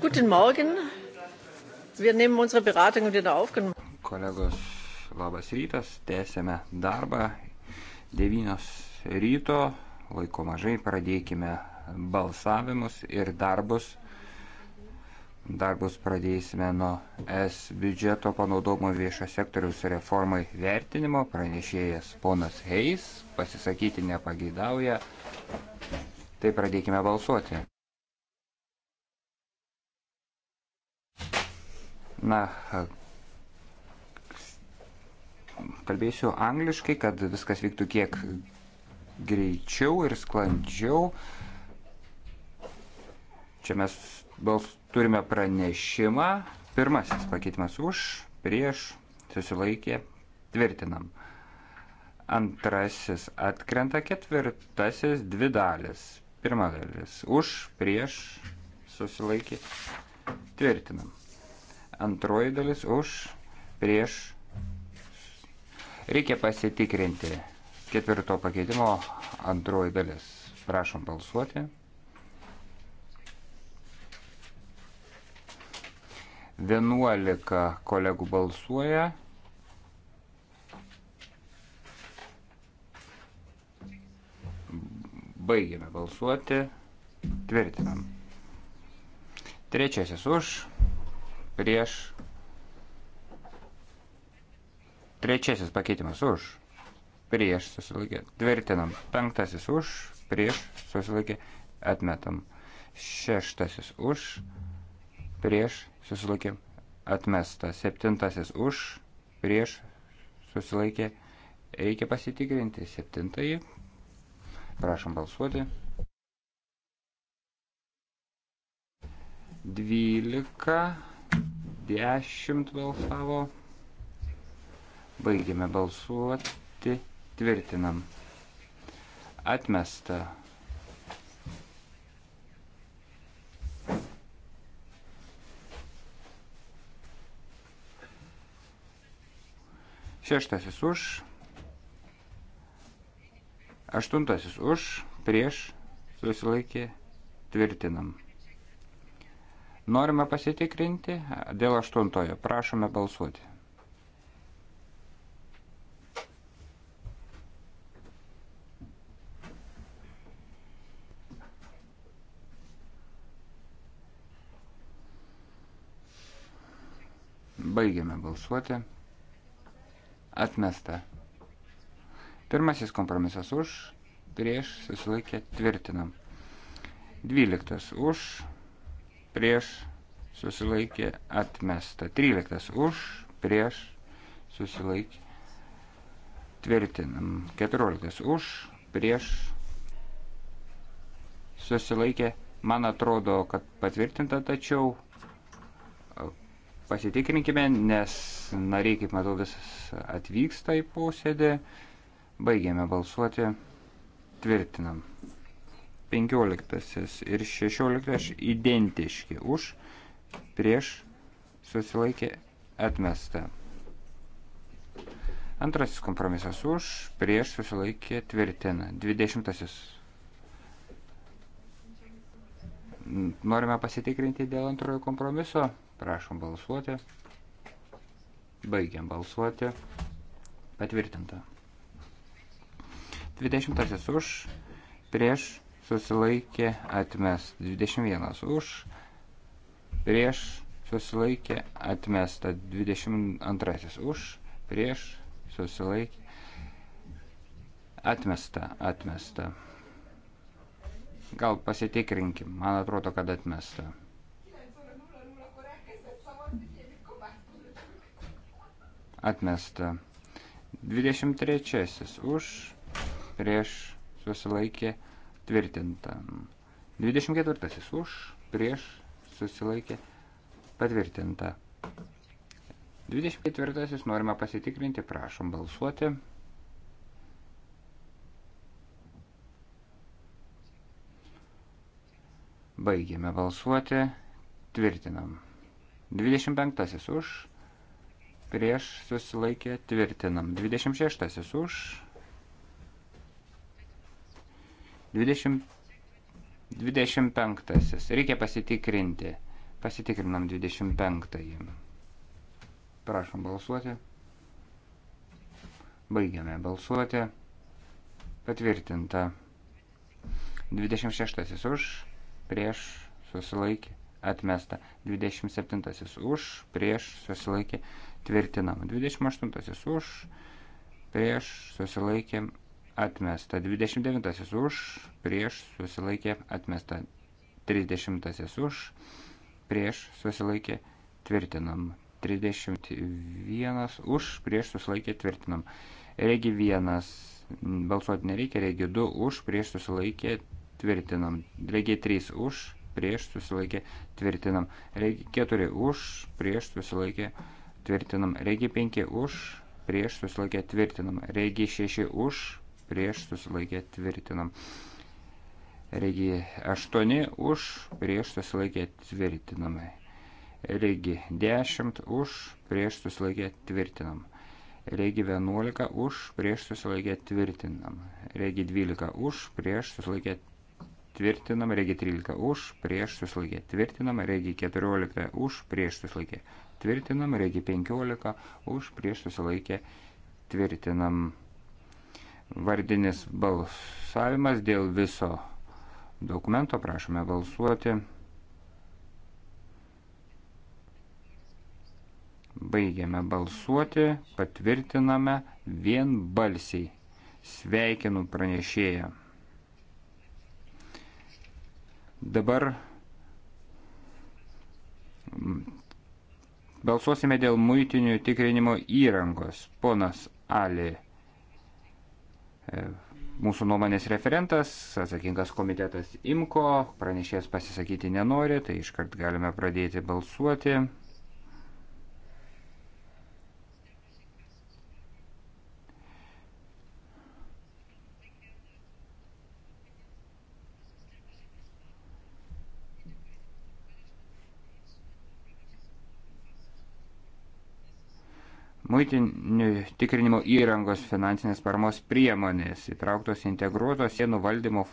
Guten Morgen. Wir nehmen unsere Beratung wieder auf. Kolegos, labas rytas. Tęsėme darbą. 9 ryto, laiko mažai, pradėkime balsavimus ir darbus. Darbus pradėsime nuo S biudžeto panaudomo viešo sektoriaus reformai vertinimo. Pranešėjas ponas Heis pasisakyti nepageidauja. Tai pradėkime balsuoti. Na, kalbėsiu angliškai, kad viskas vyktų kiek greičiau ir sklandžiau. Čia mes balsuojame Turime pranešimą. Pirmasis pakeitimas už, prieš, susilaikė, tvirtinam. Antrasis atkrenta, ketvirtasis dvi dalis. Pirma dalis už, prieš, susilaikė, tvirtinam. Antroji dalis už, prieš. Reikia pasitikrinti ketvirto pakeitimo antroji dalis. Prašom balsuoti. 11 kolegų balsuoja. Baigėme balsuoti. Tvirtinam. Trečiasis už. Prieš. Trečiasis pakeitimas už. Prieš susilaikė. Tvirtinam. Penktasis už. Prieš susilaikė. Atmetam. Šeštasis už. Prieš prieš susilaikė atmesta. Septintasis už, prieš susilaikė. Reikia pasitikrinti. Septintąjį. Prašom balsuoti. 12, 10 balsavo. Baigėme balsuoti, tvirtinam. Atmesta Šeštasis už. Aštuntasis už. Prieš. Susilaikė. Tvirtinam. Norime pasitikrinti dėl aštuntojo. Prašome balsuoti. Baigiame balsuoti. Atmesta. Pirmasis kompromisas už, prieš, susilaikė, tvirtinam. Dvyliktas už, prieš, susilaikė, atmesta. Tryliktas už, prieš, susilaikė, tvirtinam. Keturioliktas už, prieš, susilaikė, man atrodo, kad patvirtinta, tačiau pasitikrinkime, nes nariai, kaip matau, vis atvyksta į posėdį. Baigėme balsuoti. Tvirtinam. 15 ir 16 identiški už, prieš, susilaikė, atmesta. Antrasis kompromisas už, prieš, susilaikė, tvirtina. 20. Norime pasitikrinti dėl antrojo kompromiso. Prašom balsuoti. Baigiam balsuoti. Patvirtinta. 20 už, prieš susilaikė atmes. 21 už, prieš susilaikė atmesta. 22 už, prieš susilaikė atmesta, atmesta. Gal pasitikrinkim, man atrodo, kad atmesta. atmesta. 23 už, prieš susilaikė tvirtinta. 24 už, prieš susilaikė patvirtinta. 24 norime pasitikrinti, prašom balsuoti. Baigėme balsuoti, tvirtinam. 25 už, prieš susilaikė tvirtinam. 26 už. 20, 25. Reikia pasitikrinti. Pasitikrinam 25. Prašom balsuoti. Baigiame balsuoti. Patvirtinta. 26 už, prieš susilaikė atmesta. 27 už, prieš susilaikė tvirtinam. 28 už, prieš susilaikė atmesta. 29 už, prieš susilaikė atmesta. 30 už, prieš susilaikė tvirtinam. 31 už, prieš susilaikė tvirtinam. Regi 1 balsuoti nereikia, regi 2 už, prieš susilaikė tvirtinam. Regi 3 už, prieš susilaikė tvirtinam. Regi 4 už, prieš susilaikė tvirtinam tvirtinam, regi 5 už, prieš susilaikę tvirtinam, regi 6 už, prieš susilaikę tvirtinam, regi 8 už, prieš susilaikę tvirtinam, regi 10 už, prieš susilaikę tvirtinam, regi 11 už, prieš susilaikę tvirtinam, regi 12 už, prieš susilaikę tvirtinam tvirtinam, regi 13 už, prieš susilaikė, tvirtinam, regi 14 už, prieš susilaikė, tvirtinam, regi 15, už prieš susilaikę tvirtinam. Vardinis balsavimas dėl viso dokumento, prašome balsuoti. Baigiame balsuoti, patvirtiname vien balsiai. Sveikinu pranešėją. Dabar Balsuosime dėl muitinių tikrinimo įrangos. Ponas Ali, e, mūsų nuomonės referentas, atsakingas komitetas IMKO, pranešės pasisakyti nenori, tai iškart galime pradėti balsuoti. muitinių tikrinimo įrangos finansinės paramos priemonės, įtrauktos integruotos sienų valdymo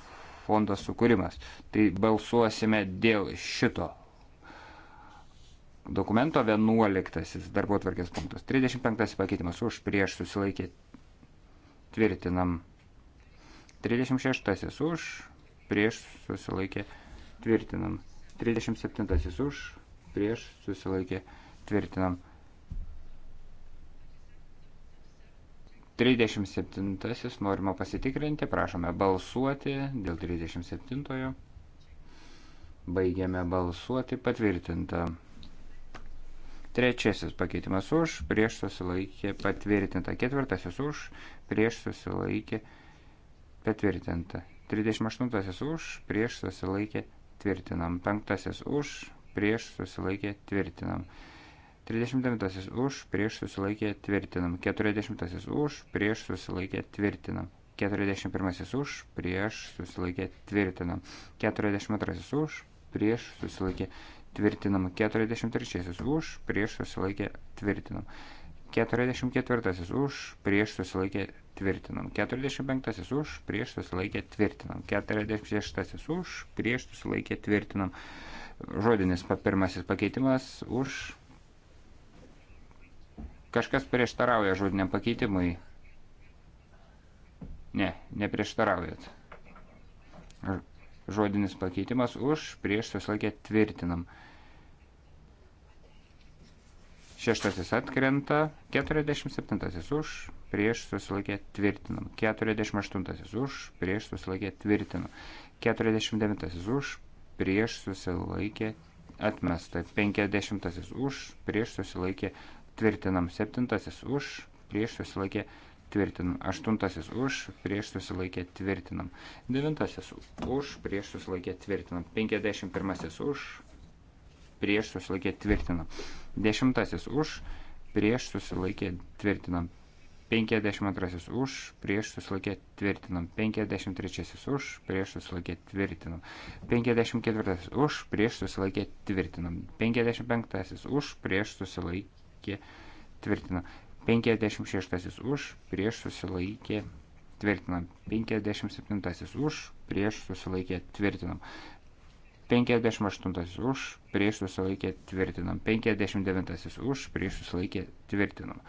fondos sukūrimas. Tai balsuosime dėl šito dokumento 11 darbo tvarkės punktas. 35 pakeitimas už prieš susilaikė tvirtinam. 36 už prieš susilaikė tvirtinam. 37 už prieš susilaikė tvirtinam. 37 norima pasitikrinti, prašome balsuoti dėl 37. Baigiame balsuoti patvirtintą. Trečiasis pakeitimas už, prieš susilaikė patvirtinta. Ketvirtasis už, prieš susilaikė patvirtinta. 38 už, prieš susilaikė tvirtinam. Penktasis už, prieš susilaikė tvirtinam. 39 už, prieš susilaikė tvirtinam. 40 už, prieš susilaikė tvirtinam. 41 už, prieš susilaikė tvirtinam. 42 už, prieš susilaikė tvirtinam. 43 už, prieš susilaikė tvirtinam. 44 už, prieš susilaikė tvirtinam. 45 už, prieš susilaikė tvirtinam. 46 už, prieš susilaikė tvirtinam. Žodinis pirmasis pakeitimas už Kažkas prieštarauja žodiniam pakeitimui? Ne, neprieštaraujat. Žodinis pakeitimas už, prieš susilaikę tvirtinam. Šeštasis atkrenta, 47 už, prieš susilaikę tvirtinam. 48 už, prieš susilaikę tvirtinam. 49 už, prieš susilaikė atmesta. 50 už, prieš susilaikė tvirtinam. Septintasis už, prieš susilaikė tvirtinam. Aštuntasis už, prieš susilaikė tvirtinam. Devintasis už, prieš susilaikė tvirtinam. Penkiasdešimt pirmasis už, prieš susilaikė tvirtinam. Dešimtasis už, prieš susilaikė tvirtinam. 52 už, prieš susilaikė tvirtinam. 53 už, prieš susilaikė tvirtinam. 54 už, prieš susilaikė tvirtinam. 55 už, prieš susilaikė susilaikė tvirtina. 56 už, prieš susilaikė tvirtinam. 57 už, prieš susilaikė tvirtinam. 58 už, prieš susilaikė tvirtinam. 59 už, prieš susilaikė tvirtinam.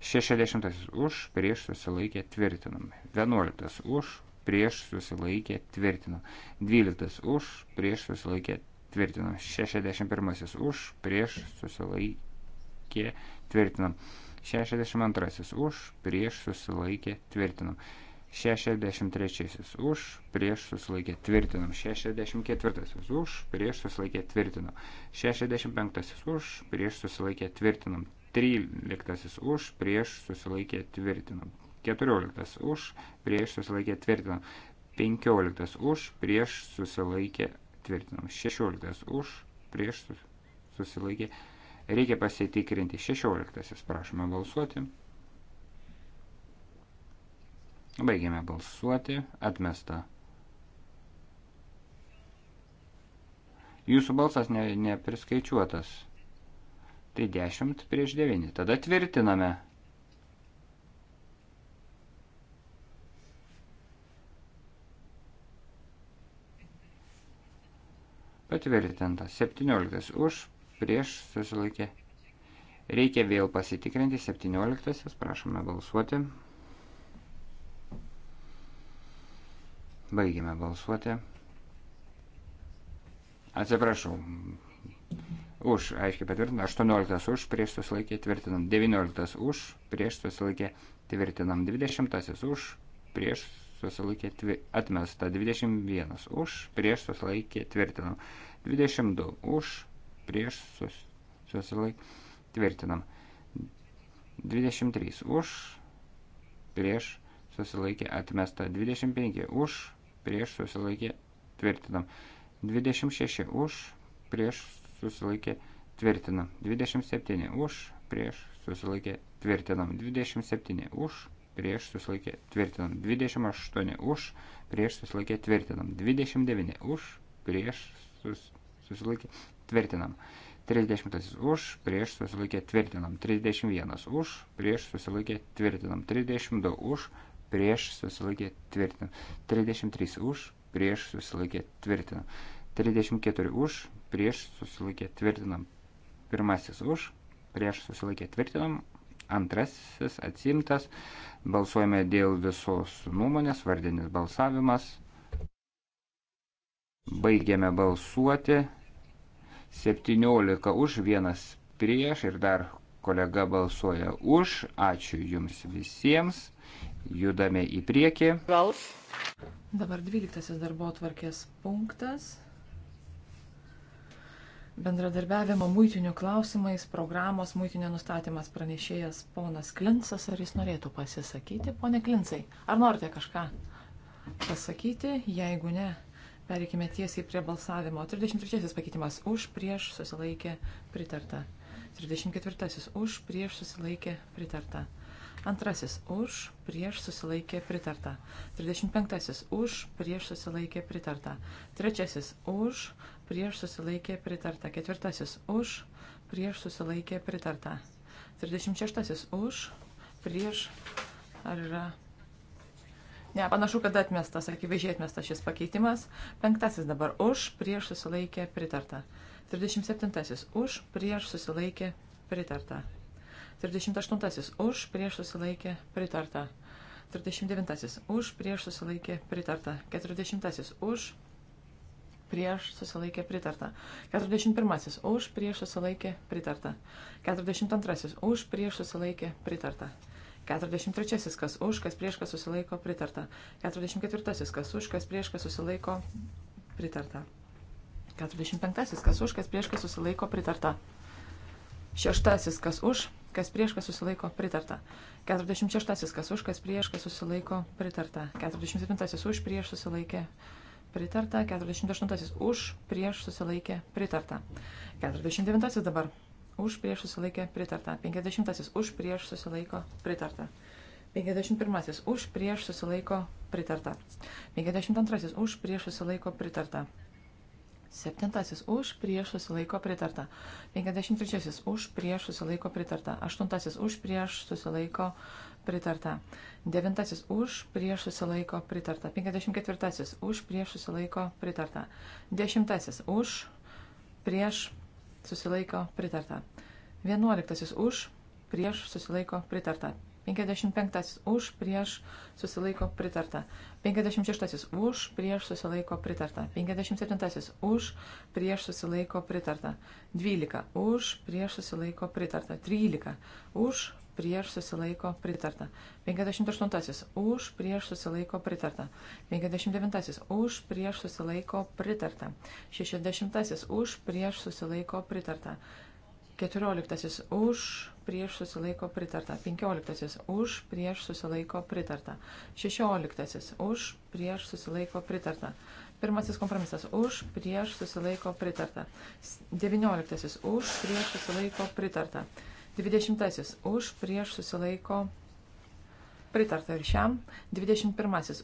60 už, prieš susilaikė tvirtinam. 11 už, prieš susilaikė tvirtinam. 12 už, prieš susilaikė tvirtinam. 61 už, prieš susilaikė susilaikė tvirtinam. 62 už, prieš susilaikė tvirtinam. 63 už, prieš susilaikė tvirtinam. 64 už, prieš susilaikė tvirtinam. 65 už, prieš susilaikė tvirtinam. 13 už, prieš susilaikė tvirtinam. 14 už, prieš susilaikė tvirtinam. 15 už, prieš susilaikė tvirtinam. 16 už, prieš susilaikė tvirtinam Reikia pasitikrinti 16. Prašome balsuoti. Baigiame balsuoti. Atmesta. Jūsų balsas ne, nepriskaičiuotas. Tai 10 prieš 9. Tada tvirtiname. Patvirtinta. 17 už prieš susilaikė. Reikia vėl pasitikrinti 17. Prašome balsuoti. Baigime balsuoti. Atsiprašau. Už, aiškiai patvirtinam, 18 už, prieš susilaikė, tvirtinam, 19 už, prieš susilaikė, tvirtinam, 20 už, prieš susilaikė, tvi, atmesta, 21 už, prieš susilaikė, tvirtinam, 22 už, prieš susilaik tvirtinam. 23 už prieš susilaikė atmesta. 25 už prieš susilaikė tvirtinam. 26 už prieš susilaikė tvirtinam. 27 už prieš susilaikė tvirtinam. 27 už prieš susilaikė tvirtinam. 28 už prieš susilaikė tvirtinam. 29 už prieš susilaikė tvirtinam. 30 už, prieš susilaikė tvirtinam. 31 už, prieš susilaikė tvirtinam. 32 už, prieš susilaikė tvirtinam. 33 už, prieš susilaikė tvirtinam. 34 už, prieš susilaikė tvirtinam. Pirmasis už, prieš susilaikė tvirtinam. Antrasis atsimtas. Balsuojame dėl visos nuomonės, vardinis balsavimas. Baigiame balsuoti. 17 už, vienas prieš ir dar kolega balsuoja už. Ačiū Jums visiems. Judame į priekį. Ralf. Dabar 12 darbo atvarkės punktas. Bendradarbiavimo muitinių klausimais programos muitinio nustatymas pranešėjas ponas Klinsas. Ar jis norėtų pasisakyti? Pone Klinsai, ar norite kažką pasakyti? Jeigu ne, Pereikime tiesiai prie balsavimo. 33 pakeitimas už, prieš, susilaikė, pritarta. 34 už, prieš, susilaikė, pritarta. Antrasis už, prieš susilaikė pritarta. 35. Už, prieš susilaikė pritarta. Trečiasis už, prieš susilaikė pritarta. Ketvirtasis už, prieš susilaikė pritarta. 36. Už, prieš ar yra Ne, panašu, kad atmestas, akivaizdžiai atmestas šis pakeitimas. Penktasis dabar už, prieš susilaikė pritarta. 37. Už, prieš susilaikė pritarta. 38. Už, prieš susilaikė pritarta. 39. Už, prieš susilaikė pritarta. 40. Už, prieš susilaikė pritarta. 41. Už, prieš susilaikė pritarta. 42. Už, prieš susilaikė pritarta. 43. Kas už, kas prieš, kas susilaiko pritarta. 44. Kas už, kas prieš, kas susilaiko pritarta. 45. Kas už, kas prieš, kas susilaiko pritarta. 6. Kas už, kas prieš, kas susilaiko pritarta. 46. Kas už, kas prieš, kas susilaiko pritarta. 47. Už, prieš susilaikė pritarta. 48. Už, prieš susilaikė pritarta. 49. Dabar už prieš susilaikę pritarta. 50 už prieš susilaiko pritarta. 51 už prieš susilaiko pritarta. 52 už prieš susilaiko pritarta. 7 už prieš susilaiko pritarta. 53 už prieš susilaiko pritarta. 8 už prieš susilaiko pritarta. 9 už prieš susilaiko pritarta. 54 už prieš susilaiko pritarta. 10 už prieš susilaiko pritarta. 11 už, prieš susilaiko pritarta. 55 už, prieš susilaiko pritarta. 56 už, prieš susilaiko pritarta. 57 už, prieš susilaiko pritarta. 12 už, prieš susilaiko pritarta. 13 už, prieš susilaiko pritarta. 58. Už prieš susilaiko pritarta. 59. Už prieš susilaiko pritarta. 60. Už prieš susilaiko pritarta. 14. Už prieš susilaiko pritarta. 15. Už prieš susilaiko pritarta. 16. Už prieš susilaiko pritarta. Pirmasis kompromisas už, prieš susilaiko pritarta. 19. Už, prieš susilaiko pritarta. 20. Už prieš susilaiko pritarta ir šiam. 21.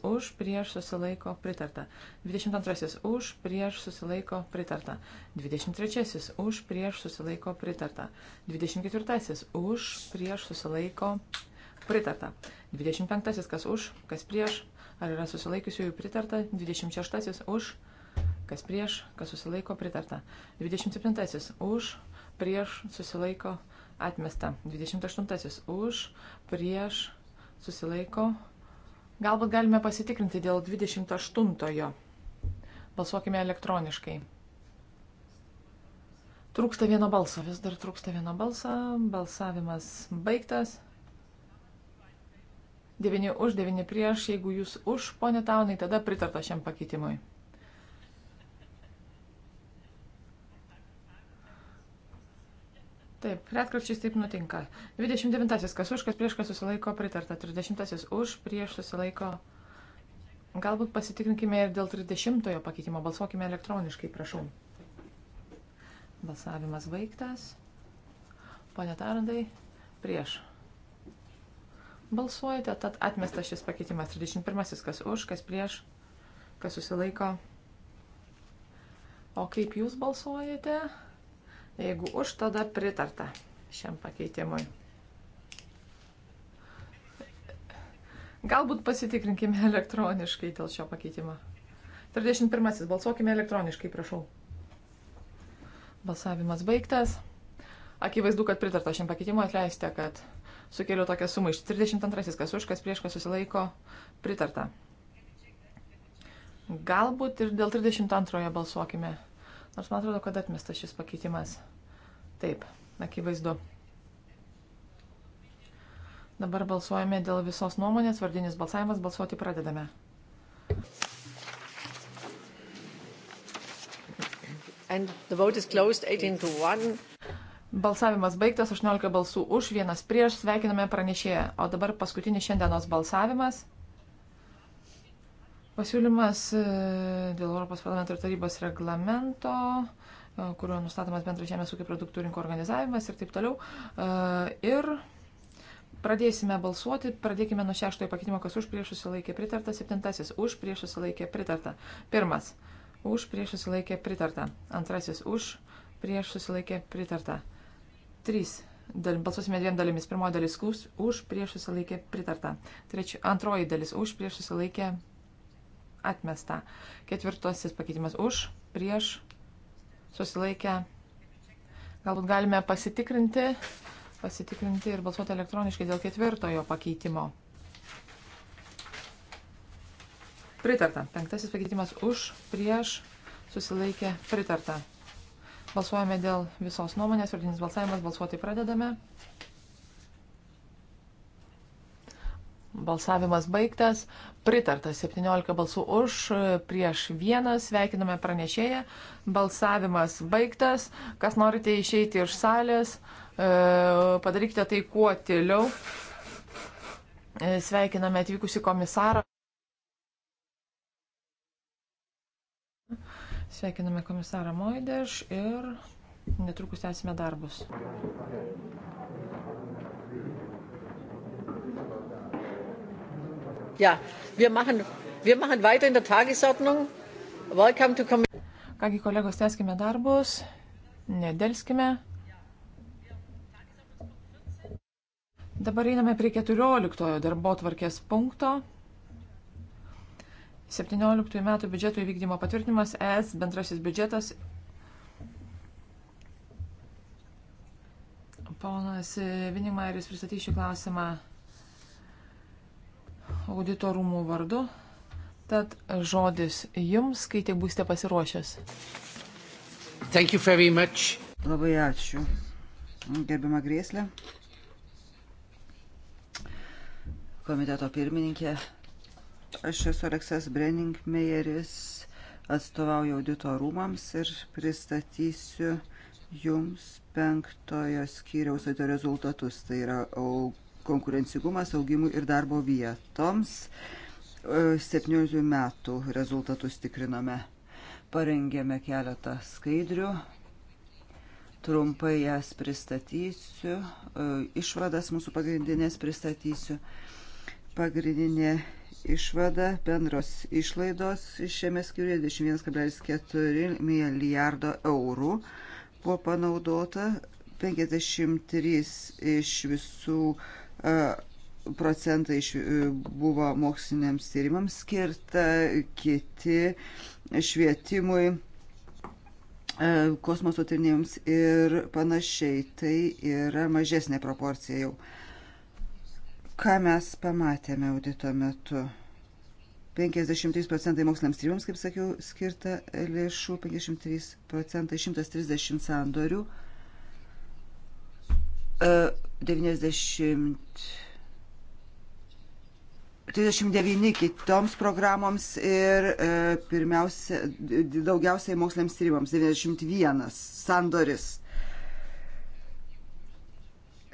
Už prieš susilaiko pritarta. 22. Už prieš susilaiko pritarta. 23. Už prieš susilaiko pritarta. 24. Už prieš susilaiko pritarta. 25. Kas už, kas prieš. Ar yra susilaikiusiųjų pritarta? 26. Už kas prieš, kas susilaiko pritarta. 27. Už prieš susilaiko pritarta atmesta. 28 už, prieš, susilaiko. Galbūt galime pasitikrinti dėl 28-ojo. Balsuokime elektroniškai. Trūksta vieno balso, vis dar trūksta vieno balso, balsavimas baigtas. 9 už, 9 prieš, jeigu jūs už, ponė Taunai, tada pritarta šiam pakeitimui. Taip, retkarčiais taip nutinka. 29. Kas už, kas prieš, kas susilaiko pritarta. 30. Už, prieš susilaiko. Galbūt pasitikrinkime ir dėl 30. pakeitimo. Balsuokime elektroniškai, prašau. Balsavimas baigtas. Pone Tarandai, prieš. Balsuojate, tad atmestas šis pakeitimas. 31. Kas už, kas prieš, kas susilaiko. O kaip jūs balsuojate? Jeigu už, tada pritarta šiam pakeitimui. Galbūt pasitikrinkime elektroniškai dėl šio pakeitimo. 31. Balsuokime elektroniškai, prašau. Balsavimas baigtas. Akivaizdu, kad pritarta šiam pakeitimui. Atleiskite, kad sukėliau tokią sumą iš 32. Kas už, kas prieš, kas susilaiko. Pritarta. Galbūt ir dėl 32 balsuokime elektroniškai. Nors man atrodo, kad atmestas šis pakeitimas. Taip, akivaizdu. Dabar balsuojame dėl visos nuomonės, vardinis balsavimas, balsuoti pradedame. Closed, Balsavimas baigtas, 18 balsų už, vienas prieš, sveikiname pranešėją. O dabar paskutinis šiandienos balsavimas. Pasiūlymas e, dėl Europos parlamento ir tarybos reglamento, e, kuriuo nustatomas bendras žemės ūkio produktų rinko organizavimas ir taip toliau. E, ir pradėsime balsuoti, pradėkime nuo šeštojo pakeitimo, kas už prieš susilaikė pritarta, septintasis už prieš susilaikė pritarta, pirmas už prieš susilaikė pritarta, antrasis už prieš susilaikė pritarta, trys. Dalim, balsuosime dviem dalimis. Pirmoji dalis už, prieš susilaikė pritarta. Treči, antroji dalis už, prieš susilaikė pritarta atmesta. Ketvirtasis pakeitimas už, prieš, susilaikę. Galbūt galime pasitikrinti, pasitikrinti ir balsuoti elektroniškai dėl ketvirtojo pakeitimo. Pritarta. Penktasis pakeitimas už, prieš, susilaikė, pritarta. Balsuojame dėl visos nuomonės, vardinis balsavimas, balsuoti pradedame. Balsavimas baigtas, pritarta 17 balsų už, prieš vieną sveikiname pranešėją, balsavimas baigtas, kas norite išeiti iš salės, e, padarykite tai kuo tyliau. E, sveikiname atvykusi komisarą. Sveikiname komisarą Moideš ir netrukus tęsime darbus. Ja, wir machen, wir machen weiter in der Tagesordnung. Welcome to Kągi kolegos, tęskime darbus, nedelskime. Dabar einame prie 14 darbo tvarkės punkto. 17 metų biudžeto įvykdymo patvirtinimas ES bendrasis biudžetas. Ponas Vinimairis pristatys šį klausimą auditorumų vardu. Tad žodis jums, kai tik būsite pasiruošęs. Labai ačiū. Gerbima Grėslė. Komiteto pirmininkė. Aš esu Aleksas Brenningmejeris, atstovauju auditorumams ir pristatysiu jums penktojo skyriaus audito rezultatus. Tai yra aug konkurencigumas augimui ir darbo vietoms. 17 e, metų rezultatus tikrinome. Parengėme keletą skaidrių, trumpai jas pristatysiu, e, išvadas mūsų pagrindinės pristatysiu. Pagrindinė išvada bendros išlaidos šiame skiriuje 21,4 milijardo eurų buvo panaudota 53 iš visų procentai e, buvo moksliniams tyrimams skirta, kiti švietimui, e, kosmoso tyrinėjams ir panašiai. Tai yra mažesnė proporcija jau. Ką mes pamatėme audito metu? 53 procentai moksliniams tyrimams, kaip sakiau, skirta lėšų, 53 procentai 130 sandorių. E, 90. 39 kitoms programoms ir e, pirmiausia, daugiausiai moksliams tyrimams 91 sandoris.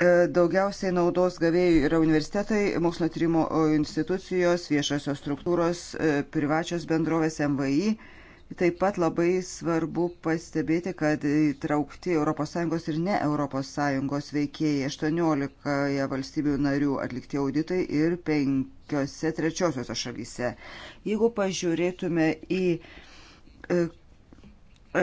E, daugiausiai naudos gavėjų yra universitetai, mokslo tyrimo institucijos, viešosios struktūros, e, privačios bendrovės MVI. E, Taip pat labai svarbu pastebėti, kad įtraukti ES ir ne ES veikėjai 18 valstybių narių atlikti auditai ir 5 trečiosiuose šalyse. Jeigu pažiūrėtume į e,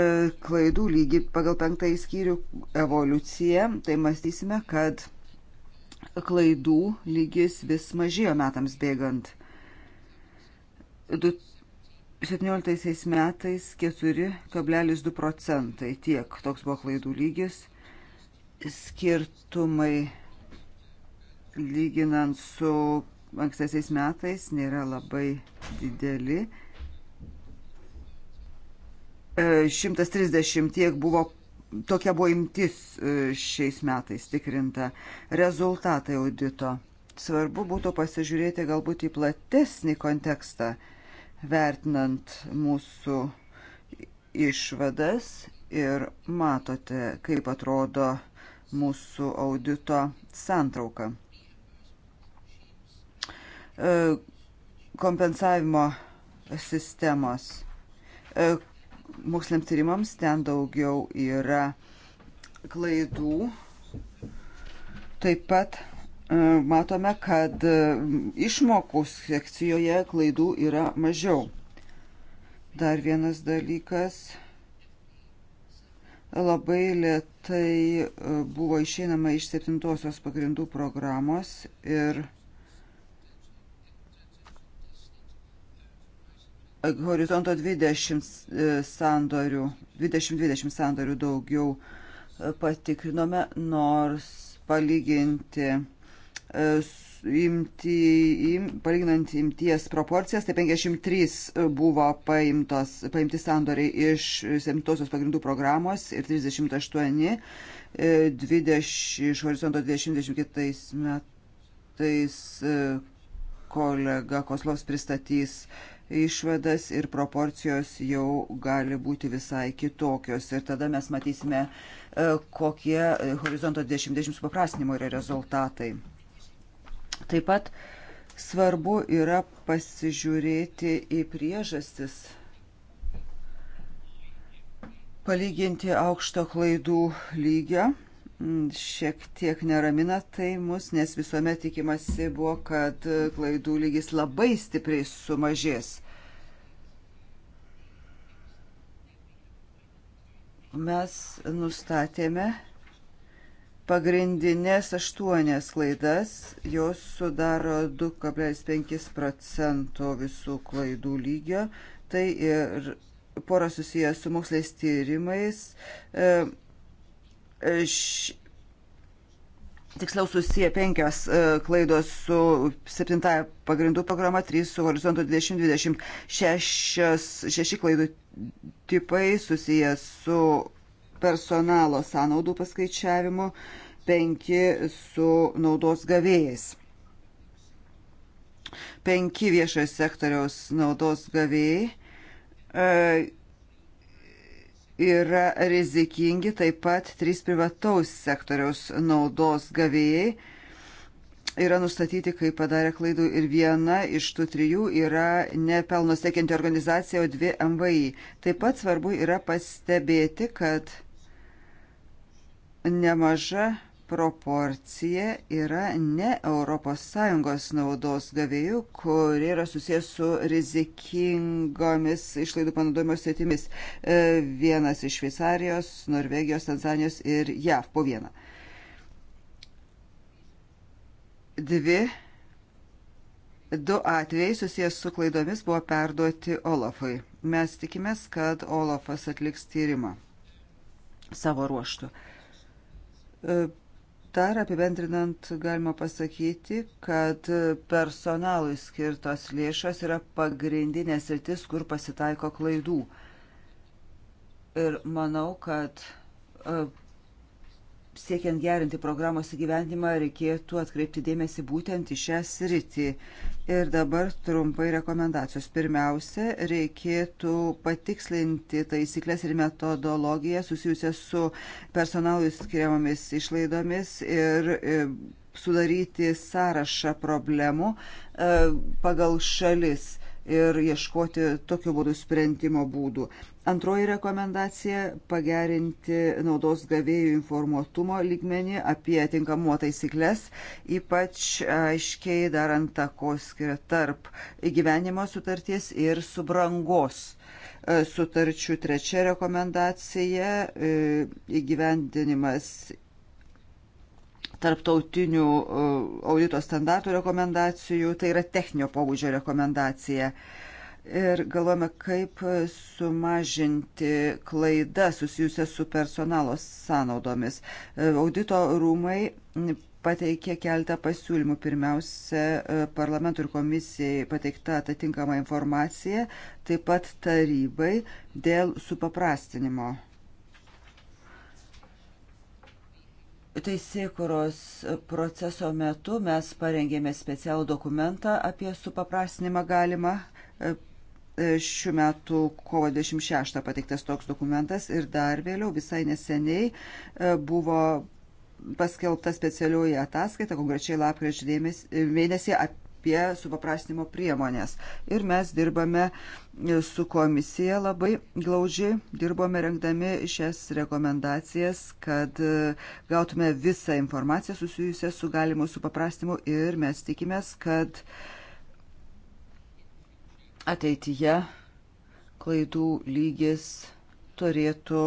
e, klaidų lygį pagal penktąjį skyrių evoliuciją, tai mąstysime, kad klaidų lygis vis mažėjo metams bėgant. 17 metais 4,2 procentai tiek toks buvo klaidų lygis. Skirtumai lyginant su ankstesiais metais nėra labai dideli. 130 e, tiek buvo, tokia buvo imtis e, šiais metais tikrinta rezultatai audito. Svarbu būtų pasižiūrėti galbūt į platesnį kontekstą vertinant mūsų išvadas ir matote, kaip atrodo mūsų audito santrauka. E, kompensavimo sistemos. E, moksliniams tyrimams ten daugiau yra klaidų. Taip pat E, matome, kad e, išmokų sekcijoje klaidų yra mažiau. Dar vienas dalykas. Labai lietai e, buvo išeinama iš septintosios pagrindų programos ir horizonto 20 sandorių, 20-20 sandorių daugiau patikrinome, nors palyginti E, imti, im, palyginant imties proporcijas, tai 53 buvo paimtos, paimti sandoriai iš 7 pagrindų programos ir 38 20, e, iš horizonto 2024 metais e, kolega Koslovs pristatys išvadas ir proporcijos jau gali būti visai kitokios. Ir tada mes matysime, kokie horizonto 2020 supaprastinimo yra rezultatai. Taip pat svarbu yra pasižiūrėti į priežastis, palyginti aukšto klaidų lygio. Šiek tiek neramina tai mus, nes visuomet tikimasi buvo, kad klaidų lygis labai stipriai sumažės. Mes nustatėme pagrindinės aštuonias klaidas, jos sudaro 2,5 procento visų klaidų lygio, tai ir pora susijęs su moksliais tyrimais, e, e, š... tiksliau susiję penkios e, klaidos su septintaja pagrindų programa, trys su horizonto 2020, šešios, šeši klaidų tipai susijęs su personalo sąnaudų paskaičiavimu, penki su naudos gavėjais. Penki viešojo sektoriaus naudos gavėjai e, yra rizikingi, taip pat trys privataus sektoriaus naudos gavėjai yra nustatyti, kai padarė klaidų ir viena iš tų trijų yra nepelno siekianti organizacija, o dvi MVI. Taip pat svarbu yra pastebėti, kad nemaža proporcija yra ne ES naudos gavėjų, kurie yra susijęs su rizikingomis išlaidų panaudojimo sėtimis. E, vienas iš Šveicarijos, Norvegijos, Tanzanijos ir JAV po vieną. Dvi. Du atvejai susijęs su klaidomis buvo perduoti Olafui. Mes tikimės, kad Olafas atliks tyrimą savo ruoštų. Uh, E, dar apibendrinant galima pasakyti, kad personalui skirtos lėšos yra pagrindinės rytis, kur pasitaiko klaidų. Ir manau, kad e, siekiant gerinti programos įgyvendimą, reikėtų atkreipti dėmesį būtent į šią sritį. Ir dabar trumpai rekomendacijos. Pirmiausia, reikėtų patikslinti taisyklės ir metodologiją susijusią su personalui skiriamomis išlaidomis ir e, sudaryti sąrašą problemų e, pagal šalis ir ieškoti tokiu būdu sprendimo būdų. Antroji rekomendacija - pagerinti naudos gavėjų informuotumo lygmenį apie tinkamumo taisyklės, ypač aiškiai darant takoskirą tarp įgyvenimo sutarties ir subrangos e, sutarčių. Trečia rekomendacija e, - įgyvendinimas tarptautinių e, audito standartų rekomendacijų, tai yra techninio pobūdžio rekomendacija. Uh, ir galvojame, kaip sumažinti klaidą susijusią su personalo sąnaudomis. E, audito rūmai pateikė keltą pasiūlymų. Pirmiausia, e, parlamentui ir komisijai pateikta atitinkama informacija, taip pat tarybai dėl supaprastinimo. Teisėkuros proceso metu mes parengėme specialų dokumentą apie supaprastinimą galimą e, E, šiuo metu kovo 26 pateiktas toks dokumentas ir dar vėliau visai neseniai e, buvo paskelbta specialioji ataskaita, konkrečiai lapkričio e, mėnesį apie supaprastinimo priemonės. Ir mes dirbame su komisija labai glaudžiai, dirbome rengdami šias rekomendacijas, kad gautume visą informaciją susijusią su galimu supaprastinimu ir mes tikimės, kad uh, ateityje klaidų lygis turėtų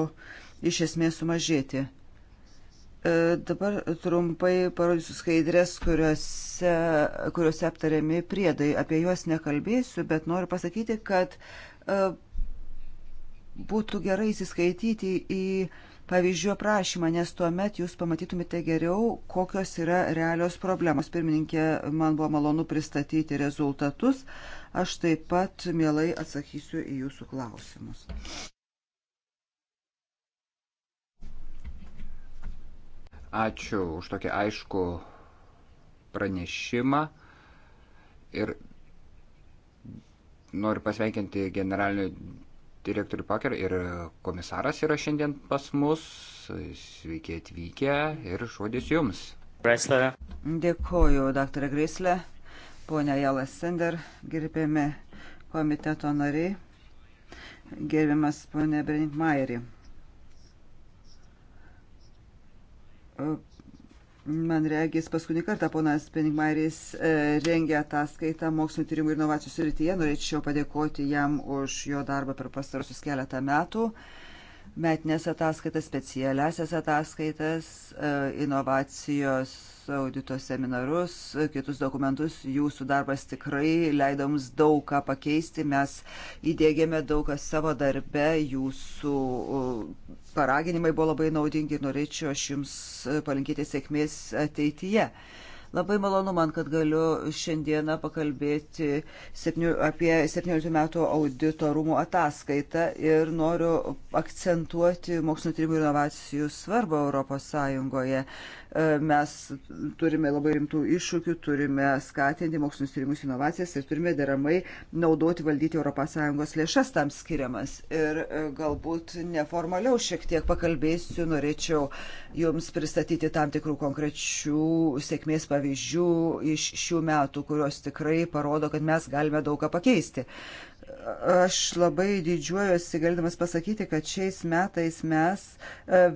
iš esmės sumažėti. E, dabar trumpai parodysiu skaidrės, kuriuose, kuriuose aptariami priedai. Apie juos nekalbėsiu, bet noriu pasakyti, kad e, būtų gerai įsiskaityti į pavyzdžių aprašymą, nes tuomet jūs pamatytumėte geriau, kokios yra realios problemos. Pirmininkė, man buvo malonu pristatyti rezultatus. Uh, Aš taip pat mielai atsakysiu į jūsų klausimus. Ačiū už tokį aišku pranešimą ir noriu pasveikinti generalinio direktorių Pakerą ir komisaras yra šiandien pas mus. Sveiki atvykę ir žodis jums. Greslė. Dėkoju, daktarė Greslė ponia Jala Sender, gerbėmi komiteto nariai, gerbiamas ponia Breninkmajerį. Man reagės paskutinį kartą ponas Peninkmairis e, rengė ataskaitą mokslinio tyrimų ir inovacijų srityje. Norėčiau padėkoti jam už jo darbą per pastarusius keletą metų. E, metinės ataskaitas, specialiasias ataskaitas, e, inovacijos audito seminarus, e, kitus dokumentus. Jūsų darbas tikrai leido mums daug ką pakeisti. Mes įdėgėme daug ką savo darbe. Jūsų e, paraginimai buvo labai naudingi ir norėčiau aš Jums palinkėti sėkmės ateityje. Uh, Labai malonu man, kad galiu šiandieną pakalbėti septynių, apie 17 metų audito rūmų ataskaitą ir noriu akcentuoti mokslinio tyrimų ir inovacijų svarbą Europos Sąjungoje. E, mes turime labai rimtų iššūkių, turime skatinti mokslinius tyrimus inovacijas ir turime deramai naudoti, valdyti ES lėšas tam skiriamas. Ir e, galbūt neformaliau šiek tiek pakalbėsiu, norėčiau Jums pristatyti tam tikrų konkrečių sėkmės pavyzdžių iš šių metų, kurios tikrai parodo, kad mes galime daug ką pakeisti aš labai didžiuojuosi, galėdamas pasakyti, kad šiais metais mes e,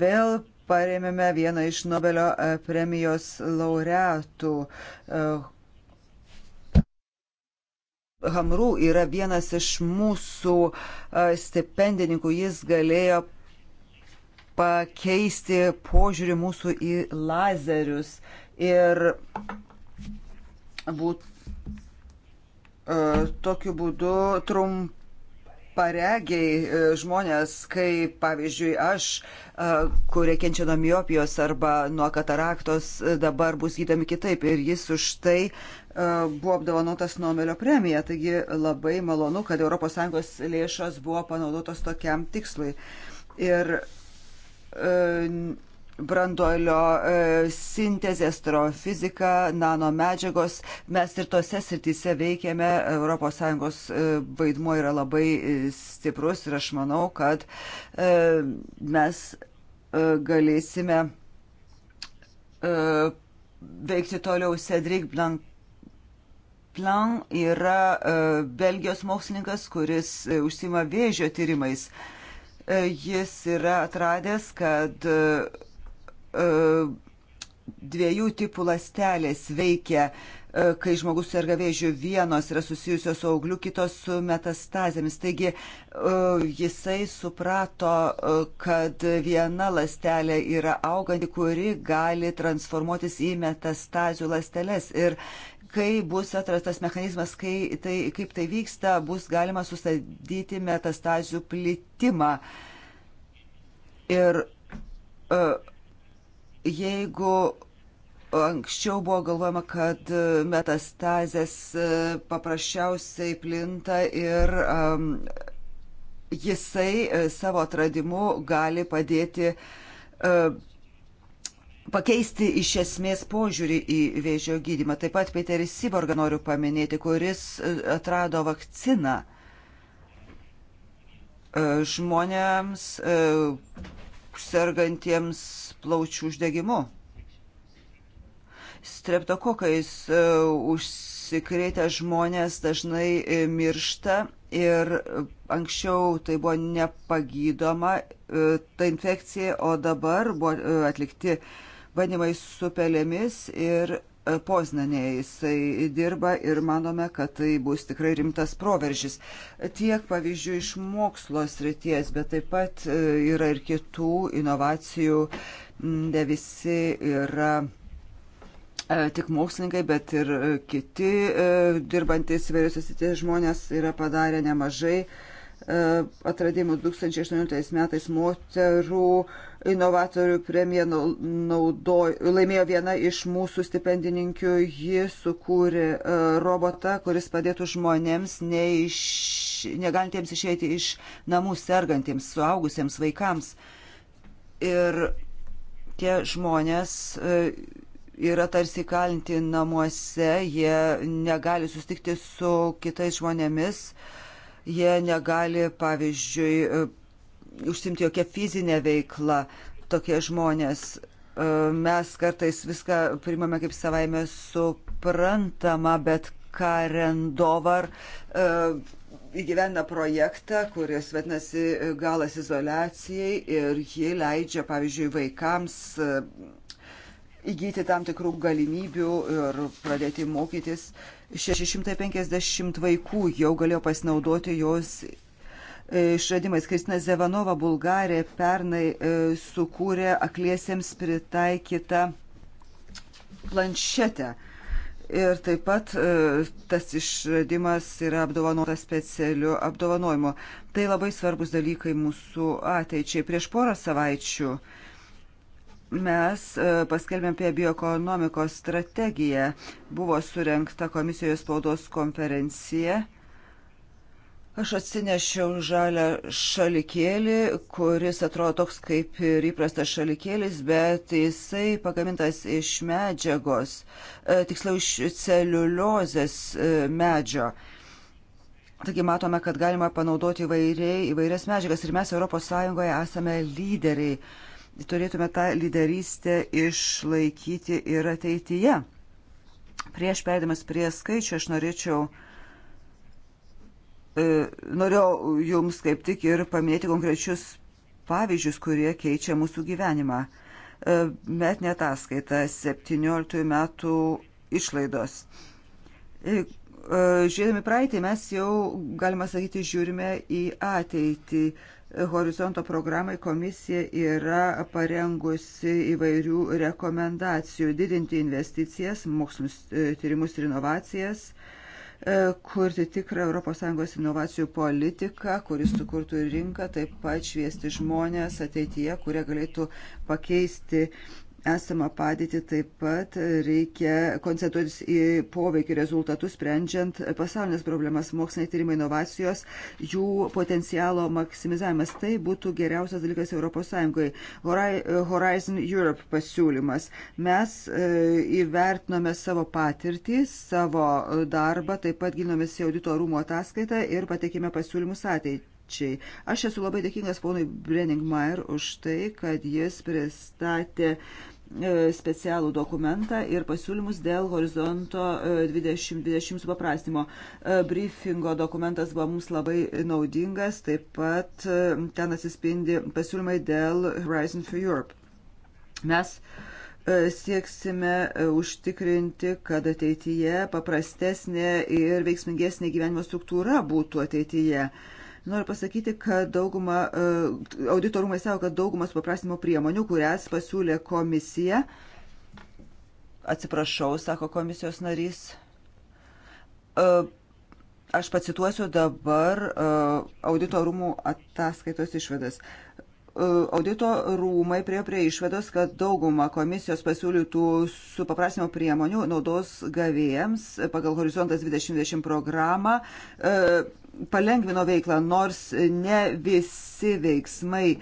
vėl paremėme vieną iš Nobelio e, premijos laureatų. E, Hamrų yra vienas iš mūsų e, stipendininkų, jis galėjo pakeisti požiūrį mūsų į lazerius ir būt, tokiu būdu trumpai paregiai e, žmonės, kaip pavyzdžiui aš, e, kurie kenčia nuo miopijos arba nuo kataraktos, e, dabar bus gydami kitaip ir jis už tai buvo apdovanotas Nobelio premija. Taigi labai malonu, kad ES lėšos buvo panaudotos tokiam tikslui. Ir branduolio e, sintezė, astrofizika, nanomedžiagos. Mes ir tose srityse veikiame. ES e, vaidmuo yra labai e, stiprus ir aš manau, kad mes galėsime veikti toliau. Cedric Blanc Plan yra Belgijos mokslininkas, kuris užsima vėžio tyrimais. Jis yra atradęs, kad dviejų tipų lastelės veikia, e, kai žmogus serga vėžiu, vienos yra susijusios su augliu, kitos su metastazėmis. Taigi e, jisai suprato, e, kad viena lastelė yra auganti, kuri gali transformuotis į metastazių lasteles. Ir kai bus atrastas mechanizmas, kai tai, kaip tai vyksta, bus galima sustabdyti metastazių plitimą. Ir uh, Jeigu anksčiau buvo galvojama, kad metastazės e, paprasčiausiai plinta ir um, jisai e, savo atradimu gali padėti uh, pakeisti iš esmės požiūrį į vėžio gydimą. Taip pat Peteris Siborga noriu paminėti, kuris atrado vakciną žmonėms sergantiems plaučių uždegimu. Streptokokais e, užsikrėtę žmonės dažnai e, miršta ir anksčiau tai buvo nepagydoma e, ta infekcija, o dabar buvo atlikti bandymai su pelėmis ir Poznanėje jisai dirba ir manome, kad tai bus tikrai rimtas proveržis. Tiek pavyzdžių iš mokslo srities, bet taip pat e, yra ir kitų inovacijų, mm, ne visi yra e, tik mokslininkai, bet ir e, kiti dirbantis įvairiose srities žmonės yra padarę nemažai E, atradimų 2018 metais moterų inovatorių premiją naudoj, laimėjo viena iš mūsų stipendininkių. Ji sukūrė e, robotą, kuris padėtų žmonėms neiš, negalintiems išeiti iš namų sergantiems, suaugusiems vaikams. Ir tie žmonės e, yra tarsi kalinti namuose, jie negali sustikti su kitais žmonėmis. Uh, Jie negali, pavyzdžiui, e, užsimti jokią fizinę veiklą tokie žmonės. E, mes kartais viską primame kaip savaime suprantama, bet Karendovar e, įgyvena projektą, kuris vadinasi galas izolacijai ir ji leidžia, pavyzdžiui, vaikams įgyti tam tikrų galimybių ir pradėti mokytis. 650 vaikų jau galėjo pasinaudoti jos e, išradimais. Kristina Zevanova Bulgarė pernai e, sukūrė akliesiems pritaikytą planšetę. Ir taip pat e, tas išradimas yra apdovanotas specialiu apdovanojimu. Tai labai svarbus dalykai mūsų ateičiai. Prieš porą savaičių uh, mes e, paskelbėm apie bioekonomikos strategiją. Buvo surinkta komisijoje spaudos konferencija. Aš atsinešiau žalę šalikėlį, kuris atrodo toks kaip ir įprastas šalikėlis, bet jisai pagamintas iš medžiagos, e, tiksliau iš celiuliozės e, medžio. Taigi matome, kad galima panaudoti įvairiai, įvairias medžiagas ir mes ES esame lyderiai turėtume tą lyderystę išlaikyti ir ateityje. Prieš perėdamas prie skaičių aš norėčiau e, norėjau Jums kaip tik ir paminėti konkrečius pavyzdžius, kurie keičia mūsų gyvenimą. Bet netaskaita 17 metų išlaidos. E, e, žiūrėdami praeitį mes jau, galima sakyti, žiūrime į ateitį horizonto programai komisija yra parengusi įvairių rekomendacijų didinti investicijas, mokslinius e, tyrimus ir inovacijas, e, kurti tikrą ES inovacijų politiką, kuris sukurtų rinką, taip pat šviesti žmonės ateityje, kurie galėtų pakeisti esamą padėtį taip pat reikia koncentruotis į poveikį rezultatus, sprendžiant pasaulinės problemas, moksliniai tyrimai, inovacijos, jų potencialo maksimizavimas. Tai būtų geriausias dalykas ES. Horizon Europe pasiūlymas. Mes e, įvertinome savo patirtį, savo darbą, taip pat gilinomės į audito rūmo ataskaitą ir pateikėme pasiūlymus ateičiai krypčiai. Aš esu labai dėkingas ponui Brenningmaier už tai, kad jis pristatė uh, E, specialų dokumentą ir pasiūlymus dėl horizonto 2020 e, supaprastimo. E, briefingo dokumentas buvo mums labai naudingas, taip pat ten atsispindi pasiūlymai dėl Horizon for Europe. Mes sieksime užtikrinti, kad ateityje paprastesnė ir veiksmingesnė gyvenimo struktūra būtų ateityje. Uh, Noriu pasakyti, kad dauguma, e, auditorumai savo, kad daugumas paprasimo priemonių, kurias pasiūlė komisija, atsiprašau, sako komisijos narys, e, aš pacituosiu dabar e, auditorumų ataskaitos išvedas audito rūmai prie prie išvedos, kad daugumą komisijos pasiūlytų su paprasimo priemonių naudos gavėjams pagal Horizontas 2020 programą palengvino veiklą, nors ne visi veiksmai e,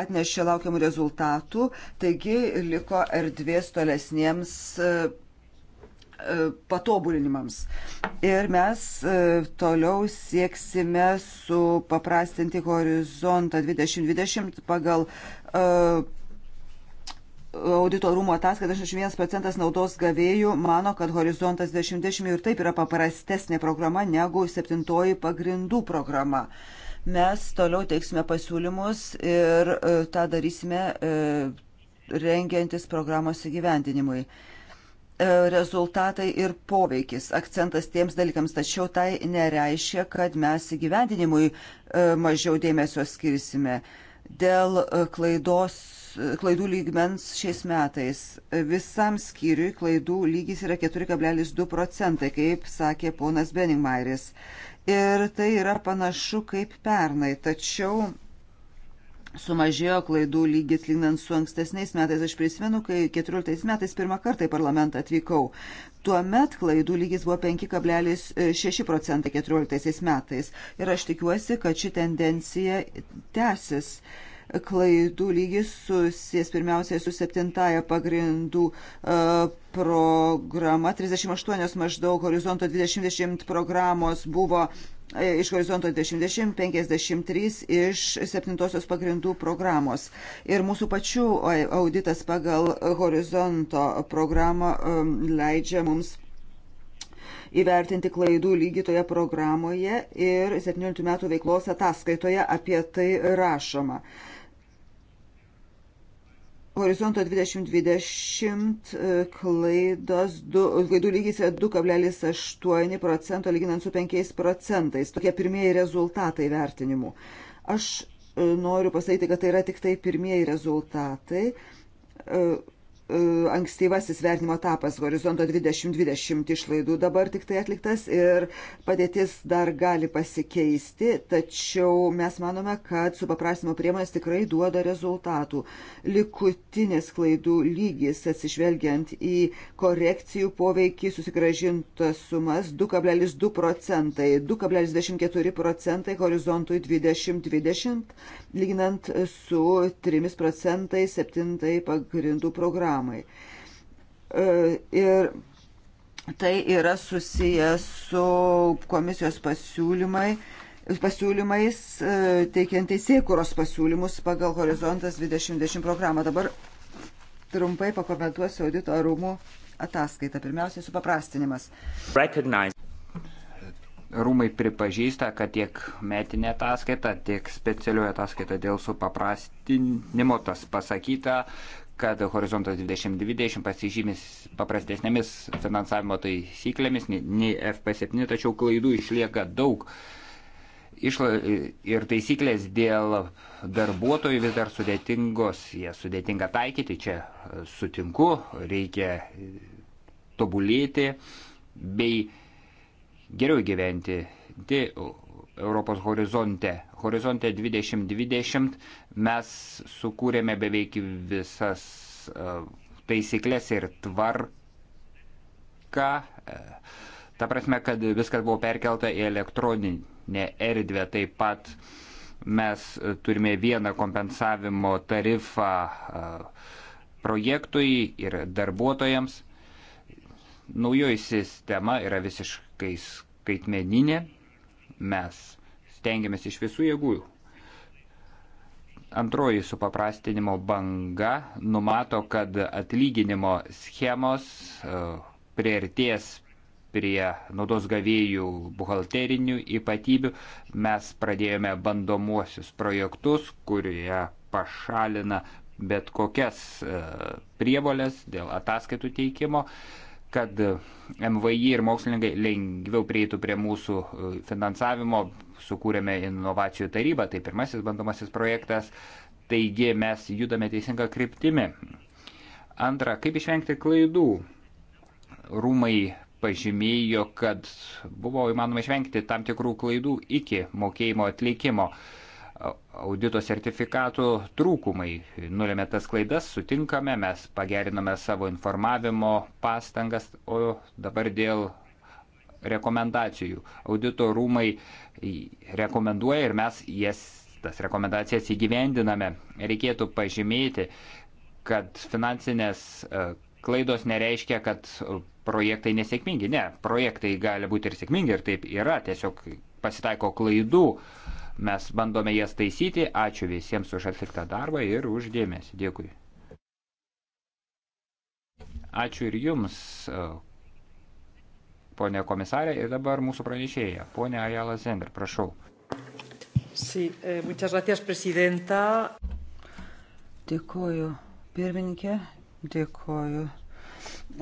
atnešė laukiamų rezultatų, taigi liko erdvės tolesniems e, e, patobulinimams. Ir mes toliau sieksime supaprastinti horizontą 2020 pagal audito rūmo ataskaita 61 procentas naudos gavėjų mano, kad horizontas 2020 ir taip yra paprastesnė programa negu septintoji pagrindų programa. Mes toliau teiksime pasiūlymus ir e, tą darysime e, rengiantis programos įgyvendinimui. E, rezultatai ir poveikis - akcentas tiems dalykams, tačiau tai nereiškia, kad mes įgyvendinimui mažiau dėmesio skirsime. Dėl klaidos klaidų lygmens šiais metais. Visam skyriui klaidų lygis yra 4,2 procentai, kaip sakė ponas Beningmairis. Ir tai yra panašu kaip pernai, tačiau sumažėjo klaidų lygis lygnant su ankstesniais metais. Aš prisimenu, kai 14 metais pirmą kartą į parlamentą atvykau. Tuomet klaidų lygis buvo 5,6 procentai 14 metais. Ir aš tikiuosi, kad ši tendencija tęsis klaidų lygis susijęs pirmiausiai su septintaja pagrindų e, programa. 38 maždaug horizonto 2020 programos buvo e, iš horizonto 2020, 53 iš septintosios pagrindų programos. Ir mūsų pačių auditas pagal horizonto programą e, leidžia mums įvertinti klaidų lygį toje programoje ir 17 metų veiklos ataskaitoje apie tai rašoma. Uh, Horizonto 2020 e, klaidos, du, klaidų lygis yra 2,8 procento lyginant su 5 procentais. Tokie pirmieji rezultatai vertinimų. Aš e, noriu pasakyti, kad tai yra tik tai pirmieji rezultatai. E, ankstyvasis vertinimo etapas horizonto 2020 išlaidų dabar tik tai atliktas ir padėtis dar gali pasikeisti, tačiau mes manome, kad supaprastimo priemonės tikrai duoda rezultatų. Likutinės klaidų lygis atsižvelgiant į korekcijų poveikį susigražintas sumas 2,2 procentai, 2,24 procentai horizontui 2020, lyginant su 3 procentai septintai pagrindų programai programai. E, ir tai yra susijęs su komisijos pasiūlymai pasiūlymais, e, teikiant teisėkuros pasiūlymus pagal Horizontas 2020 programą. Dabar trumpai pakomentuosiu audito rūmų ataskaitą. Pirmiausia, supaprastinimas. Recognize. Rūmai pripažįsta, kad tiek metinė ataskaita, tiek specialioji ataskaita dėl supaprastinimo tas pasakyta, kad Horizontas 2020 pasižymis paprastesnėmis finansavimo taisyklėmis nei FP7, tačiau klaidų išlieka daug. Išla ir taisyklės dėl darbuotojų vis dar sudėtingos, jie sudėtinga taikyti, čia e, sutinku, reikia tobulėti bei geriau gyventi Europos horizonte. Horizonte 2020 Mes sukūrėme beveik visas uh, taisyklės ir tvarką. Uh, ta prasme, kad viskas buvo perkelta į elektroninę erdvę. Taip pat mes turime vieną kompensavimo tarifą uh, projektui ir darbuotojams. Naujoji sistema yra visiškai skaitmeninė. Mes stengiamės iš visų jėgų Antroji supaprastinimo banga numato, kad atlyginimo schemos e, prieartės prie naudos gavėjų buhalterinių ypatybių. Mes pradėjome bandomuosius projektus, kurie pašalina bet kokias e, prievolės dėl ataskaitų teikimo, kad MVI ir mokslininkai lengviau prieitų prie mūsų e, finansavimo sukūrėme inovacijų tarybą, tai pirmasis bandomasis projektas, taigi mes judame teisingą kryptimį. Antra, kaip išvengti klaidų? Rūmai pažymėjo, kad buvo įmanoma išvengti tam tikrų klaidų iki mokėjimo atlikimo. Audito sertifikatų trūkumai nulėmė tas klaidas, sutinkame, mes pagerinome savo informavimo pastangas, o dabar dėl rekomendacijų. Audito rūmai rekomenduoja ir mes jas, tas rekomendacijas įgyvendiname. Reikėtų pažymėti, kad finansinės e, klaidos nereiškia, kad projektai nesėkmingi. Ne, projektai gali būti ir sėkmingi ir taip yra, tiesiog pasitaiko klaidų. Mes bandome jas taisyti. Ačiū visiems už atliktą darbą ir uždėmesį. Dėkui. Ačiū ir jums, e, ponė komisarė ir dabar mūsų pranešėja, ponė Ajala Zender, prašau. Sí, eh, muchas gracias, presidenta. Dėkoju pirmininkė, dėkoju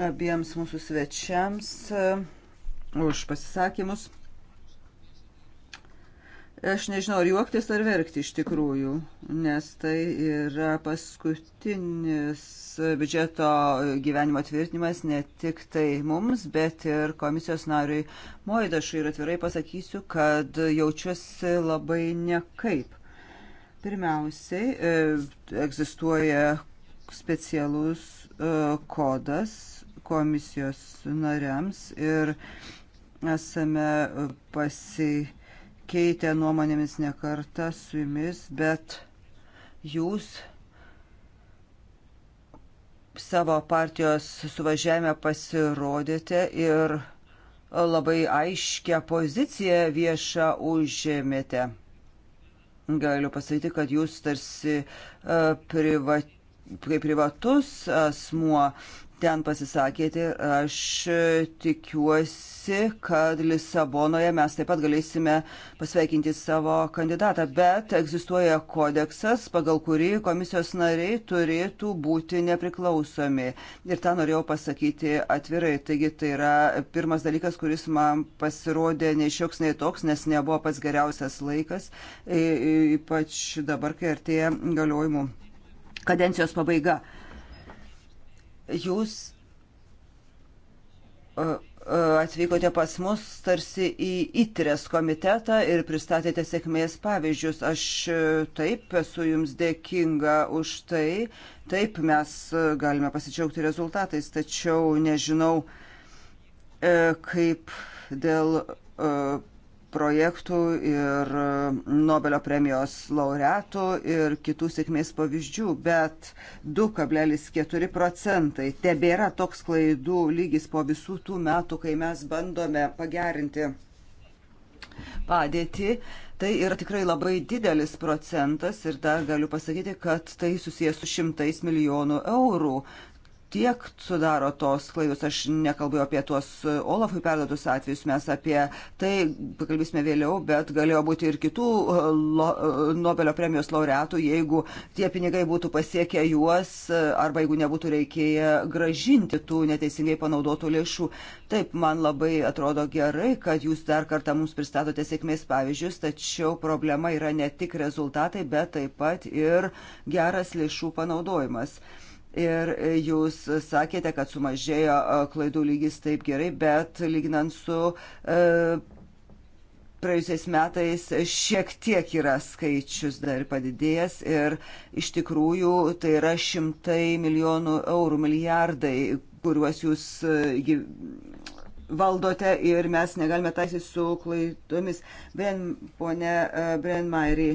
abiems mūsų svečiams eh, už pasisakymus. Aš nežinau, ar juoktis, ar verkti iš tikrųjų, nes tai yra paskutinis biudžeto gyvenimo tvirtinimas ne tik tai mums, bet ir komisijos nariui Moidašui. Ir atvirai pasakysiu, kad jaučiuosi labai nekaip. Pirmiausiai, e, egzistuoja specialus e, kodas komisijos nariams ir esame e, pasi keitę nuomonėmis nekartą su jumis, bet jūs savo partijos suvažiavime pasirodėte ir labai aiškę poziciją viešą užėmėte. Galiu pasakyti, kad jūs tarsi e, priva, kaip privatus asmuo uh, ten pasisakėte. Aš tikiuosi, kad Lisabonoje mes taip pat galėsime pasveikinti savo kandidatą, bet egzistuoja kodeksas, pagal kurį komisijos nariai turėtų būti nepriklausomi. Ir tą norėjau pasakyti atvirai. Taigi tai yra pirmas dalykas, kuris man pasirodė nei šioks, nei toks, nes nebuvo pats geriausias laikas, ypač dabar, kai artėja galiojimų kadencijos pabaiga. Jūs atvykote pas mus tarsi į ITRES komitetą ir pristatėte sėkmės pavyzdžius. Aš e, taip esu jums dėkinga už tai. Taip mes e, galime pasidžiaugti rezultatais, tačiau nežinau, e, kaip dėl projektų ir Nobelio premijos laureatų ir kitų sėkmės pavyzdžių, bet 2,4 procentai tebėra toks klaidų lygis po visų tų metų, kai mes bandome pagerinti padėtį. Tai yra tikrai labai didelis procentas ir dar galiu pasakyti, kad tai susijęs su šimtais milijonų eurų tiek sudaro tos klaidos. Aš nekalbu apie tuos e, Olafui perdotus atvejus, mes apie tai pakalbėsime vėliau, bet galėjo būti ir kitų e, e, Nobelio premijos laureatų, jeigu tie pinigai būtų pasiekę juos arba jeigu nebūtų reikėję gražinti tų neteisingai panaudotų lėšų. Taip, man labai atrodo gerai, kad jūs dar kartą mums pristatote sėkmės pavyzdžius, tačiau problema yra ne tik rezultatai, bet taip pat ir geras lėšų panaudojimas. Thank you Ir jūs sakėte, kad sumažėjo e, klaidų lygis taip gerai, bet lyginant su e, praėjusiais metais šiek tiek yra skaičius dar padidėjęs ir iš tikrųjų tai yra šimtai milijonų eurų, milijardai, kuriuos jūs e, valdote ir mes negalime taisyti su klaidomis. Bren, ponė e, Brenmairi.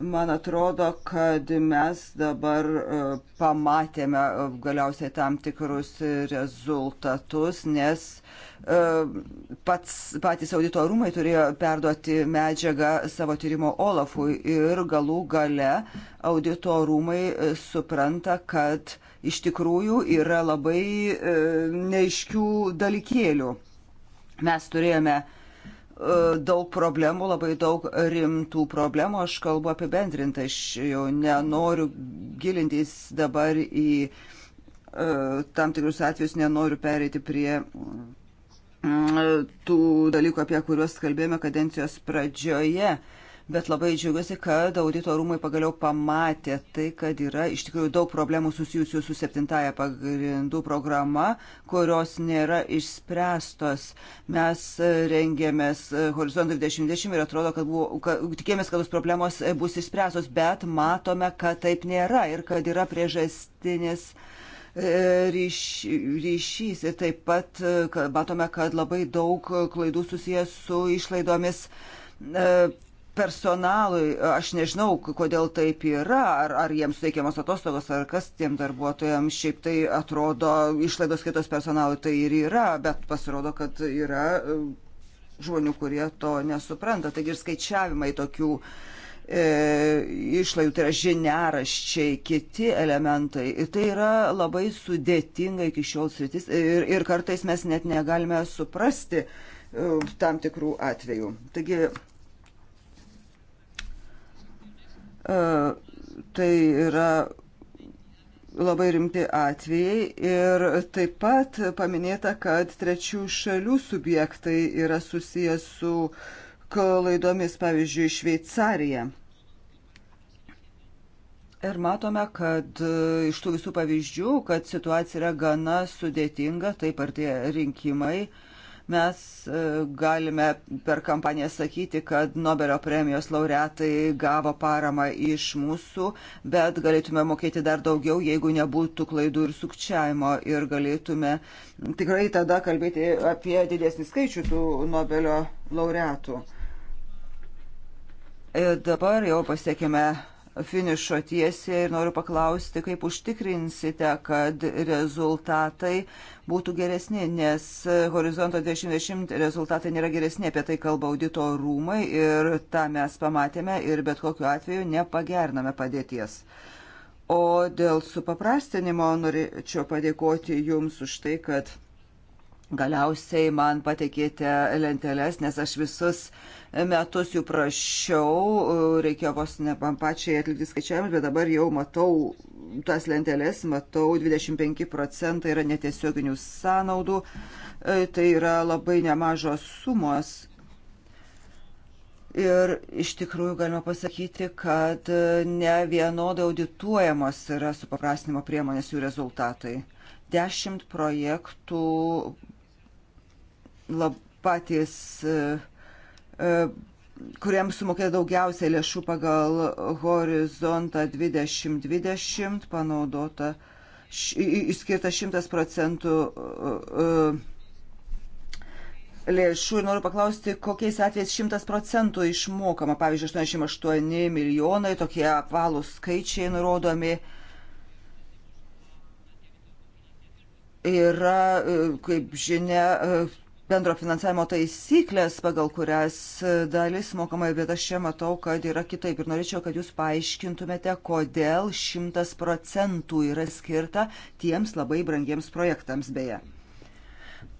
Man atrodo, kad mes dabar e, pamatėme e, galiausiai tam tikrus rezultatus, nes e, pats, patys audito rūmai turėjo perduoti medžiagą savo tyrimo Olafui ir galų gale audito rūmai supranta, kad iš tikrųjų yra labai neiškių dalykėlių. Mes turėjome uh, daug problemų, labai daug rimtų problemų. Aš kalbu apibendrintai, aš jau nenoriu gilintis dabar į e, tam tikrus atvejus, nenoriu pereiti prie mm, e, tų dalykų, apie kuriuos kalbėjome kadencijos pradžioje bet labai džiugiuosi, kad audito rūmai pagaliau pamatė tai, kad yra iš tikrųjų daug problemų susijusių su septintaja pagrindų programa, kurios nėra išspręstos. Mes rengėmės Horizontų 2020 ir atrodo, kad, buvo, kad tikėjomės, kad tos problemos bus išspręstos, bet matome, kad taip nėra ir kad yra priežastinis e, ryš, ryšys. Ir taip pat e, kad matome, kad labai daug klaidų susijęs su išlaidomis e, personalui, aš nežinau, kodėl taip yra, ar, ar jiems suteikiamas atostogos, ar kas tiem darbuotojams šiaip tai atrodo, išlaidos kitos personalui tai ir yra, bet pasirodo, kad yra e, žmonių, kurie to nesupranta. Taigi ir skaičiavimai tokių e, išlaidų, tai yra žiniaraščiai, kiti elementai. Ir tai yra labai sudėtinga iki šiol sritis ir, ir kartais mes net negalime suprasti e, tam tikrų atvejų. Taigi E, tai yra labai rimti atvejai ir taip pat paminėta, kad trečių šalių subjektai yra susijęs su klaidomis, pavyzdžiui, Šveicarija. Ir matome, kad e, iš tų visų pavyzdžių, kad situacija yra gana sudėtinga, taip artėja rinkimai. Uh, Mes e, galime per kampaniją sakyti, kad Nobelio premijos laureatai gavo paramą iš mūsų, bet galėtume mokėti dar daugiau, jeigu nebūtų klaidų ir sukčiavimo ir galėtume tikrai tada kalbėti apie didesnį skaičių tų Nobelio laureatų. E, dabar jau pasiekime finišo tiesėje ir noriu paklausti, kaip užtikrinsite, kad rezultatai būtų geresni, nes horizonto 2020 rezultatai nėra geresni, apie tai kalba audito rūmai ir tą mes pamatėme ir bet kokiu atveju nepagername padėties. O dėl supaprastinimo norėčiau padėkoti Jums už tai, kad Galiausiai man patikėte lenteles, nes aš visus metus jų prašiau, reikėjo vos ne man pačiai atlikti skaičiavimus, bet dabar jau matau tas lenteles, matau 25 procentai yra netiesioginių sąnaudų, e, tai yra labai nemažos sumos. Ir iš tikrųjų galima pasakyti, kad ne vienodai audituojamos yra supaprastinimo priemonės jų rezultatai. Dešimt projektų lab, patys, e, e, kuriems sumokėta daugiausiai lėšų pagal horizontą 2020, panaudota, išskirta 100 procentų e, lėšų ir noriu paklausti, kokiais atvejais 100 procentų išmokama, pavyzdžiui, 88 milijonai, tokie apvalūs skaičiai nurodomi. Yra, kaip žinia, bendro finansavimo taisyklės, pagal kurias e, dalis mokama, bet aš čia matau, kad yra kitaip. Ir norėčiau, kad jūs paaiškintumėte, kodėl šimtas procentų yra skirta tiems labai brangiems projektams beje.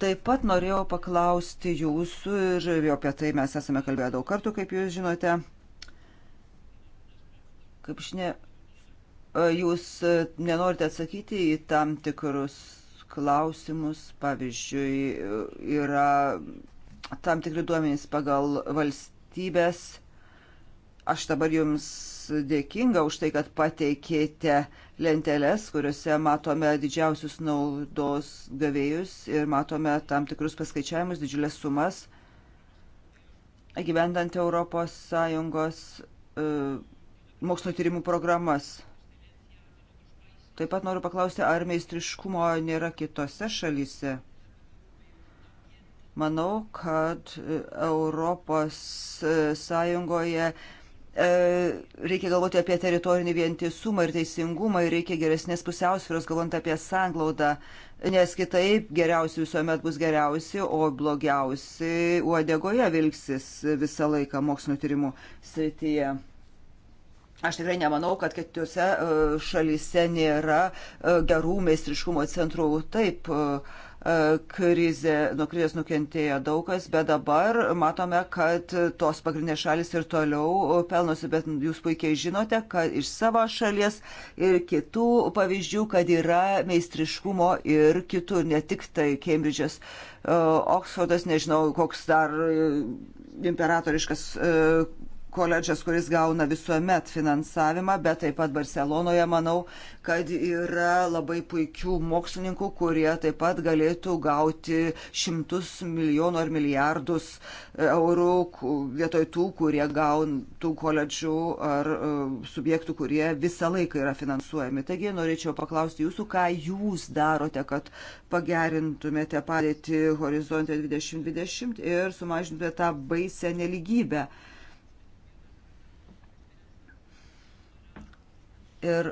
Taip pat norėjau paklausti jūsų ir jau apie tai mes esame kalbėję daug kartų, kaip jūs žinote. Kaip žinia, e, jūs e, nenorite atsakyti į tam tikrus klausimus, pavyzdžiui, yra tam tikri duomenys pagal valstybės. Aš dabar jums dėkinga už tai, kad pateikėte lenteles, kuriuose matome didžiausius naudos gavėjus ir matome tam tikrus paskaičiavimus, didžiulės sumas. Gyvendant Europos Sąjungos e, mokslo tyrimų programas Taip pat noriu paklausti, ar meistriškumo nėra kitose šalyse? Manau, kad e, Europos e, Sąjungoje e, reikia galvoti apie teritorinį vientisumą ir teisingumą ir reikia geresnės pusiausvėros galvant apie sanglaudą, nes kitaip geriausi visuomet bus geriausi, o blogiausi uodegoje vilksis visą laiką mokslinio tyrimų srityje. Aš tikrai nemanau, kad kitose e, šalyse nėra e, gerų meistriškumo centrų. Taip, e, krizė, nuo krizės nukentėjo daug kas, bet dabar matome, kad tos pagrindinės šalis ir toliau pelnosi, bet jūs puikiai žinote, kad iš savo šalies ir kitų pavyzdžių, kad yra meistriškumo ir kitur, ne tik tai Kembridžas, Oksfordas, nežinau, koks dar imperatoriškas koledžas, kuris gauna visuomet finansavimą, bet taip pat Barcelonoje manau, kad yra labai puikių mokslininkų, kurie taip pat galėtų gauti šimtus milijonų ar milijardus e, eurų vietoj tų, kurie gauntų koledžų ar e, subjektų, kurie visą laiką yra finansuojami. Taigi norėčiau paklausti jūsų, ką jūs darote, kad pagerintumėte padėtį horizontė 2020 ir sumažintumėte tą baisę neligybę. ir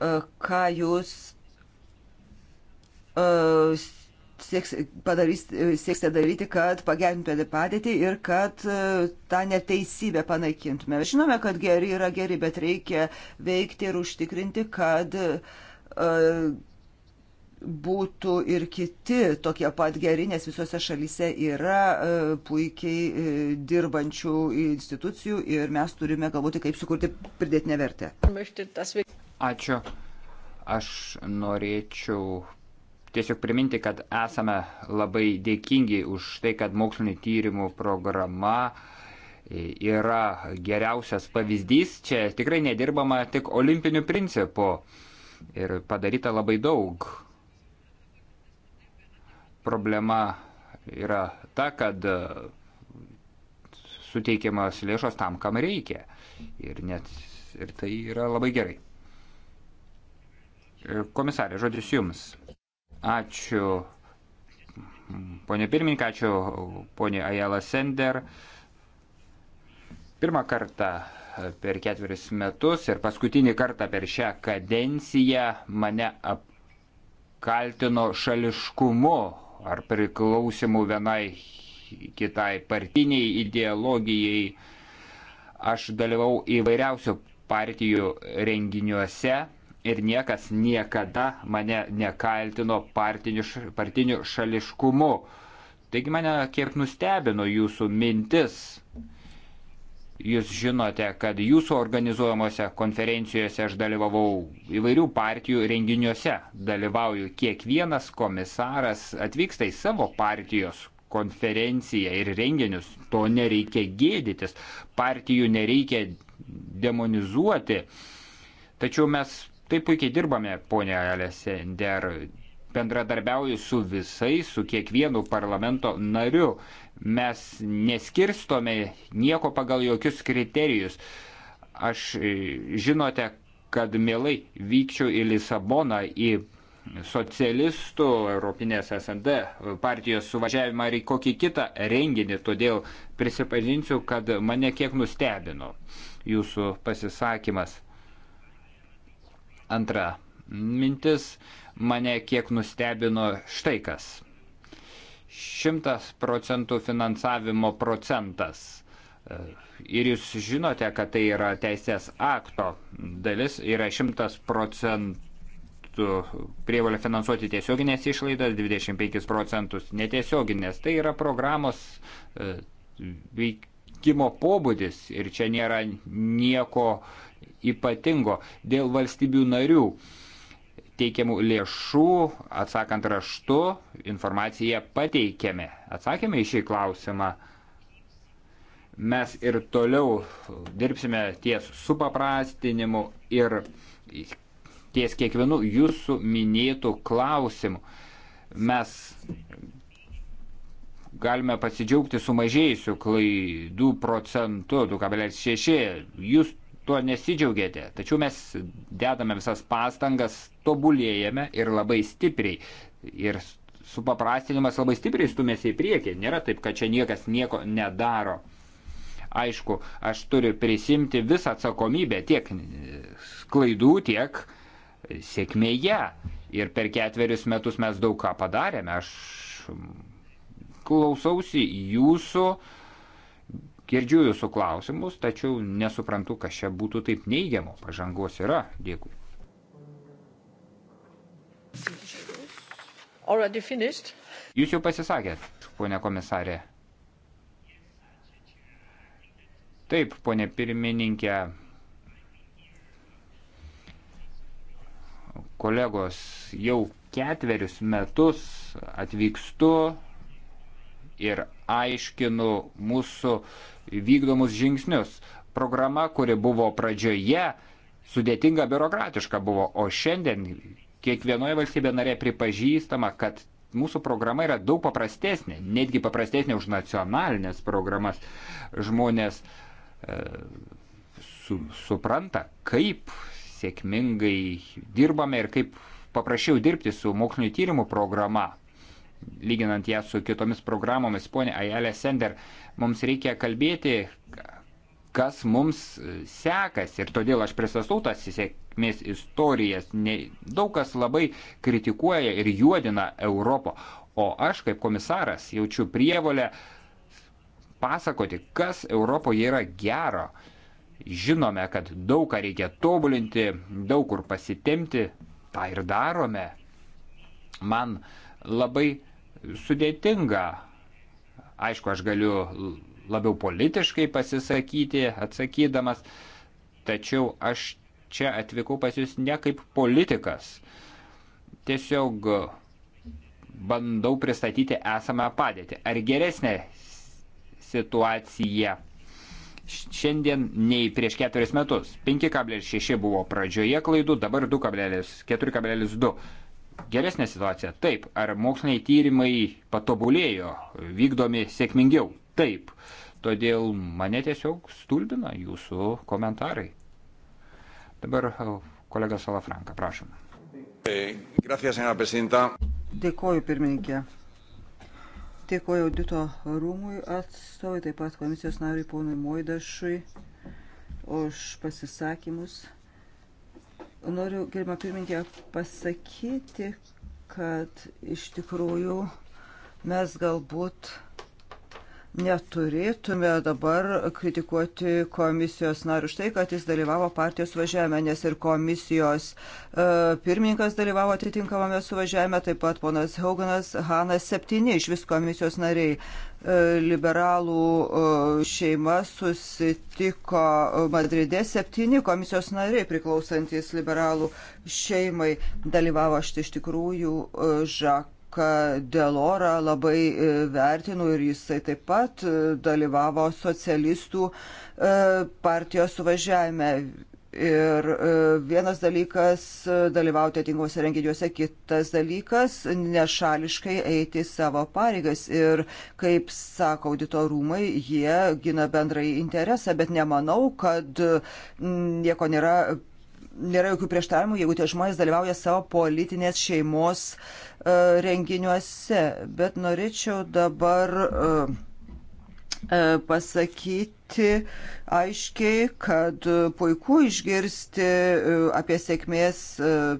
e, ką jūs e, sieks, padarys, e, sieksite daryti, kad pagerintumėte padėtį ir kad tą neteisybę panaikintume. Žinome, kad geri yra geri, bet reikia veikti ir užtikrinti, kad uh, būtų ir kiti tokie pat geri, nes visose šalyse yra e, puikiai e, dirbančių institucijų ir mes turime galvoti, kaip sukurti pridėtinę vertę. Ačiū. Aš norėčiau tiesiog priminti, kad esame labai dėkingi už tai, kad mokslinio tyrimų programa e, yra geriausias pavyzdys. Čia tikrai nedirbama tik olimpiniu principu ir padaryta labai daug problema yra ta, kad suteikiamas lėšos tam, kam reikia. Ir, net, ir tai yra labai gerai. Komisarė, žodis jums. Ačiū, ponė pirmininkė, ačiū, ponė Ajala Sender. Pirmą kartą per ketveris metus ir paskutinį kartą per šią kadenciją mane apkaltino šališkumu ar priklausimų vienai kitai partiniai ideologijai. Aš dalyvau įvairiausių partijų renginiuose ir niekas niekada mane nekaltino partiniu, partiniu šališkumu. Taigi mane kiek nustebino jūsų mintis Jūs žinote, kad jūsų organizuojamose konferencijose aš dalyvavau įvairių partijų renginiuose. Dalyvauju kiekvienas komisaras atvyksta į savo partijos konferenciją ir renginius. To nereikia gėdytis. Partijų nereikia demonizuoti. Tačiau mes taip puikiai dirbame, ponė Alesender. Bendradarbiauju su visais, su kiekvienu parlamento nariu. Mes neskirstome nieko pagal jokius kriterijus. Aš e, žinote, kad mielai vykčiau į Lisaboną, į socialistų Europinės SND partijos suvažiavimą ar į kokį kitą renginį, todėl prisipažinsiu, kad mane kiek nustebino jūsų pasisakymas. Antra mintis mane kiek nustebino štai kas. 100 procentų finansavimo procentas. E, ir jūs žinote, kad tai yra teisės akto dalis, yra 100 procentų prievalė finansuoti tiesioginės išlaidas, 25 procentus netiesioginės. Tai yra programos e, veikimo pobūdis ir čia nėra nieko ypatingo dėl valstybių narių teikiamų lėšų, atsakant raštu, informaciją pateikėme. Atsakėme į šį klausimą. Mes ir toliau dirbsime ties supaprastinimu ir ties kiekvienu jūsų minėtų klausimu. Mes galime pasidžiaugti sumažėjusiu klaidų procentu 2,6. Jūs tuo nesidžiaugiate, tačiau mes dedame visas pastangas, tobulėjame ir labai stipriai. Ir supaprastinimas labai stipriai stumėsi į priekį. Nėra taip, kad čia niekas nieko nedaro. Aišku, aš turiu prisimti visą atsakomybę tiek klaidų, tiek sėkmėje. Ir per ketverius metus mes daug ką padarėme. Aš klausausi jūsų uh, Girdžiu jūsų klausimus, tačiau nesuprantu, kas čia būtų taip neigiamo. Pažangos yra. Dėkui. Jūs jau pasisakėt, ponė komisarė. Taip, ponė pirmininkė, kolegos jau ketverius metus atvykstu ir aiškinu mūsų vykdomus žingsnius. Programa, kuri buvo pradžioje, sudėtinga biurokratiška buvo, o šiandien kiekvienoje valstybė narė pripažįstama, kad mūsų programa yra daug paprastesnė, netgi paprastesnė už nacionalinės programas. Žmonės e, su, supranta, kaip sėkmingai dirbame ir kaip paprašiau dirbti su mokslinio tyrimų programa, lyginant ją su kitomis programomis. Pone Ajelė Sender, e, Mums reikia kalbėti, kas mums e, sekasi ir todėl aš pristatau tas sėkmės istorijas. Ne, daug kas labai kritikuoja ir juodina Europą, o aš kaip komisaras jaučiu prievolę pasakoti, kas Europoje yra gero. Žinome, kad daug ką reikia tobulinti, daug kur pasitemti, tą ir darome. Man labai sudėtinga Aišku, aš galiu labiau politiškai pasisakyti, atsakydamas, tačiau aš čia atvykau pas jūs ne kaip politikas. Tiesiog bandau pristatyti esamą padėtį. Ar geresnė situacija šiandien nei prieš keturis metus? 5,6 buvo pradžioje klaidų, dabar 2,4,2 geresnė situacija? Taip. Ar moksliniai tyrimai patobulėjo, vykdomi sėkmingiau? Taip. Todėl mane tiesiog stulbina jūsų komentarai. Dabar e, kolega Salafranka, prašom. E, Dėkoju, pirmininkė. Dėkoju audito rūmui atstovui, taip pat komisijos nariui ponui Moidašui už pasisakymus. Noriu, gerbama pirmininkė, pasakyti, kad iš tikrųjų mes galbūt uh, neturėtume dabar kritikuoti komisijos narių už tai, kad jis dalyvavo partijos suvažiavime, nes ir komisijos uh, pirmininkas dalyvavo atitinkamame suvažiavime, taip pat ponas Hauganas, Hanas, septyni iš vis komisijos nariai e, liberalų e, šeima susitiko Madride. Septyni komisijos nariai priklausantis liberalų šeimai dalyvavo. Aš iš tikrųjų Žak Žaka Delora labai e, vertinu ir jisai taip pat e, dalyvavo socialistų e, partijos suvažiavime. Ir vienas dalykas - dalyvauti atinguose renginiuose, kitas dalykas - nešališkai eiti savo pareigas. Ir kaip sako auditorumai, jie gina bendrai interesą, bet nemanau, kad nieko nėra nėra jokių prieštaravimų, jeigu tie žmonės dalyvauja savo politinės šeimos e, renginiuose. Bet norėčiau dabar e, e, pasakyti aiškiai, kad puiku išgirsti apie sėkmės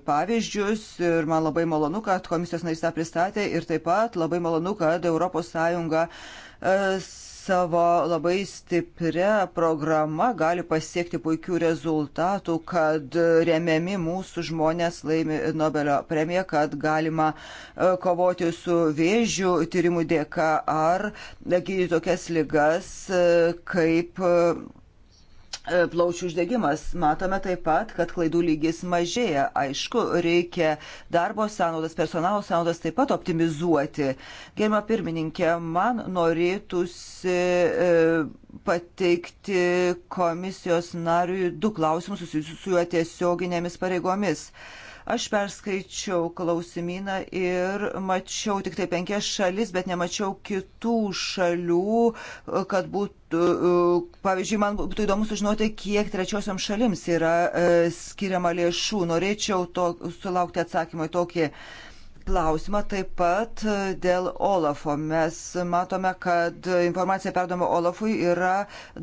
pavyzdžius ir man labai malonu, kad komisijos narys tą pristatė ir taip pat labai malonu, kad ES savo labai stipria programa gali pasiekti puikių rezultatų, kad remiami mūsų žmonės laimi Nobelio premiją, kad galima e, kovoti su vėžių tyrimų dėka ar gydyti tokias ligas e, kaip e, E, plaučių uždegimas. Matome taip pat, kad klaidų lygis mažėja. Aišku, reikia darbo sąnaudas, personalo sąnaudas taip pat optimizuoti. Gerima pirmininkė, man norėtųsi e, pateikti komisijos nariui du klausimus susijusius su juo tiesioginėmis pareigomis. E, Aš perskaičiau klausimyną ir mačiau tik tai penkias šalis, bet nemačiau kitų šalių, kad būtų, pavyzdžiui, man būtų įdomu sužinoti, kiek trečiosiam šalims yra e, skiriama lėšų. Norėčiau to, sulaukti atsakymą į tokį klausimą klausimą taip pat e, dėl Olafo. Mes matome, kad informacija perdoma Olafui yra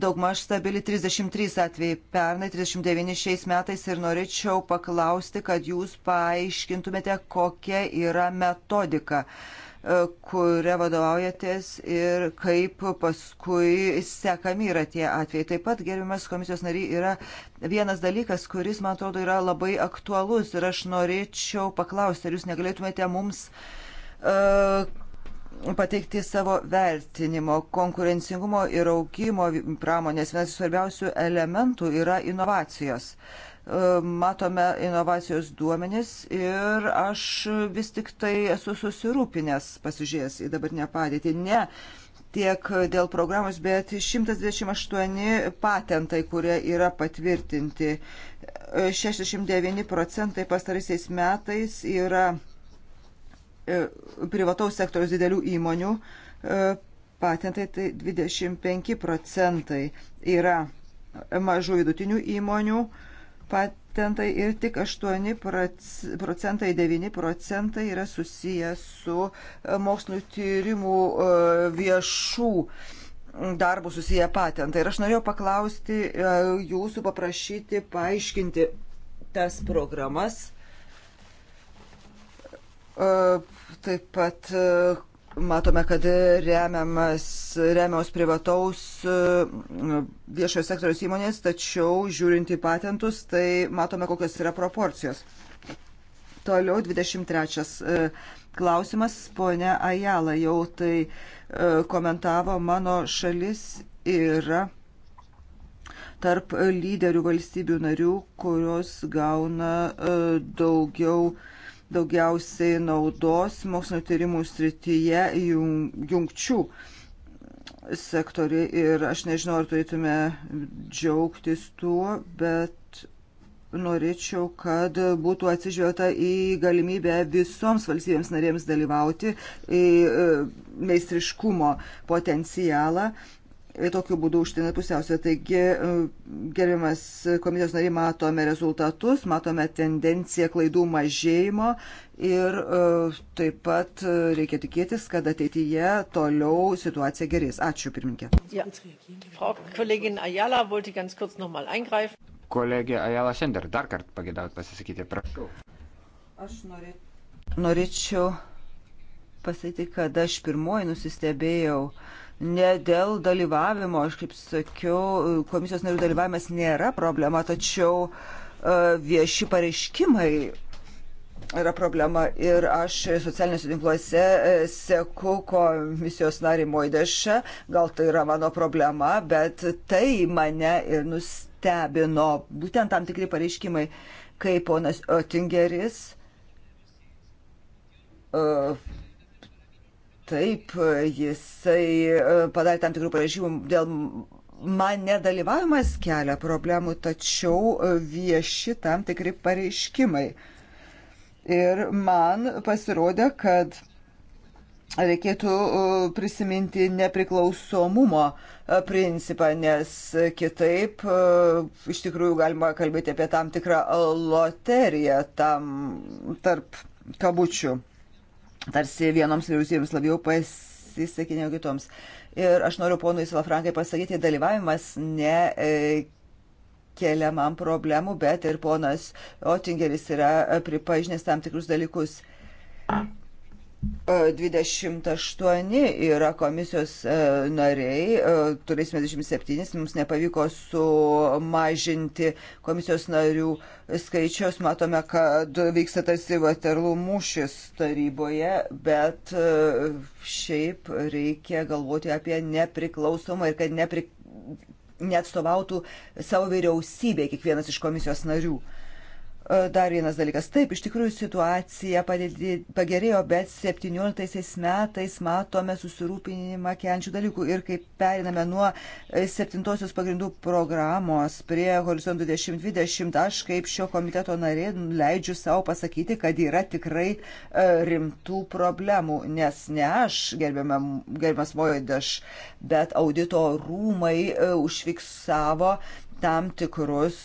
daugmaž stabili 33 atvejai pernai, 39 šiais metais ir norėčiau paklausti, kad jūs paaiškintumėte, kokia yra metodika. Uh, E, kurią vadovaujatės ir kaip paskui sekami yra tie atvejai. Taip pat, gerbiamas komisijos nariai, yra vienas dalykas, kuris, man atrodo, yra labai aktualus ir aš norėčiau paklausti, ar jūs negalėtumėte mums uh, pateikti savo vertinimo konkurencingumo ir augimo pramonės. Vienas svarbiausių elementų yra inovacijos. Uh, matome inovacijos duomenis ir aš vis tik tai esu susirūpinęs pasižiūrėjęs į dabartinę padėtį. Ne tiek dėl programos, bet 128 patentai, kurie yra patvirtinti. 69 procentai pastaraisiais metais yra e, privataus sektoriaus didelių įmonių e, patentai, tai 25 procentai yra mažų vidutinių įmonių, patentai ir tik 8 procentai, 9 procentai yra susijęs su e, mokslinių tyrimų e, viešų darbų susiję patentai. Ir aš norėjau paklausti e, jūsų, paprašyti, paaiškinti tas programas. Taip pat matome, kad remiamas, remiaus privataus e, viešojo sektoriaus įmonės, tačiau žiūrint į patentus, tai matome, kokios yra proporcijos. Toliau 23 e, klausimas, ponia Ajala jau tai e, komentavo, mano šalis yra tarp lyderių valstybių narių, kurios gauna daugiau uh, daugiausiai naudos mokslinio tyrimų srityje jungčių sektoriui ir aš nežinau, ar turėtume džiaugtis tuo, bet norėčiau, kad būtų atsižvelgta į galimybę visoms valstybėms narėms dalyvauti, į e, meistriškumo potencialą tokiu būdu užtikrina pusiausvę. Taigi, e, gerbiamas komisijos nariai, matome rezultatus, matome tendenciją klaidų mažėjimo ir e, taip pat e, reikia tikėtis, kad ateityje toliau situacija gerės. Ačiū, pirminkė. Ja. Kolegė Ajala Sender, dar kartą pagėdavot pasisakyti, prašau. Aš norė... norėčiau pasakyti, kad aš pirmoji nusistebėjau uh, ne dėl dalyvavimo, aš kaip sakiau, komisijos narių dalyvavimas nėra problema, tačiau e, vieši pareiškimai yra problema ir aš socialiniuose tinkluose e, seku komisijos narį Moidešą, gal tai yra mano problema, bet tai mane ir nustebino, būtent tam tikri pareiškimai, kai ponas Oettingeris uh, Taip, jisai e, padarė tam tikrų pareiškimų dėl man nedalyvavimas kelia problemų, tačiau vieši tam tikri pareiškimai. Ir man pasirodė, kad reikėtų e, prisiminti nepriklausomumo e, principą, nes kitaip iš tikrųjų galima kalbėti apie tam tikrą loteriją tam tarp kabučių tarsi vienoms vyriausybėms labiau pasisekė negu kitoms. Ir aš noriu ponui Salafrankai pasakyti, dalyvavimas ne. E, keliamam problemų, bet ir ponas Otingeris yra pripažinęs tam tikrus dalykus. 28 e, yra komisijos e, nariai, e, turėsime 27, mums nepavyko sumažinti komisijos narių skaičiaus, matome, kad vyksta tarsi Vaterlų mūšis taryboje, bet šiaip reikia galvoti apie nepriklausomą ir kad nepri... neatstovautų savo vyriausybė kiekvienas iš komisijos narių. E, dar vienas dalykas. Taip, iš tikrųjų situacija pagerėjo, bet 17 metais matome susirūpinimą kenčių dalykų ir kaip periname nuo 7 e, pagrindų programos prie horizontų 2020, aš kaip šio komiteto narė leidžiu savo pasakyti, kad yra tikrai e, rimtų problemų, nes ne aš, gerbiamas Mojodaš, bet audito rūmai užfiksavo tam tikrus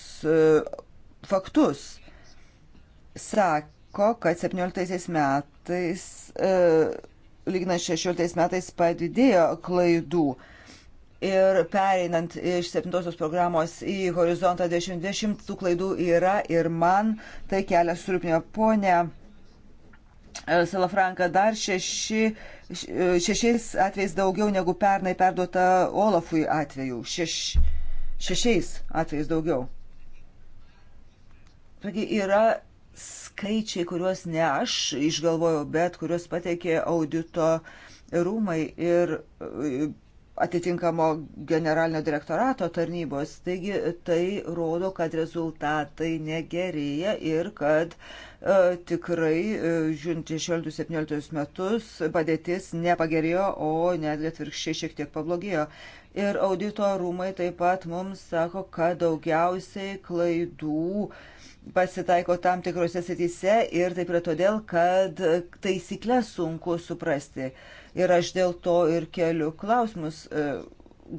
faktus sako, kad 17 metais, e, lyginant 16 metais, padidėjo klaidų. Ir pereinant iš septintosios programos į horizontą 2020, tų klaidų yra ir man tai kelia surūpnio. Pone e, Salafranka, dar šeši, e, šešiais atvejais daugiau negu pernai perduota Olafui atveju. Šeš, šešiais atvejais daugiau. Taigi yra skaičiai, kuriuos ne aš išgalvojau, bet kuriuos pateikė audito rūmai ir e, atitinkamo generalinio direktorato tarnybos. Taigi tai rodo, kad rezultatai negerėja ir kad e, tikrai, e, žiūrint 16-17 metus, padėtis nepagerėjo, o netgi atvirkščiai šiek tiek pablogėjo. Ir audito rūmai taip pat mums sako, kad daugiausiai klaidų e, pasitaiko tam tikrose srityse ir taip yra todėl, kad taisyklės sunku suprasti. Ir aš dėl to ir keliu klausimus. E,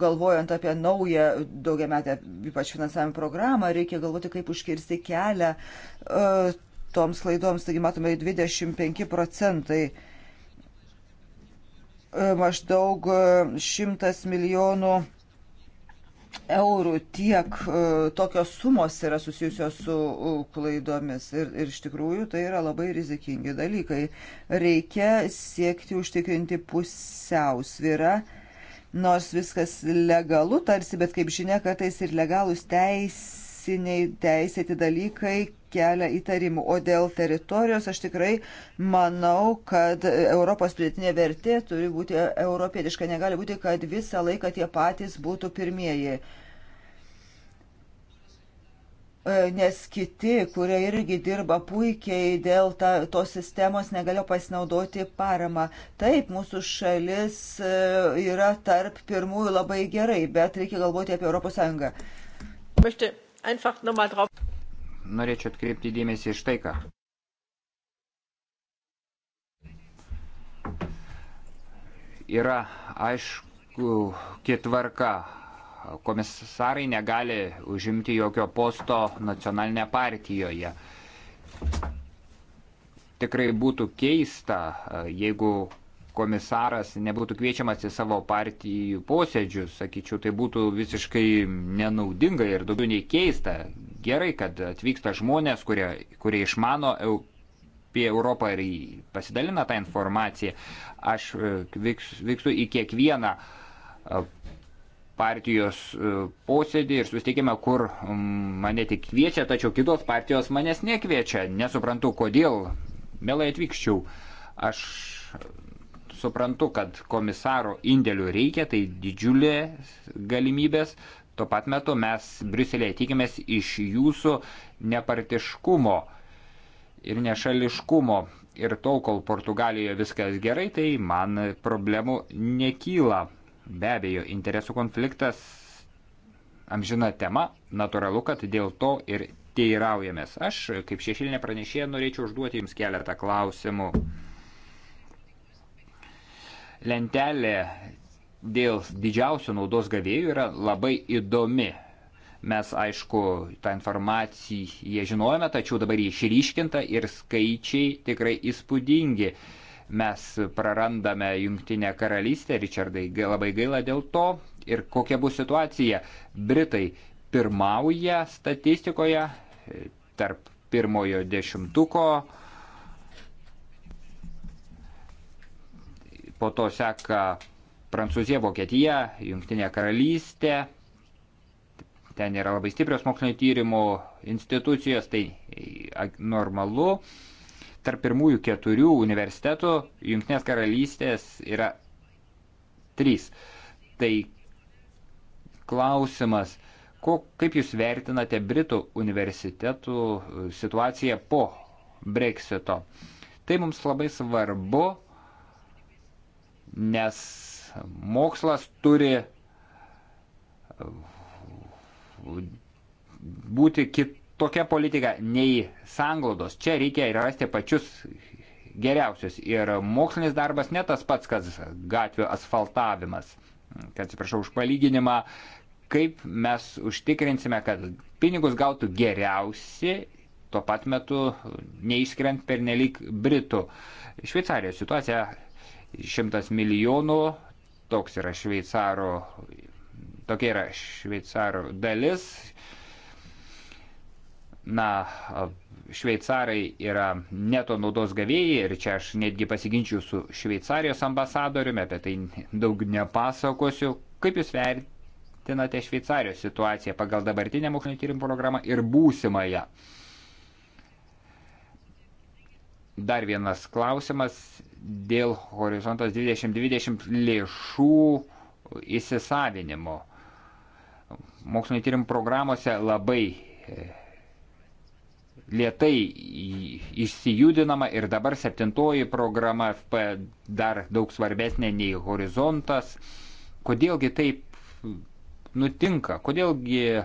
galvojant apie naują daugiametę, ypač finansavimo programą, reikia galvoti, kaip užkirsti kelią uh, toms klaidoms. Taigi matome 25 procentai e, maždaug 100 milijonų eurų tiek e, tokios sumos yra susijusios su klaidomis ir, ir iš tikrųjų tai yra labai rizikingi dalykai. Reikia siekti užtikrinti pusiausvyrą, nors viskas legalu tarsi, bet kaip žinia, kartais ir legalus teisės teisiniai, teisėti dalykai kelia įtarimų. O dėl teritorijos aš tikrai manau, kad Europos pridėtinė vertė turi būti europietiška. Negali būti, kad visą laiką tie patys būtų pirmieji. E, nes kiti, kurie irgi dirba puikiai dėl ta, tos sistemos, negalėjo pasinaudoti paramą. Taip, mūsų šalis e, yra tarp pirmųjų labai gerai, bet reikia galvoti apie ES. Möchte einfach nochmal drauf. Norėčiau atkreipti dėmesį iš tai, ką. Yra aišku kitvarka. Komisarai negali užimti jokio posto nacionalinėje partijoje. Tikrai būtų keista, jeigu komisaras nebūtų kviečiamas į savo partijų posėdžius, sakyčiau, tai būtų visiškai nenaudinga ir daugiau nei keista. Gerai, kad atvyksta žmonės, kurie, kurie išmano apie Europą ir pasidalina tą informaciją. Aš e, vykstu į kiekvieną e, partijos e, posėdį ir susitikime, kur mane tik kviečia, tačiau kitos partijos manęs nekviečia. Nesuprantu, kodėl. Mielai atvykščiau. Aš Suprantu, kad komisaro indėlių reikia, tai didžiulė galimybės. Tuo pat metu mes Briuselėje tikimės iš jūsų nepartiškumo ir nešališkumo. Ir tol, kol Portugalijoje viskas gerai, tai man problemų nekyla. Be abejo, interesų konfliktas amžina tema, natūralu, kad dėl to ir teiraujamės. Aš, kaip šešėlinė pranešėja, norėčiau užduoti Jums keletą klausimų lentelė dėl didžiausių naudos gavėjų yra labai įdomi. Mes, aišku, tą informaciją žinojame, tačiau dabar jį išryškinta ir skaičiai tikrai įspūdingi. Mes prarandame Junktinę karalystę, Richardai, labai gaila dėl to. Ir kokia bus situacija? Britai pirmauja statistikoje e, tarp pirmojo dešimtuko, po to seka Prancūzija, Vokietija, Junktinė karalystė. Ten yra labai stiprios mokslinio tyrimų institucijos, tai normalu. Tarp pirmųjų keturių universitetų Junktinės karalystės yra trys. Tai klausimas, ko, kaip Jūs vertinate Britų universitetų e, situaciją po Brexito? Tai mums labai svarbu, nes mokslas turi būti kitokia politika nei sanglaudos. Čia reikia rasti pačius geriausius. Ir mokslinis darbas ne tas pats, kas gatvių asfaltavimas. Kad atsiprašau už palyginimą, kaip mes užtikrinsime, kad pinigus gautų geriausi, tuo pat metu neiškrent per nelik Britų. Šveicarijos situacija 100 milijonų, toks yra šveicaro, tokia yra šveicaro dalis. Na, šveicarai yra neto naudos gavėjai ir čia aš netgi pasiginčiu su šveicarijos ambasadoriumi, apie tai daug nepasakosiu. Kaip jūs vertinate šveicarijos situaciją pagal dabartinę mokslinio tyrimų programą ir būsimąją? Ja. Dar vienas klausimas dėl horizontas 2020 lėšų įsisavinimo. Mokslinio tyrimų programuose labai e, lietai išsijudinama ir dabar septintoji programa FP dar daug svarbesnė nei horizontas. Kodėlgi taip nutinka? Kodėlgi e,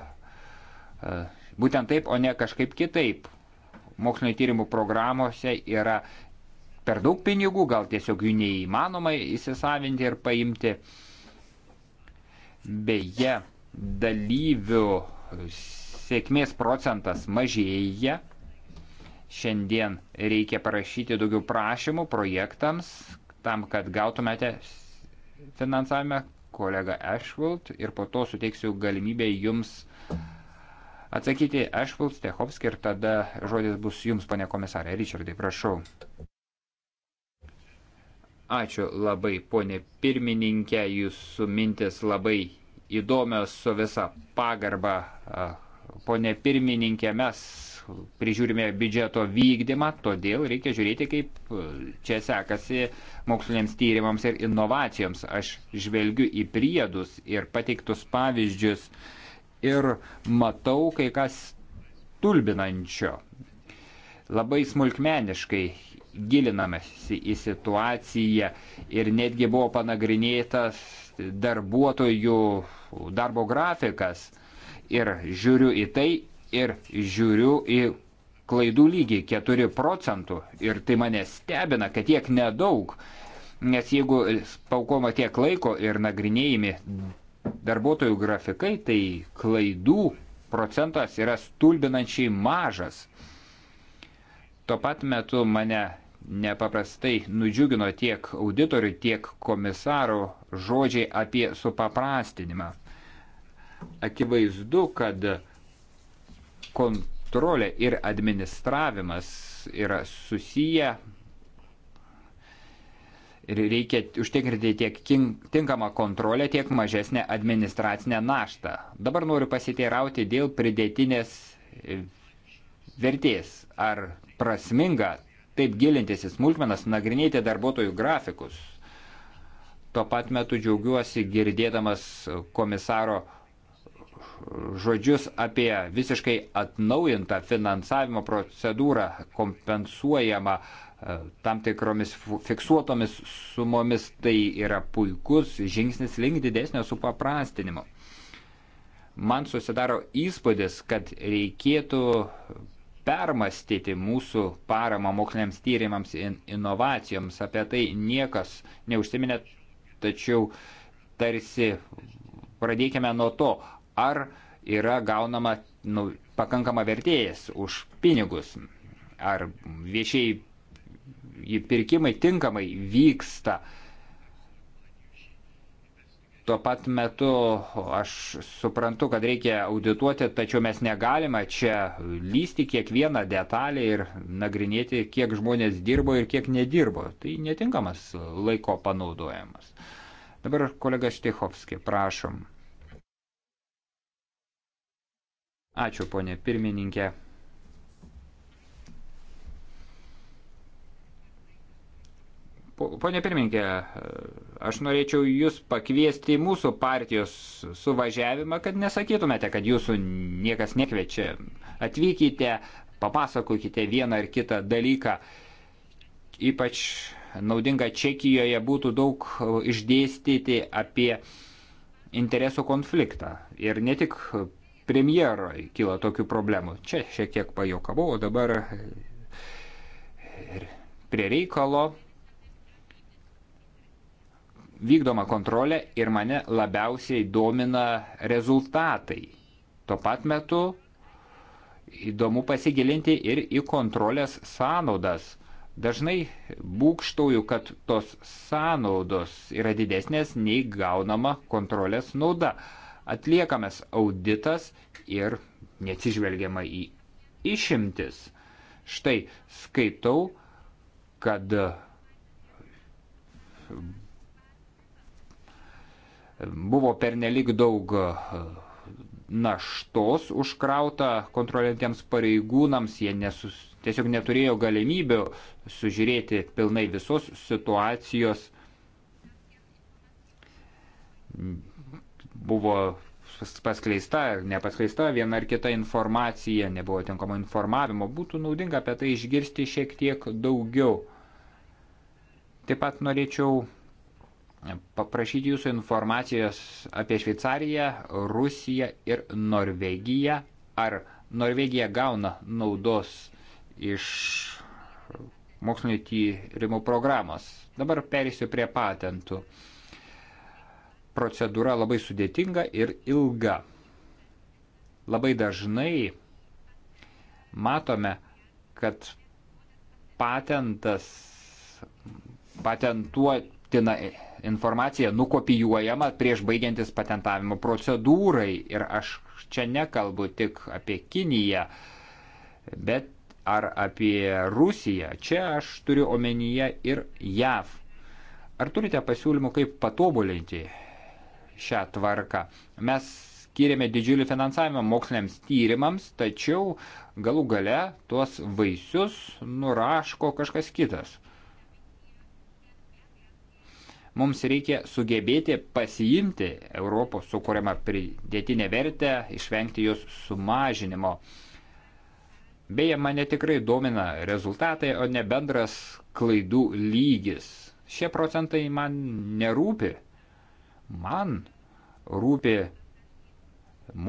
būtent taip, o ne kažkaip kitaip? mokslinio tyrimų programuose yra per daug pinigų, gal tiesiog jų neįmanoma įsisavinti ir paimti. Beje, dalyvių sėkmės procentas mažėja. Šiandien reikia parašyti daugiau prašymų projektams, tam, kad gautumėte finansavimą kolega Ashwood ir po to suteiksiu galimybę jums atsakyti Ašvils, Techovski ir tada žodis bus jums, pane komisarė. Richardai, prašau. Ačiū labai, ponė pirmininkė, jūsų mintis labai įdomios su visa pagarba. Pone pirmininkė, mes prižiūrime biudžeto vykdymą, todėl reikia žiūrėti, kaip čia sekasi moksliniams tyrimams ir inovacijoms. Aš žvelgiu į priedus ir pateiktus pavyzdžius ir matau kai kas tulbinančio. Labai smulkmeniškai gilinamasi į situaciją ir netgi buvo panagrinėtas darbuotojų darbo grafikas. Ir žiūriu į tai ir žiūriu į klaidų lygį 4 procentų. Ir tai mane stebina, kad tiek nedaug. Nes jeigu paukoma tiek laiko ir nagrinėjami darbuotojų grafikai, tai klaidų procentas yra stulbinančiai mažas. Tuo pat metu mane nepaprastai nudžiugino tiek auditorių, tiek komisarų žodžiai apie supaprastinimą. Akivaizdu, kad kontrolė ir administravimas yra susiję ir reikia užtikrinti tiek tinkamą kontrolę, tiek mažesnę administracinę naštą. Dabar noriu pasiteirauti dėl pridėtinės e, vertės. Ar prasminga taip gilintis į smulkmenas, nagrinėti darbuotojų grafikus? Tuo pat metu džiaugiuosi girdėdamas komisaro žodžius apie visiškai atnaujintą finansavimo procedūrą kompensuojamą uh, E, tam tikromis fiksuotomis sumomis, tai yra puikus žingsnis link didesnio supaprastinimo. Man susidaro įspūdis, kad reikėtų permastyti mūsų paramą moksliniams tyrimams ir in inovacijoms. Apie tai niekas neužsiminė, tačiau tarsi pradėkime nuo to, ar yra gaunama nu, pakankama vertėjas už pinigus, ar viešiai pirkimai tinkamai vyksta. Tuo pat metu aš suprantu, kad reikia audituoti, tačiau mes negalime čia lysti kiekvieną detalę ir nagrinėti, kiek žmonės dirbo ir kiek nedirbo. Tai netinkamas laiko panaudojimas. Dabar kolega Štichovski, prašom. Ačiū, ponė pirmininkė. Pone pirmininkė, aš norėčiau jūs pakviesti į mūsų partijos suvažiavimą, kad nesakytumėte, kad jūsų niekas nekviečia. Atvykite, papasakokite vieną ar kitą dalyką. Ypač naudinga Čekijoje būtų daug išdėstyti apie interesų konfliktą. Ir ne tik premjeroj kyla tokių problemų. Čia šiek tiek pajokavau, o dabar prie reikalo vykdoma kontrolė ir mane labiausiai domina rezultatai. Tuo pat metu įdomu pasigilinti ir į kontrolės sąnaudas. Dažnai būkštauju, kad tos sąnaudos yra didesnės nei gaunama kontrolės nauda. Atliekamas auditas ir neatsižvelgiama į išimtis. Štai skaitau, kad Buvo pernelyg daug e, naštos užkrauta kontroliuojantiems pareigūnams, jie nesus, tiesiog neturėjo galimybių sužiūrėti pilnai visos situacijos. Buvo paskleista ar nepaskleista viena ar kita informacija, nebuvo tinkamo informavimo, būtų naudinga apie tai išgirsti šiek tiek daugiau. Taip pat norėčiau paprašyti jūsų informacijos apie Šveicariją, Rusiją ir Norvegiją. Ar Norvegija gauna naudos iš mokslinio tyrimų programos? Dabar perėsiu prie patentų. Procedūra labai sudėtinga ir ilga. Labai dažnai matome, kad patentas patentuotina informacija nukopijuojama prieš baigiantis patentavimo procedūrai. Ir aš čia nekalbu tik apie Kiniją, bet ar apie Rusiją. Čia aš turiu omenyje ir JAV. Ar turite pasiūlymų, kaip patobulinti šią tvarką? Mes skiriame didžiulį finansavimą moksliniams tyrimams, tačiau galų gale tuos vaisius nuraško kažkas kitas. Mums reikia sugebėti pasiimti Europos sukūriamą pridėtinę vertę, išvengti jos sumažinimo. Beje, mane tikrai domina rezultatai, o ne bendras klaidų lygis. Šie procentai man nerūpi. Man rūpi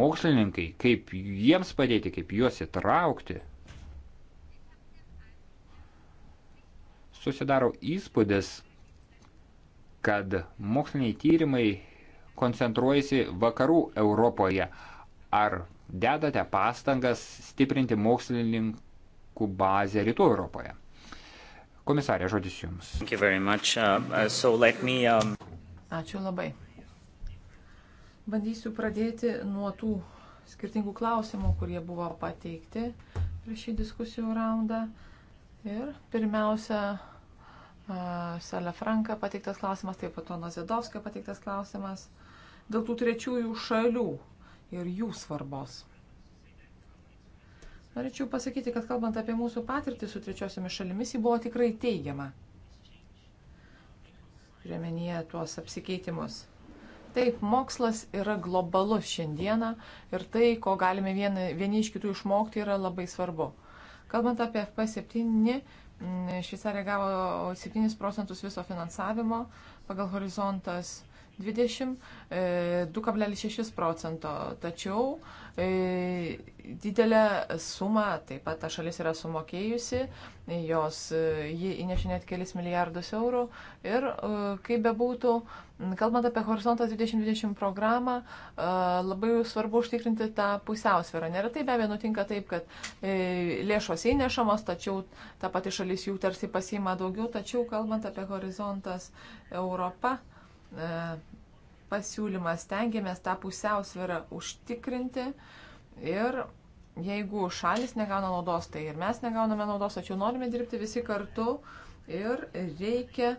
mokslininkai, kaip jiems padėti, kaip juos įtraukti. Susidaro įspūdis, kad moksliniai tyrimai koncentruojasi vakarų Europoje. Ar dedate pastangas stiprinti mokslininkų bazę rytų Europoje? Komisarė, žodis Jums. Uh, uh, um, Ačiū labai. Bandysiu pradėti nuo tų skirtingų klausimų, kurie buvo pateikti prieš šį diskusijų raundą. Ir pirmiausia, Salė Franka pateiktas klausimas, taip pat Tono Zedovskio pateiktas klausimas dėl tų trečiųjų šalių ir jų svarbos. Norėčiau pasakyti, kad kalbant apie mūsų patirtį su trečiosiomis šalimis, ji buvo tikrai teigiama. Turėmenyje tuos apsikeitimus. Taip, mokslas yra globalus šiandieną ir tai, ko galime vieni, vieni iš kitų išmokti, yra labai svarbu. Kalbant apie FP7, Šveicarija gavo 7 procentus viso finansavimo, pagal horizontas 20, 2,6 e, procento. Tačiau E, didelę sumą, taip pat ta šalis yra sumokėjusi, jos, e, ji įnešė net kelis milijardus eurų ir e, kaip bebūtų, kalbant apie Horizontas 2020 programą, labai svarbu užtikrinti tą pusiausvyrą. Neretai be abejo nutinka taip, kad lėšos įnešamos, tačiau ta pati šalis jų tarsi pasima daugiau, tačiau kalbant apie Horizontas Europą, pasiūlymas. Tengiamės tą pusiausvyrą užtikrinti ir jeigu šalis negauna naudos, tai ir mes negauname naudos, tačiau norime dirbti visi kartu ir reikia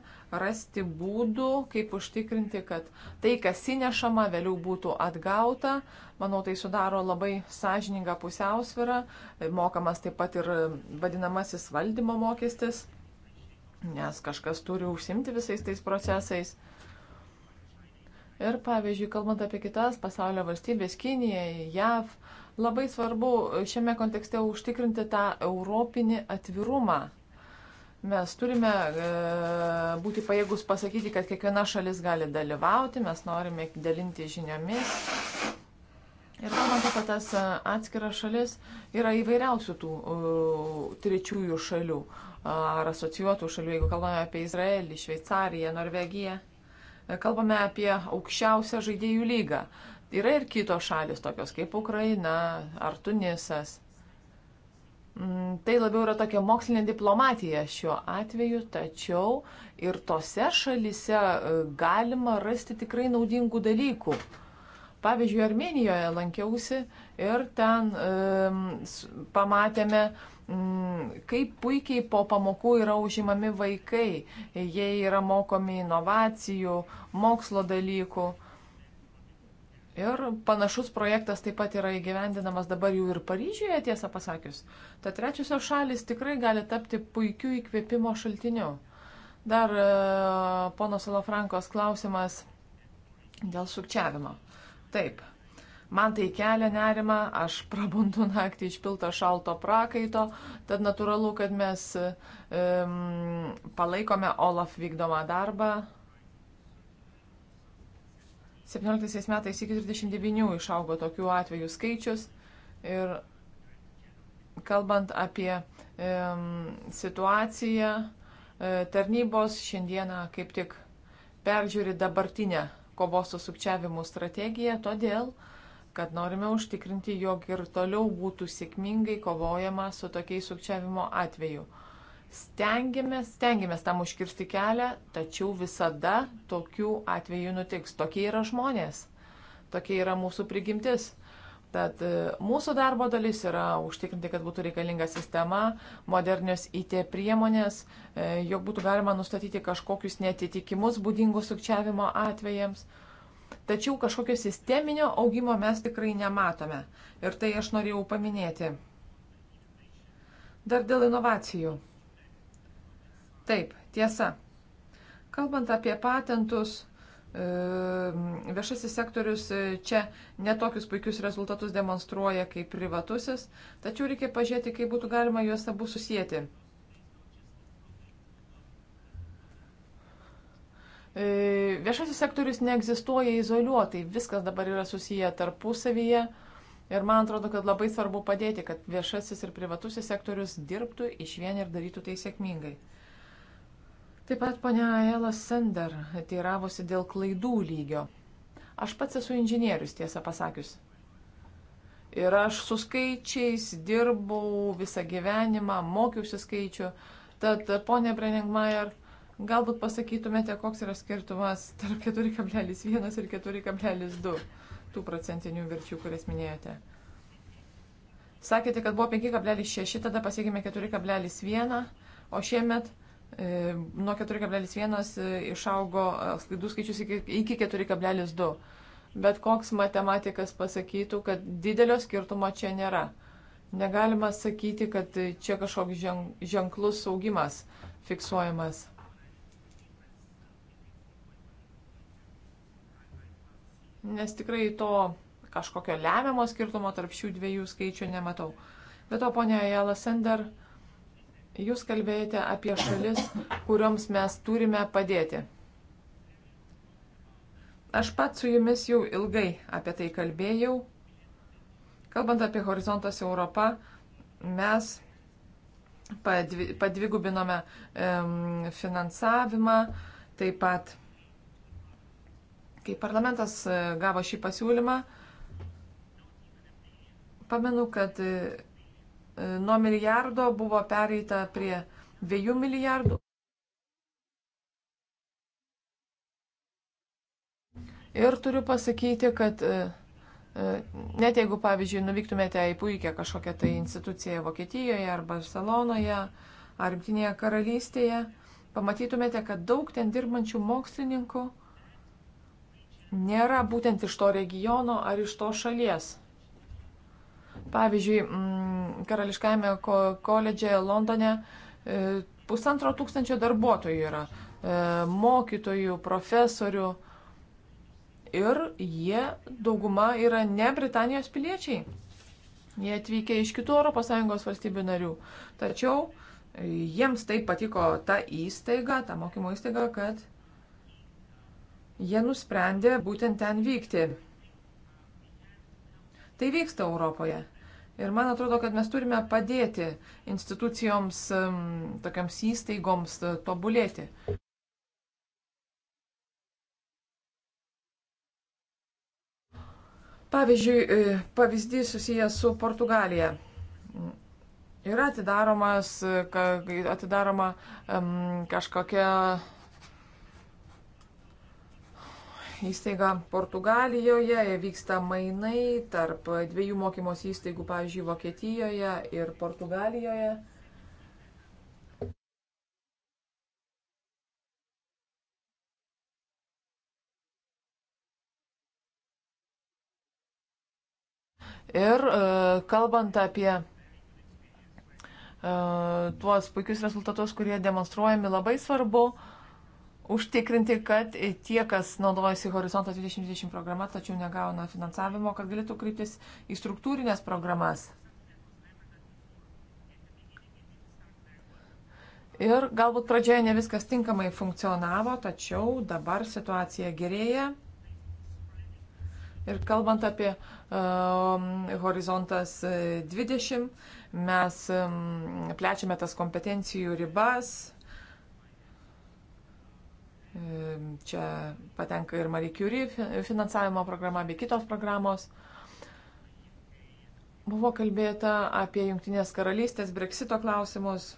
rasti būdų, kaip užtikrinti, kad tai, kas įnešama, vėliau būtų atgauta. Manau, tai sudaro labai sąžiningą pusiausvyrą. Mokamas taip pat ir vadinamasis valdymo mokestis, nes kažkas turi užsimti visais tais procesais. Ir pavyzdžiui, kalbant apie kitas pasaulio valstybės, Kiniją, JAV, labai svarbu šiame kontekste užtikrinti tą europinį atvirumą. Mes turime e, būti pajėgus pasakyti, kad kiekviena šalis gali dalyvauti, mes norime dalinti žiniomis. Ir kalbant apie tas atskiras šalis, yra įvairiausių tų uh, trečiųjų šalių uh, ar asocijuotų šalių, jeigu kalbame apie Izraelį, Šveicariją, Norvegiją. Uh, Kalbame apie aukščiausią žaidėjų lygą. Yra ir kitos šalis, tokios kaip Ukraina ar Tunisas. Mm, tai labiau yra tokia mokslinė diplomatija šiuo atveju, tačiau ir tose šalise e, galima rasti tikrai naudingų dalykų. Pavyzdžiui, Armenijoje lankiausi ir ten um, pamatėme, um, kaip puikiai po pamokų yra užimami vaikai. Jie yra mokomi inovacijų, mokslo dalykų. Ir panašus projektas taip pat yra įgyvendinamas dabar jau ir Paryžiuje, tiesą pasakius. Tad trečiosios šalis tikrai gali tapti puikiu įkvėpimo šaltiniu. Dar e, pono Salafrankos klausimas dėl sukčiavimo. Taip. Man tai kelia nerima, aš prabundu naktį išpiltą šalto prakaito, tad natūralu, kad mes um, palaikome Olaf vykdomą darbą. 17 metais iki 39 išaugo tokių atvejų skaičius ir kalbant apie um, situaciją, e, tarnybos šiandieną kaip tik peržiūri dabartinę kovos su sukčiavimu strategiją, todėl, kad norime užtikrinti, jog ir toliau būtų sėkmingai kovojama su tokiais sukčiavimo atveju. Stengiamės, stengiamės tam užkirsti kelią, tačiau visada tokių atvejų nutiks. Tokie yra žmonės, tokia yra mūsų prigimtis. Tad e, mūsų darbo dalis yra užtikrinti, kad būtų reikalinga sistema, modernios IT priemonės, e, jog būtų galima nustatyti kažkokius netitikimus būdingus sukčiavimo atvejams. Tačiau kažkokio sisteminio augimo mes tikrai nematome. Ir tai aš norėjau paminėti. Dar dėl inovacijų. Taip, tiesa. Kalbant apie patentus, Ehm, viešasis sektorius e, čia netokius puikius rezultatus demonstruoja kaip privatusis, tačiau reikia pažiūrėti, kaip būtų galima juos abu susijęti. E, viešasis sektorius neegzistuoja izoliuotai, viskas dabar yra susiję tarpusavyje ir man atrodo, kad labai svarbu padėti, kad viešasis ir privatusis sektorius dirbtų iš vien ir darytų tai sėkmingai. Taip pat ponia Aela Sender teiravosi dėl klaidų lygio. Aš pats esu inžinierius, tiesą pasakius. Ir aš su skaičiais dirbau visą gyvenimą, mokiausi skaičių. Tad, ponė Brenningmajer, galbūt pasakytumėte, koks yra skirtumas tarp 4,1 ir 4,2 tų procentinių verčių, kurias minėjote. Sakėte, kad buvo 5,6, tada pasiekime 4,1, o šiemet E, nuo 4,1 e, išaugo e, klaidų skaičius iki 4,2. Bet koks matematikas pasakytų, kad didelio skirtumo čia nėra. Negalima sakyti, kad čia kažkoks ženklus augimas fiksuojamas. Nes tikrai to kažkokio lemiamo skirtumo tarp šių dviejų skaičių nematau. Bet to, ponia Jala Sender, uh, Jūs kalbėjote apie šalis, kurioms mes turime padėti. Aš pat su jumis jau ilgai apie tai kalbėjau. Kalbant apie Horizontas Europą, mes padvigubinome finansavimą, taip pat, kai parlamentas e, gavo šį pasiūlymą, pamenu, kad E, nuo milijardo buvo pereita prie 2 milijardų. Ir turiu pasakyti, kad e, e, net jeigu, pavyzdžiui, nuvyktumėte į puikią kažkokią tai instituciją Vokietijoje ar Barcelonoje ar Jungtinėje karalystėje, pamatytumėte, kad daug ten dirbančių mokslininkų nėra būtent iš to regiono ar iš to šalies. Pavyzdžiui, mm, karališkajame ko koledže Londone e, pusantro tūkstančio darbuotojų yra, e, mokytojų, profesorių ir jie dauguma yra ne Britanijos piliečiai. Jie atvykę iš kitų ES valstybių narių. Tačiau e, jiems taip patiko ta įstaiga, ta mokymo įstaiga, kad jie nusprendė būtent ten vykti. Tai vyksta Europoje. Ir man atrodo, kad mes turime padėti institucijoms, tokiams įstaigoms e, tobulėti. Pavyzdžiui, e, pavyzdys susijęs su Portugalija. Yra atidaromas, e, atidaroma um, kažkokia įstaiga Portugalijoje, vyksta mainai tarp dviejų mokymos įstaigų, pavyzdžiui, Vokietijoje ir Portugalijoje. Ir e, kalbant apie e, tuos puikius rezultatus, kurie demonstruojami, labai svarbu uh, užtikrinti, kad tie, kas naudojasi Horizontas 2020 programa, tačiau negauna finansavimo, kad galėtų kryptis į struktūrinės programas. Ir galbūt pradžioje ne viskas tinkamai funkcionavo, tačiau dabar situacija gerėja. Ir kalbant apie um, horizontas 20, e, mes um, plečiame tas kompetencijų ribas, Čia patenka ir Marie Curie finansavimo programa bei kitos programos. Buvo kalbėta apie Junktinės karalystės breksito klausimus.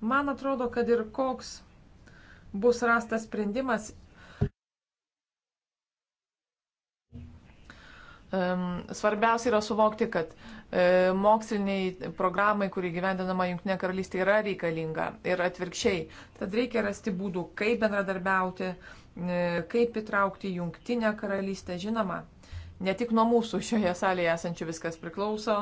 Man atrodo, kad ir koks bus rastas sprendimas, Svarbiausia yra suvokti, kad e, moksliniai programai, kurį gyvendinama Junktinė karalystė, yra reikalinga ir atvirkščiai. Tad reikia rasti būdų, kaip bendradarbiauti, e, kaip įtraukti Junktinę karalystę. Žinoma, ne tik nuo mūsų šioje salėje esančių viskas priklauso,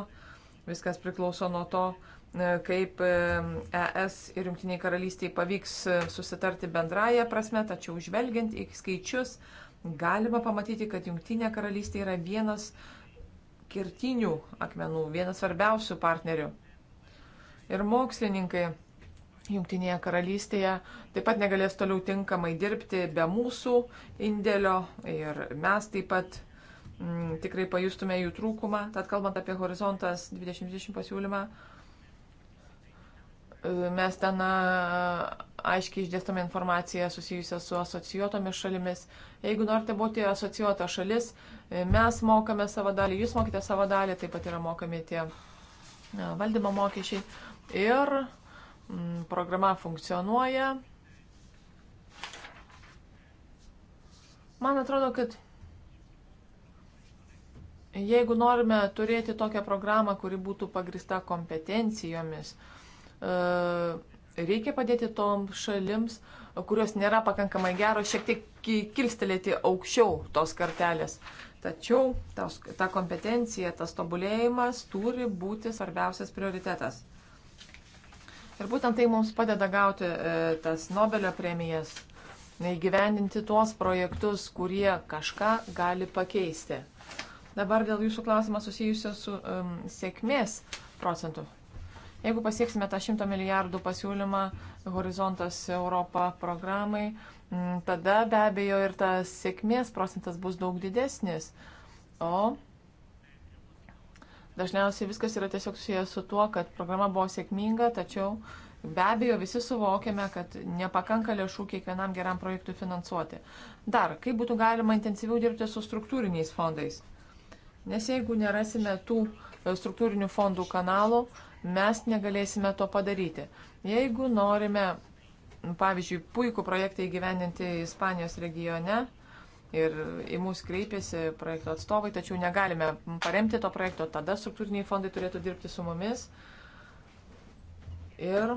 viskas priklauso nuo to, e, kaip ES ir Junktiniai karalystiai pavyks susitarti bendrają prasme, tačiau žvelgiant į skaičius, galima pamatyti, kad Junktinė karalystė yra vienas kirtinių akmenų, vienas svarbiausių partnerių. Ir mokslininkai Junktinėje karalystėje taip pat negalės toliau tinkamai dirbti be mūsų indėlio ir mes taip pat m, mm, tikrai pajustume jų trūkumą. Tad kalbant apie horizontas 2020 pasiūlymą, Mes ten aiškiai išdėstame informaciją susijusią su asocijuotomis šalimis. Jeigu norite būti asocijuota šalis, e, mes mokame savo dalį, jūs mokite savo dalį, taip pat yra mokami tie valdymo mokesčiai. Ir mm, programa funkcionuoja. Man atrodo, kad jeigu norime turėti tokią programą, kuri būtų pagrista kompetencijomis, uh, E, reikia padėti tom šalims, kurios nėra pakankamai geros, šiek tiek kilstelėti aukščiau tos kartelės. Tačiau tos, ta kompetencija, tas tobulėjimas turi būti svarbiausias prioritetas. Ir būtent tai mums padeda gauti e, tas Nobelio premijas, įgyvendinti tuos projektus, kurie kažką gali pakeisti. Dabar dėl jūsų klausimą susijusio su um, sėkmės procentu. Jeigu pasieksime tą 100 milijardų pasiūlymą Horizontas Europa programai, mm, tada be abejo ir tas sėkmės procentas bus daug didesnis. O dažniausiai viskas yra tiesiog susijęs su tuo, kad programa buvo sėkminga, tačiau Be abejo, visi suvokiame, kad nepakanka lėšų kiekvienam geram projektui finansuoti. Dar, kaip būtų galima intensyviau dirbti su struktūriniais fondais? Nes jeigu nerasime tų e, struktūrinių fondų kanalų, mes negalėsime to padaryti. Jeigu norime, pavyzdžiui, puikų projektą įgyvendinti Ispanijos regione, ir į mus kreipėsi projekto atstovai, tačiau negalime paremti to projekto, tada struktūriniai fondai turėtų dirbti su mumis. Ir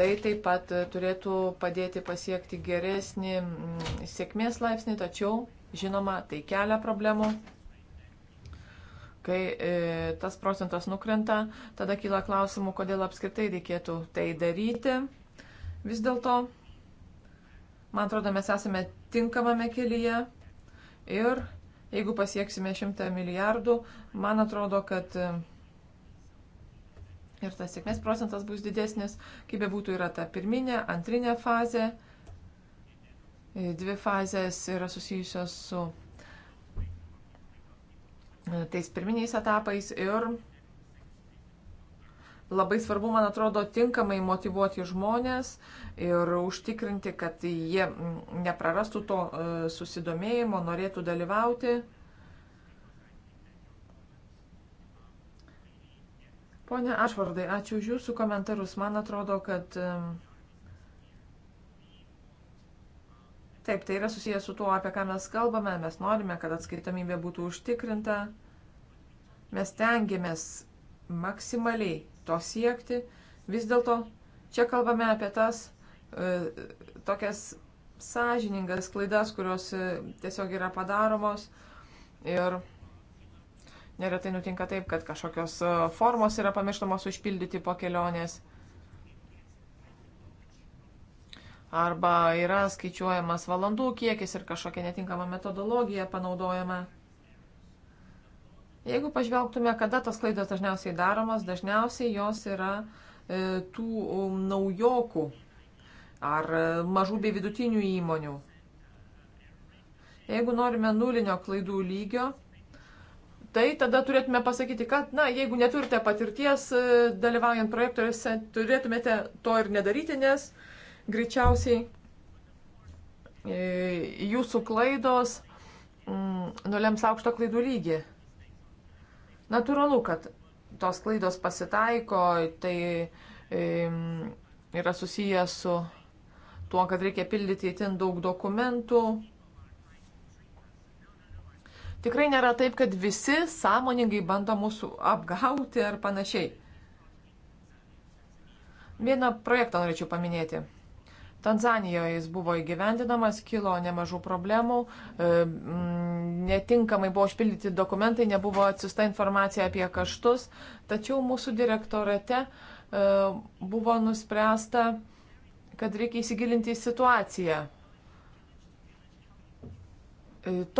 tai taip pat turėtų padėti pasiekti geresnį mm, sėkmės laipsnį, tačiau, žinoma, tai kelia problemų. Kai e, tas procentas nukrenta, tada kyla klausimų, kodėl apskritai reikėtų tai daryti. Vis dėlto, man atrodo, mes esame tinkamame kelyje ir jeigu pasieksime 100 milijardų, man atrodo, kad e, ir tas sėkmės procentas bus didesnis, kaip bebūtų yra ta pirminė, antrinė fazė. E, dvi fazės yra susijusios su tais pirminiais etapais ir labai svarbu, man atrodo, tinkamai motivuoti žmonės ir užtikrinti, kad jie neprarastų to e, susidomėjimo, norėtų dalyvauti. Pone Ašvardai, ačiū už Jūsų komentarus. Man atrodo, kad e, Taip, tai yra susijęs su tuo, apie ką mes kalbame, mes norime, kad atskaitomybė būtų užtikrinta, mes tengiamės maksimaliai to siekti, vis dėlto čia kalbame apie tas e, tokias sąžiningas klaidas, kurios e, tiesiog yra padaromos ir neretai nutinka taip, kad kažkokios e, formos yra pamirštamos užpildyti po kelionės. arba yra skaičiuojamas valandų kiekis ir kažkokia netinkama metodologija panaudojama. Jeigu pažvelgtume, kada tos klaidos dažniausiai daromos, dažniausiai jos yra e, tų um, naujokų ar e, mažų bei vidutinių įmonių. Jeigu norime nulinio klaidų lygio, tai tada turėtume pasakyti, kad, na, jeigu neturite patirties e, dalyvaujant projektuose, turėtumėte to ir nedaryti, nes uh, greičiausiai e, jūsų klaidos mm, nulems aukštą klaidų lygį. Natūralu, kad tos klaidos pasitaiko, tai e, yra susiję su tuo, kad reikia pildyti įtin daug dokumentų. Tikrai nėra taip, kad visi sąmoningai bando mūsų apgauti ar panašiai. Vieną projektą norėčiau paminėti. Tanzanijoje jis buvo įgyvendinamas, kilo nemažų problemų, e, netinkamai buvo užpildyti dokumentai, nebuvo atsista informacija apie kaštus, tačiau mūsų direktorate e, buvo nuspręsta, kad reikia įsigilinti į situaciją. E,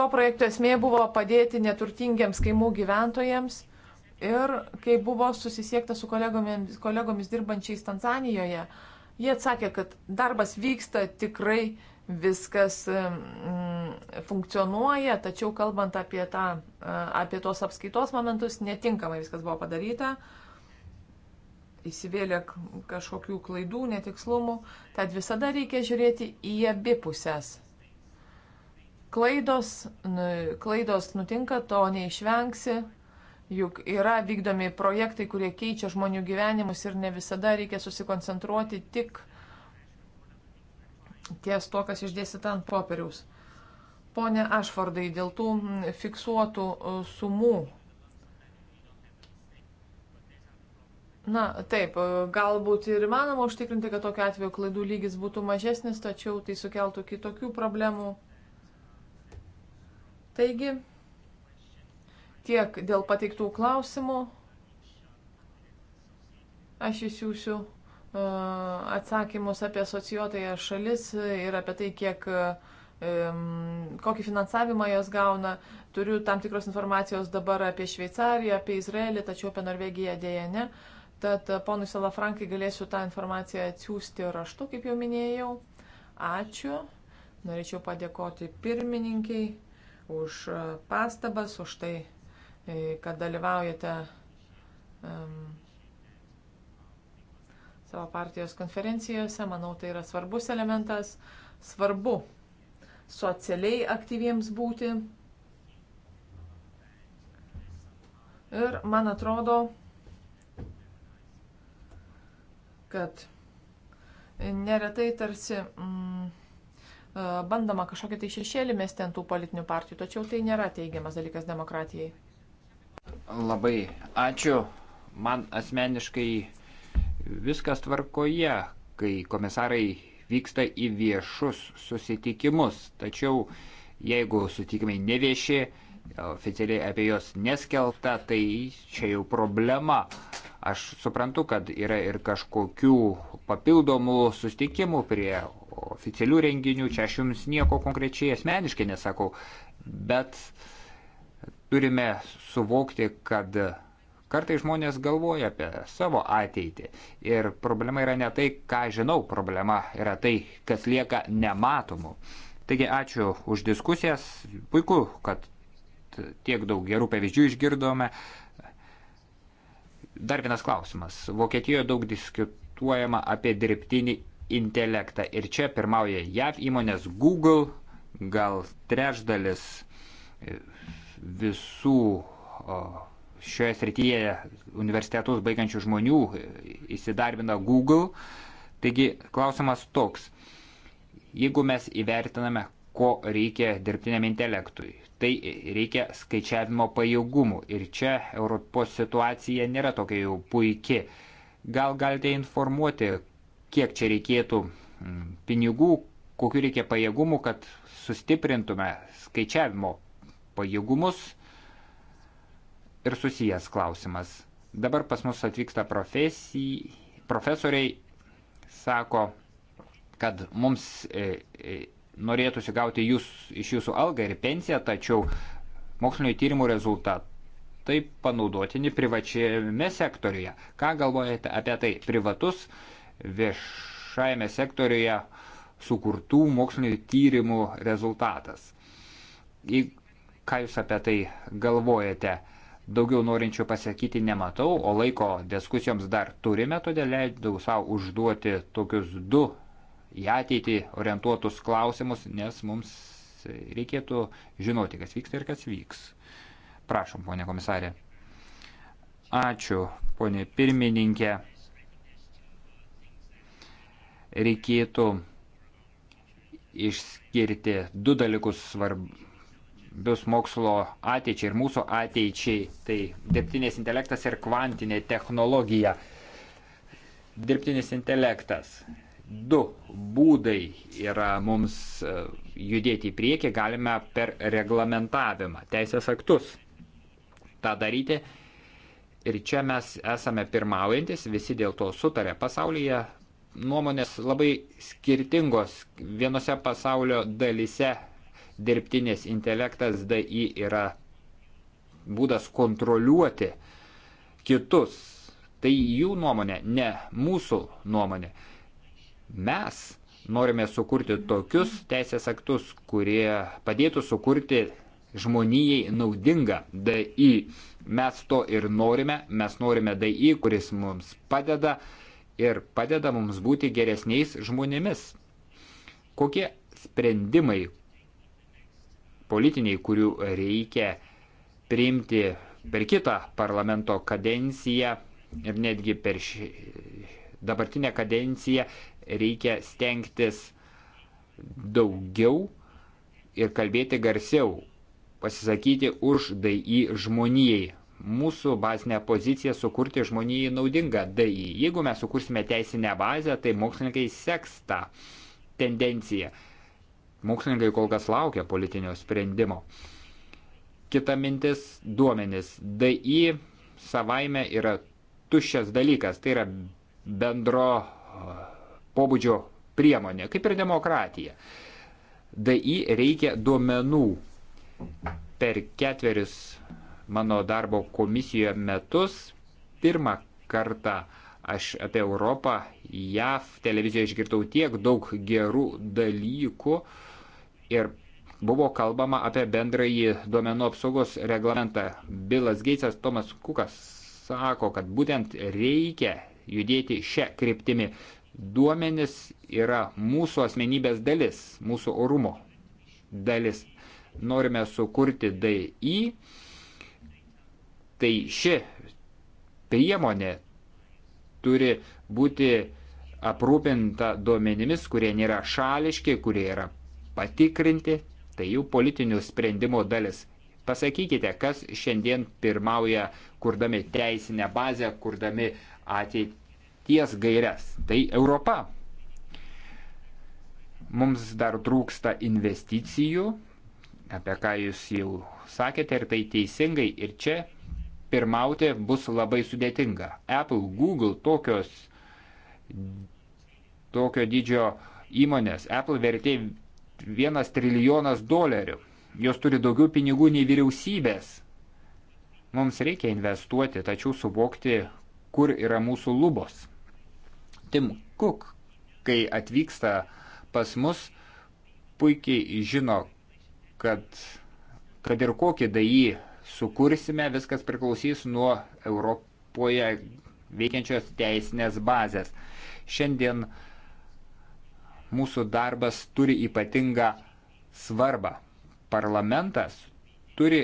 to projekto esmė buvo padėti neturtingiems kaimų gyventojams ir kai buvo susisiekta su kolegomis, kolegomis dirbančiais Tanzanijoje, uh, Jie atsakė, kad darbas vyksta tikrai viskas mm, funkcionuoja, tačiau kalbant apie, tą, e, apie tos apskaitos momentus, netinkamai viskas buvo padaryta, įsivėlė kažkokių klaidų, netikslumų, tad visada reikia žiūrėti į abi pusės. Klaidos, nu, klaidos nutinka, to neišvengsi, Juk yra vykdomi projektai, kurie keičia žmonių gyvenimus ir ne visada reikia susikoncentruoti tik ties to, kas išdėstyta ant popieriaus. Pone Ašfordai, dėl tų fiksuotų e, sumų. Na, taip, e, galbūt ir įmanoma užtikrinti, kad tokiu atveju klaidų lygis būtų mažesnis, tačiau tai sukeltų kitokių problemų. Taigi, tiek dėl pateiktų klausimų. Aš išsiųsiu e, atsakymus apie asocijuotąją šalis ir apie tai, kiek e, kokį finansavimą jos gauna. Turiu tam tikros informacijos dabar apie Šveicariją, apie Izraelį, tačiau apie Norvegiją dėja ne. Tad e, ponui Salafrankai galėsiu tą informaciją atsiųsti raštu, kaip jau minėjau. Ačiū. Norėčiau padėkoti pirmininkiai už pastabas, už tai, E, kad dalyvaujate um, savo partijos konferencijose. Manau, tai yra svarbus elementas. Svarbu socialiai aktyviems būti. Ir man atrodo, kad neretai tarsi mm, e, bandoma kažkokią tai šešėlį mesti ant tų politinių partijų, tačiau tai nėra teigiamas dalykas demokratijai. Labai ačiū. Man asmeniškai viskas tvarkoje, kai komisarai vyksta į viešus susitikimus. Tačiau jeigu sutikimai nevieši, oficialiai apie juos neskelta, tai čia jau problema. Aš suprantu, kad yra ir kažkokių papildomų sustikimų prie oficialių renginių, čia aš jums nieko konkrečiai asmeniškai nesakau, bet uh, Turime suvokti, kad kartai žmonės galvoja apie savo ateitį. Ir problema yra ne tai, ką žinau, problema yra tai, kas lieka nematomu. Taigi ačiū už diskusijas. Puiku, kad tiek daug gerų pavyzdžių išgirdome. Dar vienas klausimas. Vokietijoje daug diskutuojama apie dirbtinį intelektą. Ir čia pirmauja JAV įmonės Google, gal trečdalis visų šioje srityje universitetus baigiančių žmonių įsidarbina Google. Taigi klausimas toks. Jeigu mes įvertiname, ko reikia dirbtiniam intelektui, tai reikia skaičiavimo pajėgumų. Ir čia Europos situacija nėra tokia jau puikia. Gal galite informuoti, kiek čia reikėtų pinigų, kokiu reikia pajėgumų, kad sustiprintume skaičiavimo pajėgumus ir susijęs klausimas. Dabar pas mus atvyksta profesijai, profesoriai, sako, kad mums e, e, norėtųsi gauti jūs, iš jūsų algą ir pensiją, tačiau mokslinio tyrimų rezultatai panaudotini privačiame sektoriuje. Ką galvojate apie tai? Privatus viešajame sektoriuje sukurtų mokslinio tyrimų rezultatas. Jeigu Ką Jūs apie tai galvojate? Daugiau norinčių pasakyti nematau, o laiko diskusijoms dar turime, todėl leidau savo užduoti tokius du į ateitį orientuotus klausimus, nes mums reikėtų žinoti, kas vyksta ir kas vyks. Prašom, ponė komisarė. Ačiū, ponė pirmininkė. Reikėtų išskirti du dalykus svarbius svarbius mokslo ateičiai ir mūsų ateičiai, tai dirbtinės intelektas ir kvantinė technologija. Dirbtinis intelektas. Du būdai yra mums e, judėti į priekį, galime per reglamentavimą, teisės aktus tą daryti. Ir čia mes esame pirmaujantis, visi dėl to sutarė pasaulyje. Nuomonės labai skirtingos. Vienose pasaulio dalise dirbtinis intelektas DI yra būdas kontroliuoti kitus. Tai jų nuomonė, ne mūsų nuomonė. Mes norime sukurti tokius teisės aktus, kurie padėtų sukurti žmonijai naudingą DI. Mes to ir norime, mes norime DI, kuris mums padeda ir padeda mums būti geresniais žmonėmis. Kokie sprendimai, politiniai, kurių reikia priimti per kitą parlamento kadenciją ir netgi per ši... dabartinę kadenciją reikia stengtis daugiau ir kalbėti garsiau, pasisakyti už DI žmonijai. Mūsų bazinė pozicija sukurti žmonijai naudingą DI. Jeigu mes sukursime teisinę bazę, tai mokslininkai seks tą tendenciją. Mokslininkai kol kas laukia politinio sprendimo. Kita mintis - duomenis. DI savaime yra tuščias dalykas, tai yra bendro uh, pobūdžio priemonė, kaip ir demokratija. DI reikia duomenų. Per ketveris mano darbo komisijoje metus pirmą kartą aš apie Europą, JAV televizijoje išgirdau tiek daug gerų dalykų, uh, ir buvo kalbama apie bendrąjį duomenų apsaugos reglamentą. Bilas Geitsas, Tomas Kukas sako, kad būtent reikia judėti šią kryptimį. Duomenis yra mūsų asmenybės dalis, mūsų orumo dalis. Norime sukurti DI, tai ši priemonė turi būti aprūpinta duomenimis, kurie nėra šališki, kurie yra patikrinti, tai jų politinių sprendimų dalis. Pasakykite, kas šiandien pirmauja, kurdami teisinę bazę, kurdami ateities gairias. Tai Europa. Mums dar trūksta investicijų, apie ką jūs jau sakėte, ir tai teisingai. Ir čia pirmauti bus labai sudėtinga. Apple, Google tokios, tokio dydžio įmonės, Apple vertė vienas trilijonas dolerių. Jos turi daugiau pinigų nei vyriausybės. Mums reikia investuoti, tačiau suvokti, kur yra mūsų lubos. Tim Cook, kai atvyksta pas mus, puikiai žino, kad, kad ir kokį daį sukursime, viskas priklausys nuo Europoje veikiančios teisinės bazės. Šiandien uh, mūsų darbas turi ypatingą svarbą. Parlamentas turi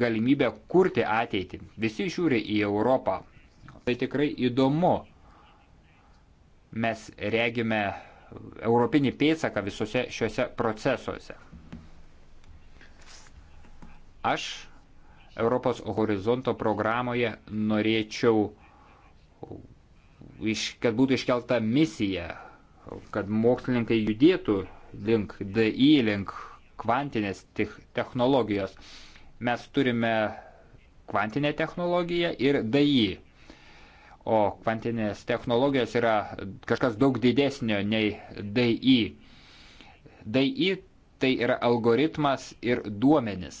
galimybę kurti ateitį. Visi žiūri į Europą. Tai tikrai įdomu. Mes regime europinį pėdsaką visose šiuose procesuose. Aš Europos horizonto programoje norėčiau, kad būtų iškelta misija kad mokslininkai judėtų link DI, link kvantinės technologijos. Mes turime kvantinę technologiją ir DI. O kvantinės technologijos yra kažkas daug didesnio nei DI. DI tai yra algoritmas ir duomenis.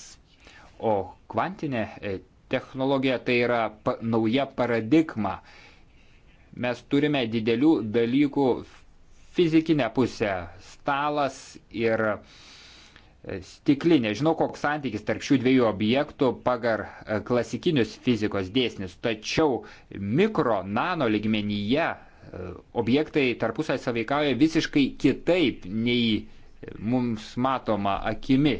O kvantinė e, technologija tai yra pa, nauja paradigma. Mes turime didelių dalykų fizikinę pusę - stalas ir e, stiklinė. Žinau, koks santykis tarp šių dviejų objektų pagal e, klasikinius fizikos dėsnius, tačiau mikro, nano ligmenyje e, objektai tarpusai sąveikauja visiškai kitaip nei mums matoma akimi.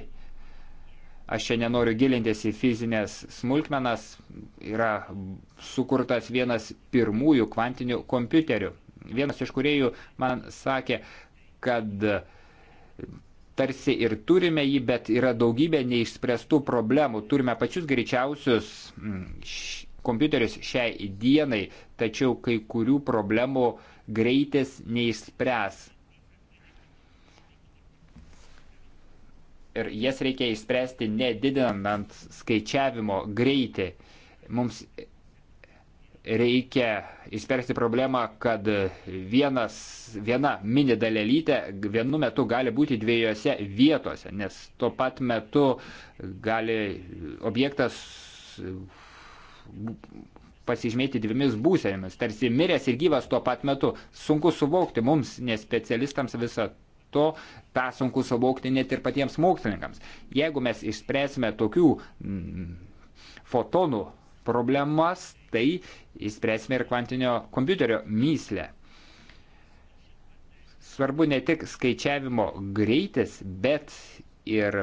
Aš čia nenoriu gilintis į fizinės smulkmenas, yra sukurtas vienas pirmųjų kvantinių kompiuterių vienas iš kuriejų man sakė, kad tarsi ir turime jį, bet yra daugybė neišspręstų problemų. Turime pačius greičiausius mm, kompiuterius šiai dienai, tačiau kai kurių problemų greitis neišspręs. Ir jas reikia išspręsti nedidinant skaičiavimo greitį. Mums reikia išspręsti problemą, kad vienas, viena mini dalelytė vienu metu gali būti dviejose vietose, nes tuo pat metu gali objektas pasižymėti dvimis būsėmis, tarsi miręs ir gyvas tuo pat metu. Sunku suvokti mums, nespecialistams visą to, tą sunku suvokti net ir patiems mokslininkams. Jeigu mes išspręsime tokių mm, fotonų problemas, tai įspręsime ir kvantinio kompiuterio myslę. Svarbu ne tik skaičiavimo greitis, bet ir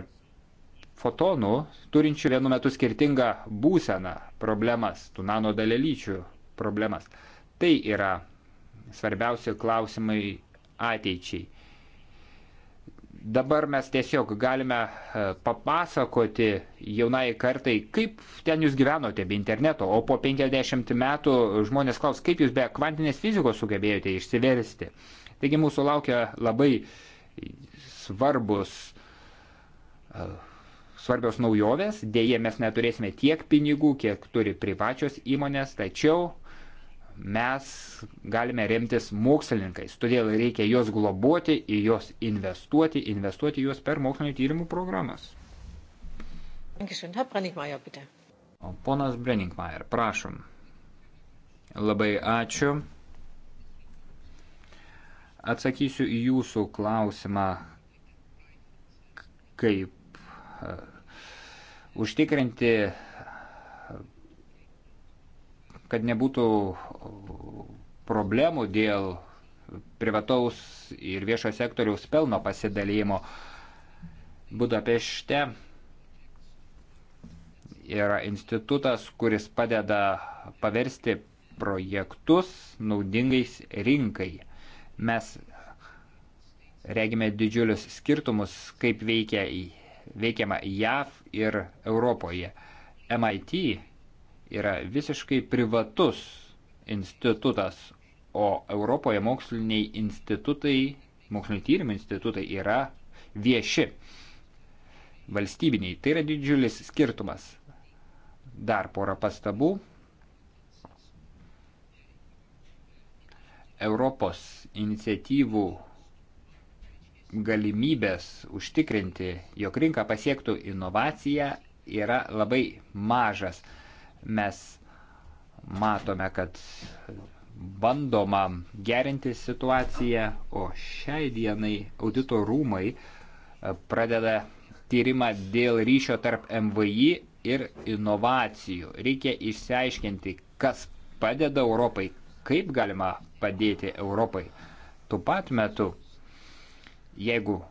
fotonų, turinčių vienu metu skirtingą būseną problemas, tų nano dalelyčių problemas. Tai yra svarbiausi klausimai ateičiai. Dabar mes tiesiog galime e, papasakoti jaunai kartai, kaip ten jūs gyvenote be interneto, o po 50 metų žmonės klaus, kaip jūs be kvantinės fizikos sugebėjote išsiversti. Taigi mūsų laukia labai svarbus, e, svarbios naujovės, dėje mes neturėsime tiek pinigų, kiek turi privačios įmonės, tačiau mes galime remtis mokslininkais, todėl reikia juos globoti, į juos investuoti, investuoti juos per mokslinio tyrimų programas. O ponas Brenningmajer, prašom. Labai ačiū. Atsakysiu į jūsų klausimą, kaip e, užtikrinti kad nebūtų uh, problemų dėl privataus ir viešo sektoriaus pelno pasidalymo Budapešte yra institutas, kuris padeda paversti projektus naudingais rinkai. Mes regime didžiulius skirtumus, kaip veikia, veikiama JAV ir Europoje. MIT yra visiškai privatus institutas, o Europoje moksliniai institutai, mokslinio tyrimo institutai yra vieši, valstybiniai. Tai yra didžiulis skirtumas. Dar porą pastabų. Europos iniciatyvų galimybės užtikrinti, jog rinka pasiektų inovaciją, yra labai mažas. Mes matome, kad bandoma gerinti situaciją, o šiai dienai audito rūmai e, pradeda tyrimą dėl ryšio tarp MVI ir inovacijų. Reikia išsiaiškinti, kas padeda Europai, kaip galima padėti Europai. Tuo pat metu, jeigu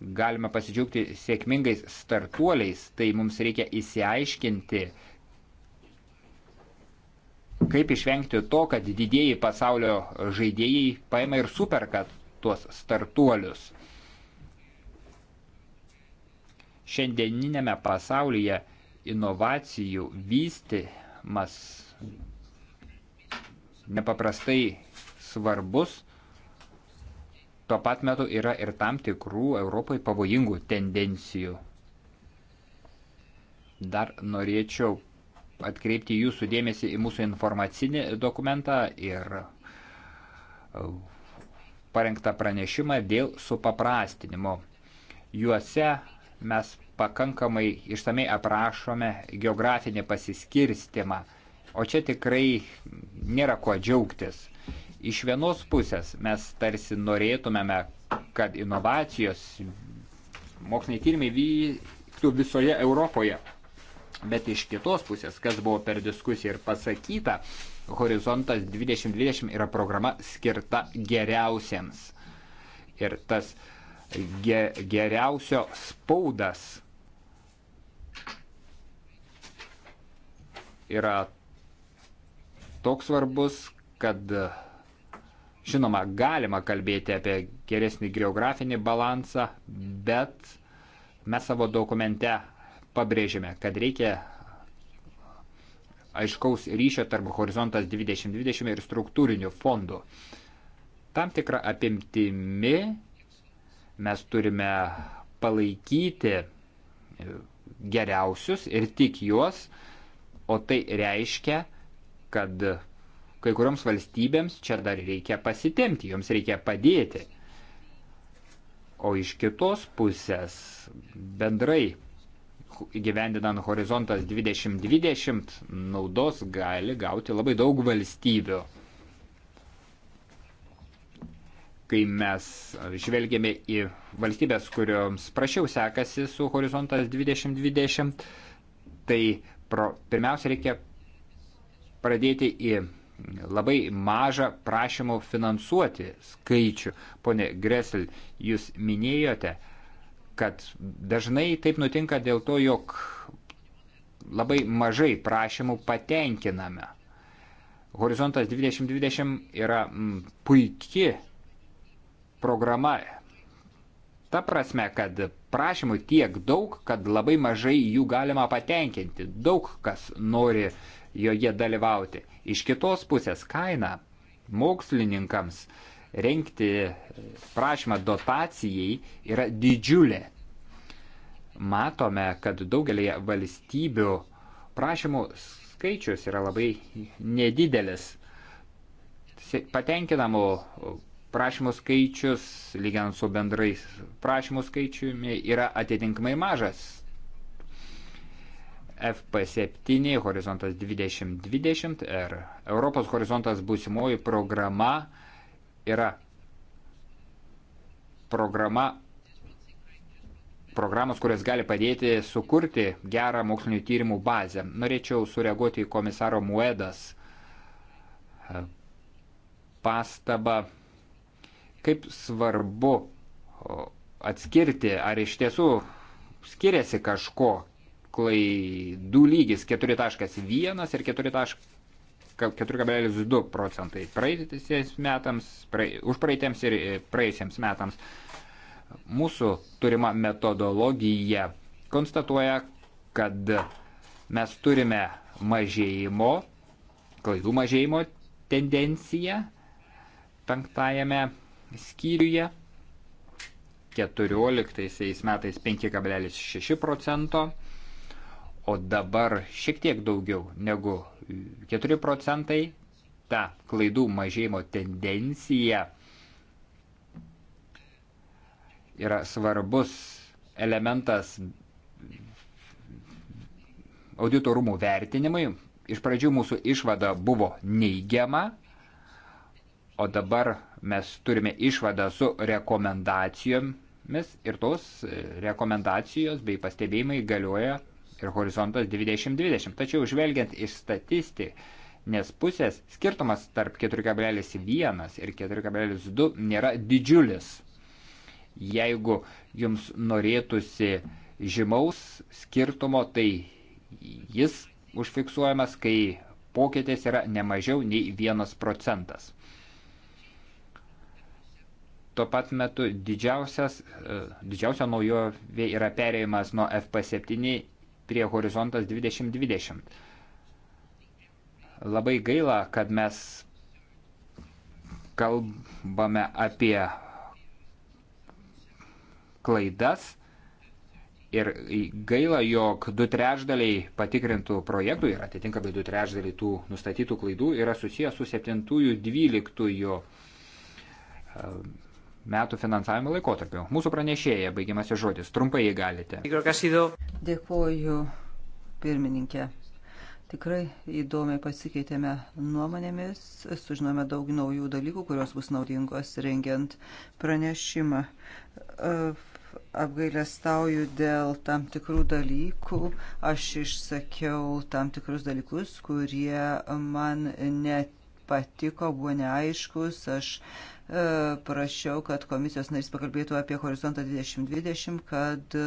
galime pasidžiaugti sėkmingais startuoliais, tai mums reikia įsiaiškinti, kaip išvengti to, kad didieji pasaulio žaidėjai paima ir superka tuos startuolius. Šiandieninėme pasaulyje inovacijų vystimas nepaprastai svarbus tuo pat metu yra ir tam tikrų Europai pavojingų tendencijų. Dar norėčiau atkreipti jūsų dėmesį į mūsų informacinį dokumentą ir e, parengtą pranešimą dėl supaprastinimo. Juose mes pakankamai išsamei aprašome geografinį pasiskirstimą, o čia tikrai nėra kuo džiaugtis – Iš vienos pusės mes tarsi norėtumėme, kad inovacijos, moksliniai tyrimai vyktų visoje Europoje. Bet iš kitos pusės, kas buvo per diskusiją ir pasakyta, Horizontas 2020 yra programa skirta geriausiems. Ir tas ge geriausio spaudas yra toks svarbus, kad Žinoma, galima kalbėti apie geresnį geografinį balansą, bet mes savo dokumente pabrėžėme, kad reikia aiškaus ryšio tarp horizontas 2020 ir struktūrinių fondų. Tam tikrą apimtimi mes turime palaikyti geriausius ir tik juos, o tai reiškia, kad Kai kurioms valstybėms čia dar reikia pasitemti, joms reikia padėti. O iš kitos pusės bendrai įgyvendinant horizontas 2020 naudos gali gauti labai daug valstybių. Kai mes žvelgėme į valstybės, kurioms prašiau sekasi su horizontas 2020, tai pro, pirmiausia reikia pradėti į labai mažą prašymų finansuoti skaičių. Pone Gresel, jūs minėjote, kad dažnai taip nutinka dėl to, jog labai mažai prašymų patenkiname. Horizontas 2020 yra mm, puikia programa. Ta prasme, kad prašymų tiek daug, kad labai mažai jų galima patenkinti. Daug kas nori uh, joje dalyvauti. Iš kitos pusės kaina mokslininkams renkti prašymą dotacijai yra didžiulė. Matome, kad daugelėje valstybių prašymų skaičius yra labai nedidelis. Patenkinamų prašymų skaičius, lygiant su bendrais prašymų skaičiumi, yra atitinkamai mažas. FP7 Horizontas 2020 ir Europos horizontas būsimoji programa yra programa, programos, kurios gali padėti sukurti gerą mokslinių tyrimų bazę. Norėčiau sureaguoti į komisaro Muedas e, pastabą, kaip svarbu atskirti, ar iš tiesų skiriasi kažko klaidų lygis 4.1 ir 4.2 procentai praeitėsiais metams, prae, užpraeitėms ir praeisiems metams. Mūsų turima metodologija konstatuoja, kad mes turime mažėjimo, klaidų mažėjimo tendenciją penktajame skyriuje. 14 metais 5,6 procento, o dabar šiek tiek daugiau negu 4 procentai. Ta klaidų mažėjimo tendencija yra svarbus elementas auditorumų vertinimai. Iš pradžių mūsų išvada buvo neigiama, o dabar mes turime išvadą su rekomendacijomis ir tos rekomendacijos bei pastebėjimai galioja ir horizontas 2020. Tačiau žvelgiant iš statistinės pusės, skirtumas tarp 4,1 ir 4,2 nėra didžiulis. Jeigu jums norėtųsi žymaus skirtumo, tai jis užfiksuojamas, kai pokytis yra nemažiau nei 1 procentas. Tuo pat metu didžiausias, e, didžiausia naujovė yra perėjimas nuo FP7 prie horizontas 2020. Labai gaila, kad mes kalbame apie klaidas ir gaila, jog du trečdaliai patikrintų projektų ir atitinkamai du trečdaliai tų nustatytų klaidų yra susijęs su 7-12 metų finansavimo laikotarpiu. Mūsų pranešėja baigiamasis žodis. Trumpai jį galite. Dėkuoju, pirmininkė. Tikrai įdomiai pasikeitėme nuomonėmis, sužinome daug naujų dalykų, kurios bus naudingos rengiant pranešimą. E, apgailestauju dėl tam tikrų dalykų. Aš išsakiau tam tikrus dalykus, kurie man net patiko, buvo neaiškus. Aš E, prašiau, kad komisijos narys pakalbėtų apie horizontą 2020, kad e,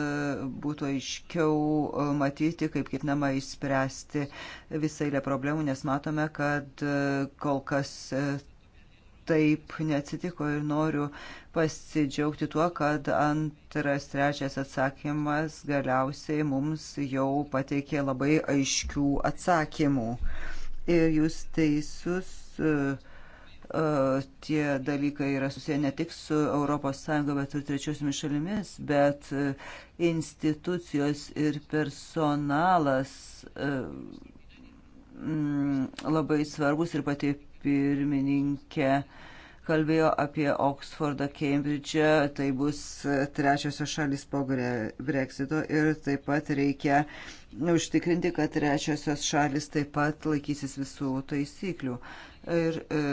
būtų aiškiau e, matyti, kaip ketinama įspręsti visą eilę problemų, nes matome, kad kol kas taip neatsitiko ir noriu pasidžiaugti tuo, kad antras, trečias atsakymas galiausiai mums jau pateikė labai aiškių atsakymų. Ir jūs teisus. Uh, E, tie dalykai yra susiję ne tik su ES, bet ir trečiosiomis šalimis, bet e, institucijos ir personalas e, mm, labai svarbus ir pati pirmininkė kalbėjo apie Oksfordą, Kembridžą, tai bus trečiosios šalis po Brexito ir taip pat reikia užtikrinti, kad trečiosios šalis taip pat laikysis visų taisyklių. Ir e,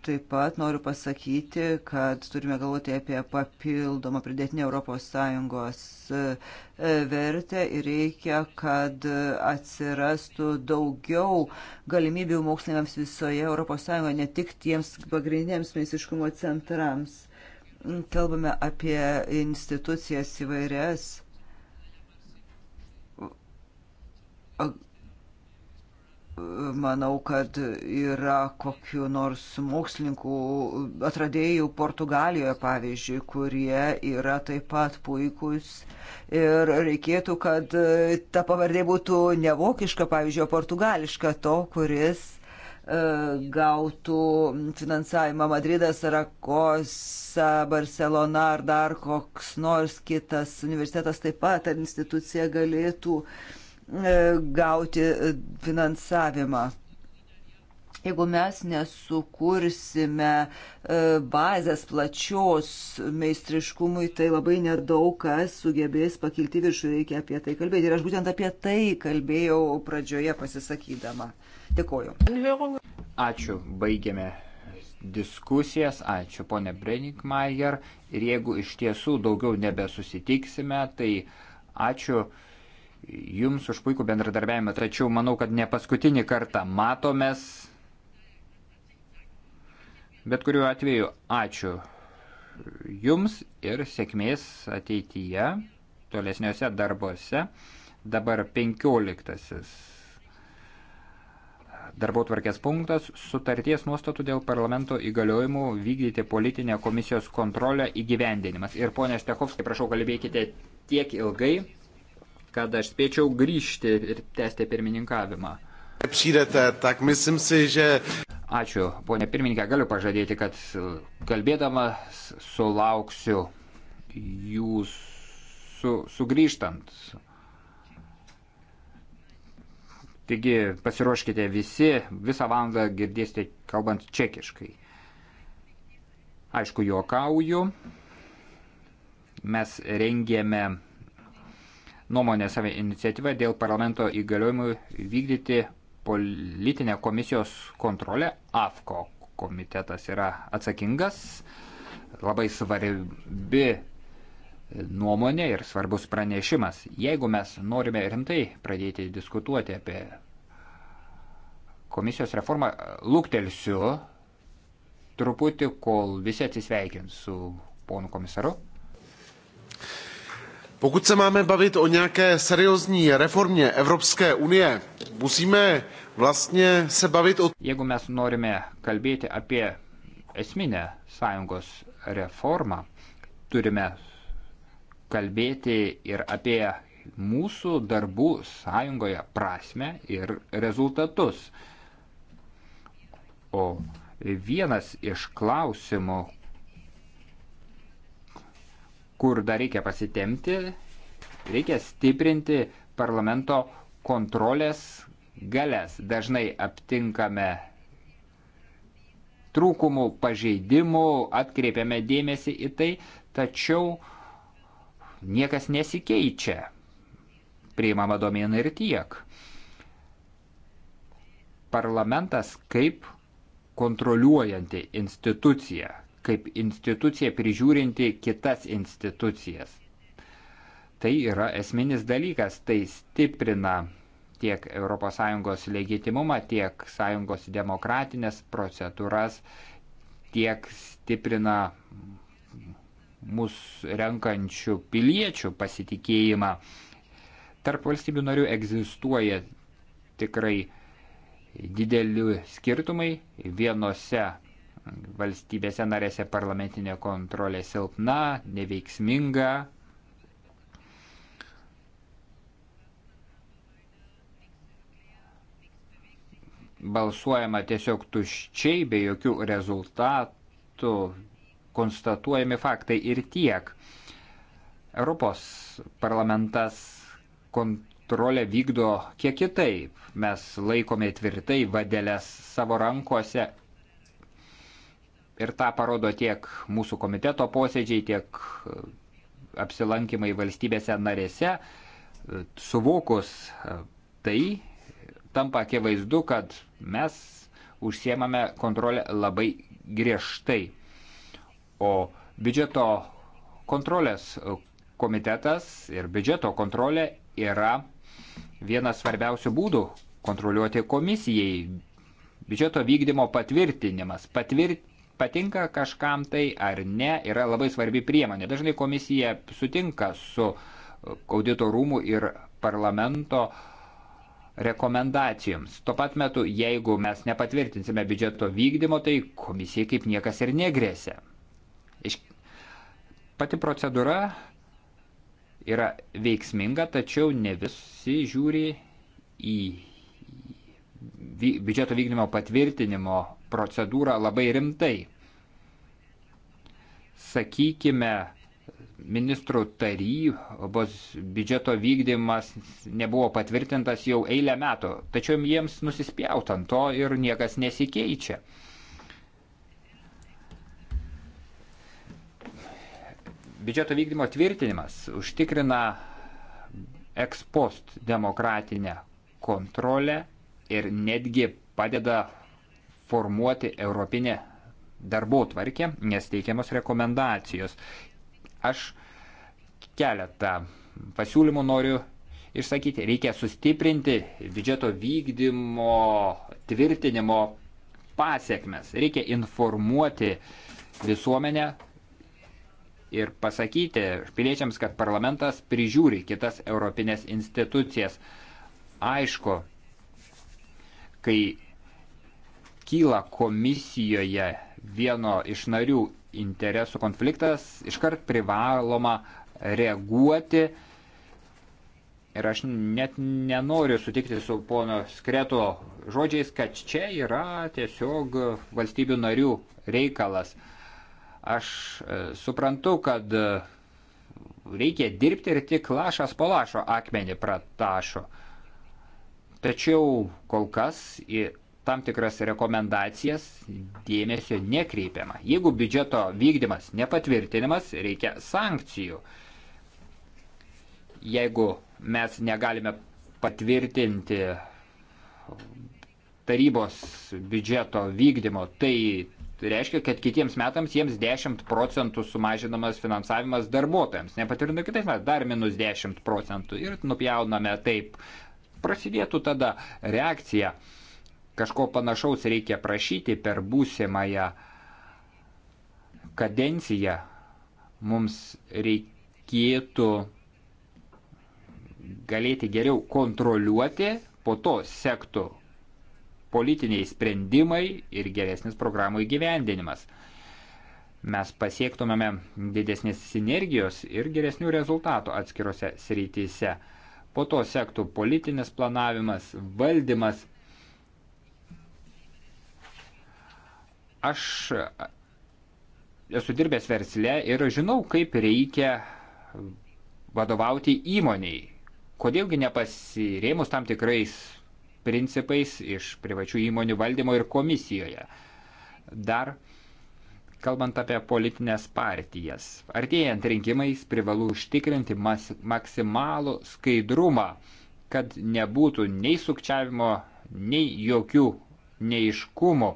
Taip pat noriu pasakyti, kad turime galvoti apie papildomą pridėtinę ES e, vertę ir reikia, kad atsirastų daugiau galimybių moksliniams visoje ES, ne tik tiems pagrindiniams meistriškumo centrams. Kalbame apie institucijas įvairias Manau, kad yra kokiu nors mokslininkų atradėjų Portugalijoje, pavyzdžiui, kurie yra taip pat puikūs. Ir reikėtų, kad ta pavardė būtų ne vokiška, pavyzdžiui, o portugališka to, kuris e, gautų finansavimą Madridas, Rakosa, Barcelona ar dar koks nors kitas universitetas taip pat ar institucija galėtų uh, E, gauti e, finansavimą. Jeigu mes nesukursime e, bazės plačios meistriškumui, tai labai nedaug kas sugebės pakilti viršų, reikia apie tai kalbėti. Ir aš būtent apie tai kalbėjau pradžioje pasisakydama. Dėkoju. Ačiū, baigėme diskusijas, ačiū ponė Breninkmajer. Ir jeigu iš tiesų daugiau nebesusitiksime, tai ačiū. Jums už puikų bendradarbiavimą, tačiau manau, kad ne paskutinį kartą matomės. Bet kuriuo atveju ačiū Jums ir sėkmės ateityje, tolesniuose darbuose. Dabar penkioliktasis darbo tvarkės punktas - sutarties nuostatų dėl parlamento įgaliojimų vykdyti politinę komisijos kontrolę įgyvendinimas. Ir ponia Štekovskai, prašau, kalbėkite tiek ilgai, kad aš spėčiau grįžti ir tęsti pirmininkavimą. Ačiū, ponė pirmininkė, galiu pažadėti, kad kalbėdamas sulauksiu jūsų sugrįžtant. Taigi pasiruoškite visi, visą valandą girdėsite kalbant čekiškai. Aišku, juokauju. Mes rengėme nuomonę savo iniciatyvą dėl parlamento įgaliojimų vykdyti politinę komisijos kontrolę AFKO. Komitetas yra atsakingas, labai svarbi nuomonė ir svarbus pranešimas. Jeigu mes norime rimtai pradėti diskutuoti apie komisijos reformą, lūktelsiu truputį, kol visi atsisveikins su ponu komisaru. Pokud se máme bavit o nějaké seriózní reformě Evropské unie, musíme vlastně se bavit o... Jeigu mes norime kalbėti apie esminę sąjungos reformą, turime kalbėti ir apie mūsų darbų sąjungoje prasme ir rezultatus. O vienas iš klausimų, kur dar reikia pasitemti, reikia stiprinti parlamento kontrolės galės. Dažnai aptinkame trūkumų, pažeidimų, atkreipiame dėmesį į tai, tačiau niekas nesikeičia. Priimama domėna ir tiek. Parlamentas kaip kontroliuojanti institucija kaip institucija prižiūrinti kitas institucijas. Tai yra esminis dalykas, tai stiprina tiek ES legitimumą, tiek sąjungos demokratinės procedūras, tiek stiprina mūsų renkančių piliečių pasitikėjimą. Tarp valstybių narių egzistuoja tikrai dideli skirtumai. Vienose valstybėse narėse parlamentinė kontrolė silpna, neveiksminga. Balsuojama tiesiog tuščiai, be jokių rezultatų, konstatuojami faktai ir tiek. Europos parlamentas kontrolę vykdo kiek kitaip. Mes laikome tvirtai vadelės savo rankose Ir tą parodo tiek mūsų komiteto posėdžiai, tiek e, apsilankimai valstybėse narėse. E, suvokus e, tai, tampa akivaizdu, kad mes užsiemame kontrolę labai griežtai. O biudžeto kontrolės komitetas ir biudžeto kontrolė yra vienas svarbiausių būdų kontroliuoti komisijai. Biudžeto vykdymo patvirtinimas. Patvirt, patinka kažkam tai ar ne, yra labai svarbi priemonė. Dažnai komisija sutinka su uh, audito rūmų ir parlamento rekomendacijoms. Tuo pat metu, jeigu mes nepatvirtinsime biudžeto vykdymo, tai komisijai kaip niekas ir negrėsia. Iš... Pati procedūra yra veiksminga, tačiau ne visi žiūri į biudžeto vykdymo patvirtinimo procedūrą labai rimtai sakykime, ministrų tarybos biudžeto vykdymas nebuvo patvirtintas jau eilę metų, tačiau jiems nusispjaut ant to ir niekas nesikeičia. Biudžeto vykdymo tvirtinimas užtikrina ekspost demokratinę kontrolę ir netgi padeda formuoti europinę darbo tvarkę, nes teikiamos rekomendacijos. Aš keletą pasiūlymų noriu išsakyti. Reikia sustiprinti biudžeto vykdymo, tvirtinimo pasiekmes. Reikia informuoti visuomenę ir pasakyti piliečiams, kad parlamentas prižiūri kitas europinės institucijas. Aišku, kai kyla komisijoje vieno iš narių interesų konfliktas, iškart privaloma reaguoti. Ir aš net nenoriu sutikti su pono Skreto žodžiais, kad čia yra tiesiog valstybių narių reikalas. Aš e, suprantu, kad e, reikia dirbti ir tik lašas po lašo akmenį pratašo. Tačiau kol kas į tam tikras rekomendacijas dėmesio nekreipiama. Jeigu biudžeto vykdymas nepatvirtinimas, reikia sankcijų. Jeigu mes negalime patvirtinti tarybos biudžeto vykdymo, tai reiškia, kad kitiems metams jiems 10 procentų sumažinamas finansavimas darbuotojams. Nepatvirtinu kitais metais dar minus 10 procentų ir nupjauname taip. Prasidėtų tada reakcija kažko panašaus reikia prašyti per būsimąją kadenciją. Mums reikėtų galėti geriau kontroliuoti, po to sektų politiniai sprendimai ir geresnis programų įgyvendinimas. Mes pasiektumėme didesnės sinergijos ir geresnių rezultatų atskirose srityse. Po to sektų politinis planavimas, valdymas Aš esu dirbęs versle ir žinau, kaip reikia vadovauti įmoniai. Kodėlgi nepasirėmus tam tikrais principais iš privačių įmonių valdymo ir komisijoje. Dar kalbant apie politinės partijas. Artėjant rinkimais privalu užtikrinti mas, maksimalų skaidrumą, kad nebūtų nei sukčiavimo, nei jokių neiškumų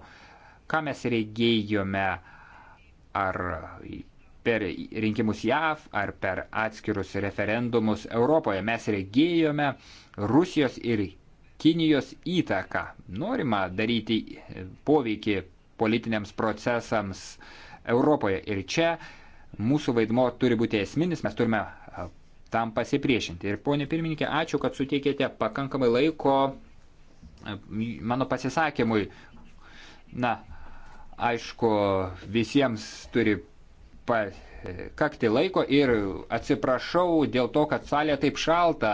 ką mes regėjome ar per rinkimus JAV, ar per atskirus referendumus Europoje. Mes regėjome Rusijos ir Kinijos įtaką. Norima daryti poveikį politiniams procesams Europoje. Ir čia mūsų vaidmo turi būti esminis, mes turime tam pasipriešinti. Ir ponė pirmininkė, ačiū, kad suteikėte pakankamai laiko mano pasisakymui. Na, Aišku, visiems turi pakakti laiko ir atsiprašau dėl to, kad salė taip šalta,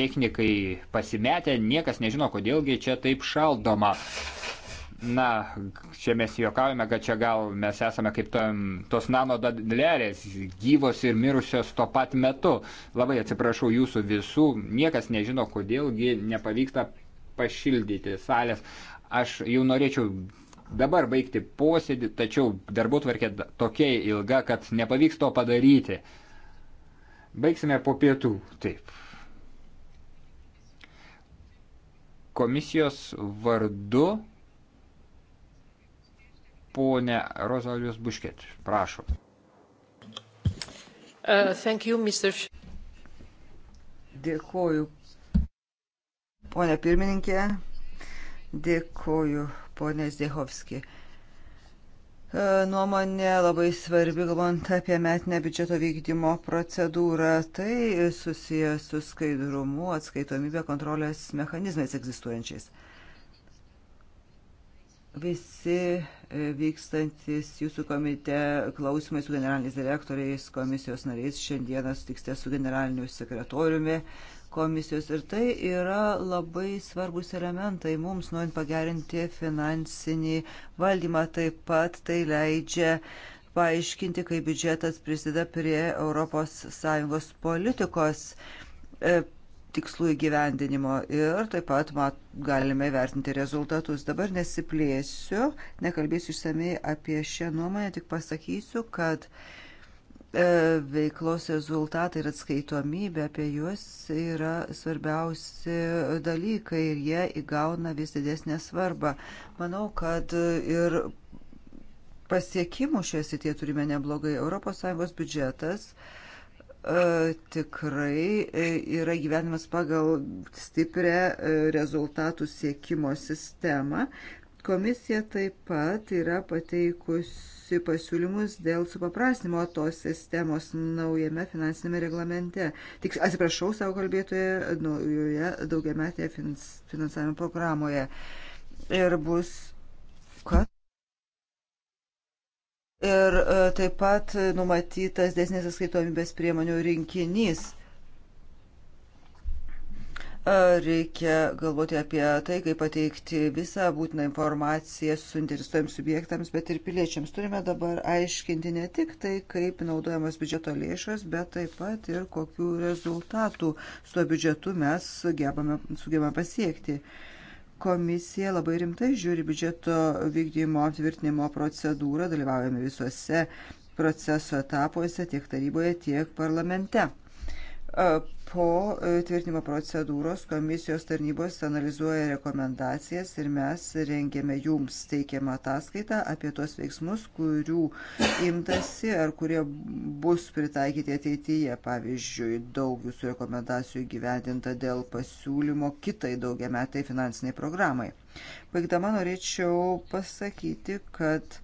technikai pasimetę, niekas nežino, kodėlgi čia taip šaldoma. Na, čia mes juokaujame, kad čia gal mes esame kaip to, tos nano dadlerės, gyvos ir mirusios tuo pat metu. Labai atsiprašau jūsų visų, niekas nežino, kodėlgi nepavyksta pašildyti salės. Aš jau norėčiau dabar baigti posėdį, tačiau darbų tvarkė tokia ilga, kad nepavyks to padaryti. Baigsime po pietų. Taip. Komisijos vardu ponė Rozalijos Bušket. Prašau. Uh, thank you, Mr. Dėkoju, ponė pirmininkė. Dėkoju ponė Zdehovski. E, nuomonė labai svarbi, galvant apie metinę biudžeto vykdymo procedūrą. Tai susijęs su skaidrumu, atskaitomybė kontrolės mechanizmais egzistuojančiais visi e, vykstantis jūsų komite klausimai su generaliniais direktoriais, komisijos nariais, šiandieną sutiksite su generaliniu sekretoriumi, komisijos. Ir tai yra labai svarbus elementai mums, norint pagerinti finansinį valdymą. Taip pat tai leidžia paaiškinti, kaip biudžetas prisideda prie ES politikos e, tikslų įgyvendinimo. Ir taip pat mat, galime vertinti rezultatus. Dabar nesiplėsiu, nekalbėsiu išsamei apie šią nuomonę, tik pasakysiu, kad e, E, veiklos rezultatai ir atskaitomybė apie juos yra svarbiausi dalykai ir jie įgauna vis didesnę svarbą. Manau, kad ir pasiekimų šioje srityje turime neblogai. ES biudžetas e, tikrai e, yra gyvenimas pagal stiprią rezultatų siekimo sistemą, Komisija taip pat yra pateikusi pasiūlymus dėl supaprastinimo tos sistemos naujame finansinėme reglamente. Tik atsiprašau savo kalbėtoje naujoje daugiametėje finansavimo programoje. Ir bus. Kad? Ir e, taip pat numatytas desnės atskaitomybės priemonių rinkinys Reikia galvoti apie tai, kaip pateikti visą būtiną informaciją suinteresuojams subjektams, bet ir piliečiams. Turime dabar aiškinti ne tik tai, kaip naudojamos biudžeto lėšos, bet taip pat ir kokių rezultatų su to biudžetu mes sugebame, sugebame pasiekti. Komisija labai rimtai žiūri biudžeto vykdymo tvirtinimo procedūrą, dalyvaujame visuose proceso etapuose tiek taryboje, tiek parlamente. Po e, tvirtinimo procedūros komisijos tarnybos analizuoja rekomendacijas ir mes rengėme jums teikiamą ataskaitą apie tuos veiksmus, kurių imtasi ar kurie bus pritaikyti ateityje. Pavyzdžiui, daug jūsų rekomendacijų gyvendinta dėl pasiūlymo kitai daugiametai finansiniai programai. Baigdama norėčiau pasakyti, kad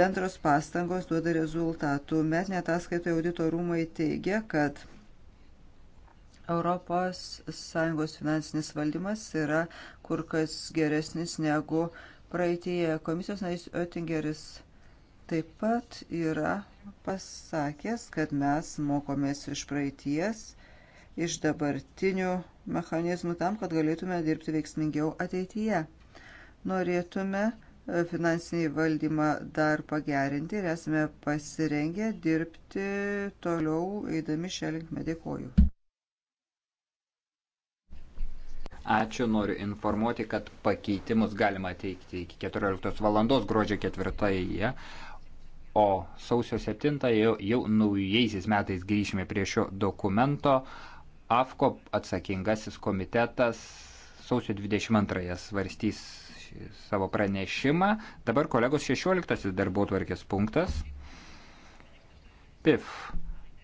bendros pastangos duoda rezultatų. Metinė ataskaitoje audito rūmai teigia, kad ES finansinis valdymas yra kur kas geresnis negu praeitėje. Komisijos narys Oettingeris taip pat yra pasakęs, kad mes mokomės iš praeities, iš dabartinių mechanizmų tam, kad galėtume dirbti veiksmingiau ateityje. Norėtume e, finansinį valdymą dar pagerinti ir esame pasirengę dirbti toliau eidami šią linkmę. Dėkoju. Ačiū, noriu informuoti, kad pakeitimus galima teikti iki 14 valandos gruodžio 4-ąją, o sausio 7-ąją jau, jau naujaisiais metais grįšime prie šio dokumento. AFKO atsakingasis komitetas sausio 22-ąją svarstys savo pranešimą. Dabar kolegos 16-asis darbo tvarkės punktas. PIF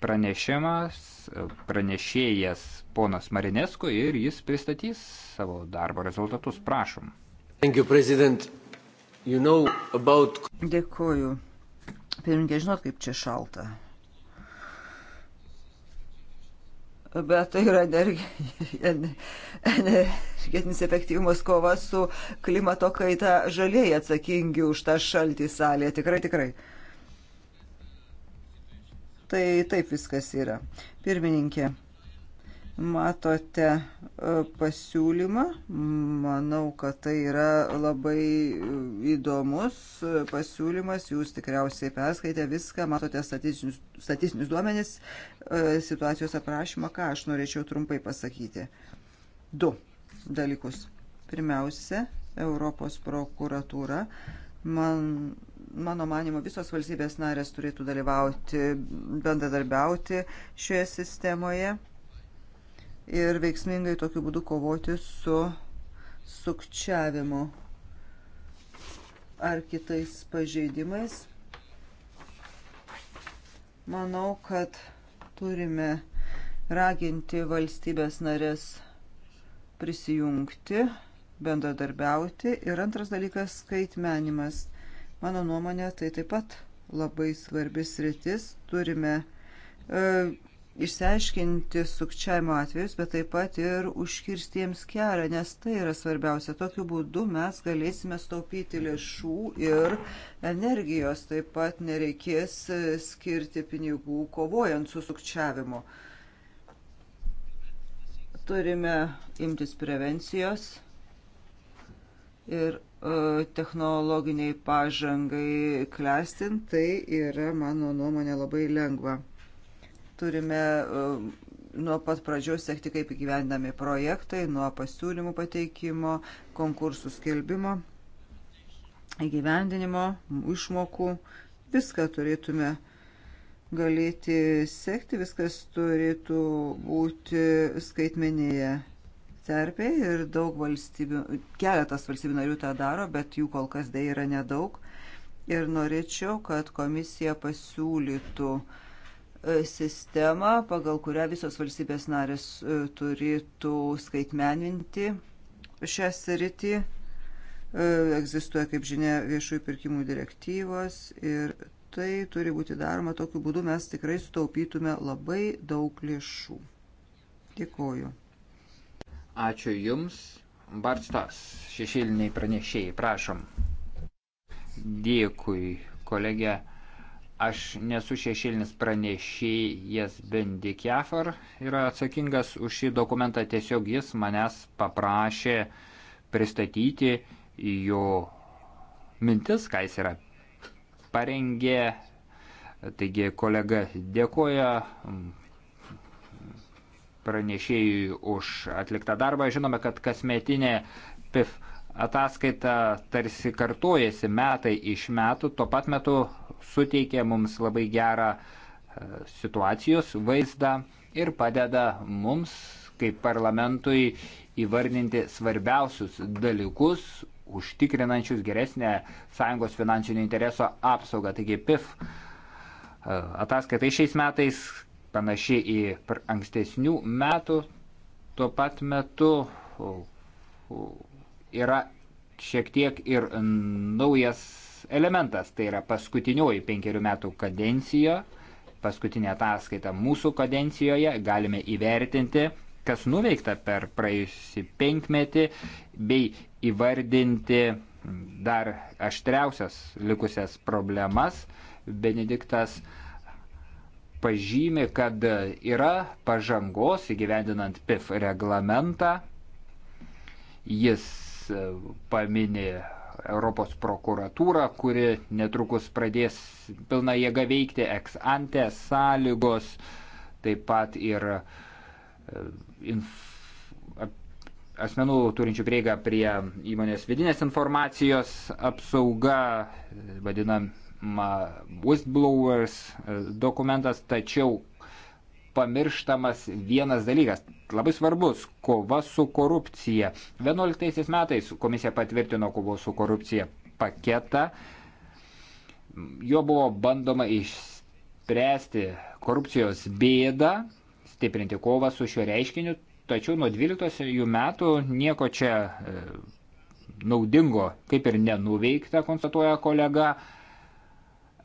pranešimas, pranešėjas ponas Marinesko ir jis pristatys savo darbo rezultatus. Prašom. Thank you, President. You know about... Dėkuoju. Pirmininkė, žinot, kaip čia šalta. Bet tai yra energetinis efektyvumas kova su klimato kaita žaliai atsakingi už tą šaltį salėje. Tikrai, tikrai. Uh, Tai taip viskas yra. Pirmininkė, matote e, pasiūlymą. Manau, kad tai yra labai įdomus e, pasiūlymas. Jūs tikriausiai perskaitė viską, matote statistinius, statistinius duomenis, e, situacijos aprašymą, ką aš norėčiau trumpai pasakyti. Du dalykus. Pirmiausia, Europos prokuratūra. Man mano manimo, visos valstybės narės turėtų dalyvauti, bendradarbiauti šioje sistemoje ir veiksmingai tokiu būdu kovoti su sukčiavimu ar kitais pažeidimais. Manau, kad turime raginti valstybės narės prisijungti, bendradarbiauti. Ir antras dalykas - skaitmenimas. Mano nuomonė, tai taip pat labai svarbis rytis. Turime e, išsiaiškinti sukčiavimo atvejus, bet taip pat ir užkirstiems kelią, nes tai yra svarbiausia. Tokiu būdu mes galėsime staupyti lėšų ir energijos, taip pat nereikės e, skirti pinigų kovojant su sukčiavimu. Turime imtis prevencijos ir E, technologiniai pažangai klestint, tai yra, mano nuomonė, labai lengva. Turime e, nuo pat pradžios sekti, kaip įgyvendami projektai, nuo pasiūlymų pateikimo, konkursų skelbimo, įgyvendinimo, išmokų. Viską turėtume galėti sekti, viskas turėtų būti skaitmenėje terpė ir daug valstybių, keletas valstybių narių tą daro, bet jų kol kas dėja yra nedaug. Ir norėčiau, kad komisija pasiūlytų e, sistemą, pagal kurią visos valstybės narės e, turėtų skaitmeninti šią sritį. E, egzistuoja, kaip žinia, viešųjų pirkimų direktyvos ir tai turi būti daroma. Tokiu būdu mes tikrai sutaupytume labai daug lėšų. Dėkuoju. Ačiū Jums. Barstas, šešėliniai pranešėjai, prašom. Dėkui, kolegė. Aš nesu šešėlinis pranešėjas Bendikefar, yra atsakingas už šį dokumentą, tiesiog jis manęs paprašė pristatyti jo mintis, ką jis yra parengė. Taigi kolega dėkoja pranešėjui už atliktą darbą. Žinome, kad kasmetinė PIF ataskaita tarsi kartojasi metai iš metų, tuo pat metu suteikia mums labai gerą e, situacijos vaizdą ir padeda mums kaip parlamentui įvardinti svarbiausius dalykus, užtikrinančius geresnę sąjungos finansinio intereso apsaugą. Taigi PIF e, ataskaitai šiais metais panaši į ankstesnių metų, tuo pat metu yra šiek tiek ir naujas elementas, tai yra paskutinioji penkerių metų kadencija, paskutinė ataskaita mūsų kadencijoje, galime įvertinti, kas nuveikta per praėjusį penkmetį, bei įvardinti dar aštriausias likusias problemas. Benediktas uh, pažymi, kad yra pažangos įgyvendinant PIF reglamentą. Jis e, paminė Europos prokuratūrą, kuri netrukus pradės pilną jėgą veikti ex ante sąlygos, taip pat ir e, inf... asmenų turinčių prieigą prie įmonės vidinės informacijos apsauga, vadinam, whistleblowers e, dokumentas, tačiau pamirštamas vienas dalykas, labai svarbus - kova su korupcija. 11 metais komisija patvirtino kovos su korupcija paketą, jo buvo bandoma išspręsti korupcijos bėdą, stiprinti kovą su šiuo reiškiniu, tačiau nuo 12 metų nieko čia e, naudingo kaip ir nenuveikta, konstatuoja kolega.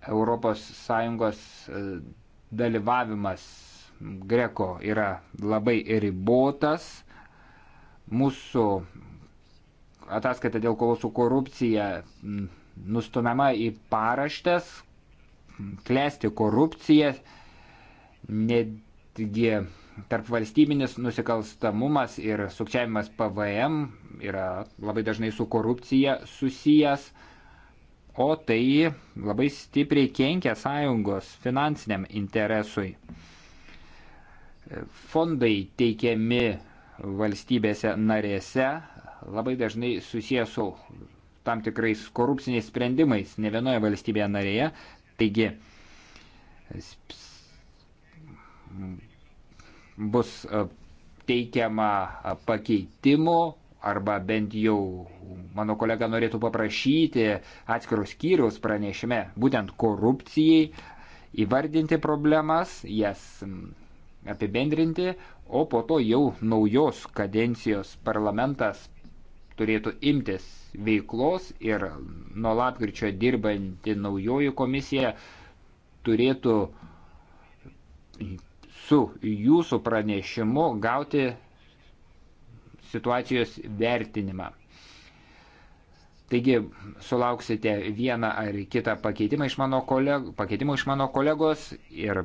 ES e, dalyvavimas Greko yra labai ribotas. Mūsų ataskaita dėl kovos su korupcija nustumiama į paraštės, klesti korupcija, netgi tarp valstybinis nusikalstamumas ir sukčiavimas PVM yra labai dažnai su korupcija susijęs o tai labai stipriai kenkia sąjungos finansiniam interesui. Fondai teikiami valstybėse narėse labai dažnai susijęs su tam tikrais korupciniais sprendimais ne vienoje valstybėje narėje. Taigi bus e, teikiama pakeitimo arba bent jau mano kolega norėtų paprašyti atskiros skyriaus pranešime būtent korupcijai įvardinti problemas, jas apibendrinti, o po to jau naujos kadencijos parlamentas turėtų imtis veiklos ir nuo lapkričio dirbanti naujoji komisija turėtų su jūsų pranešimu gauti situacijos vertinimą. Taigi sulauksite vieną ar kitą pakeitimą iš mano, koleg pakeitimą iš mano kolegos ir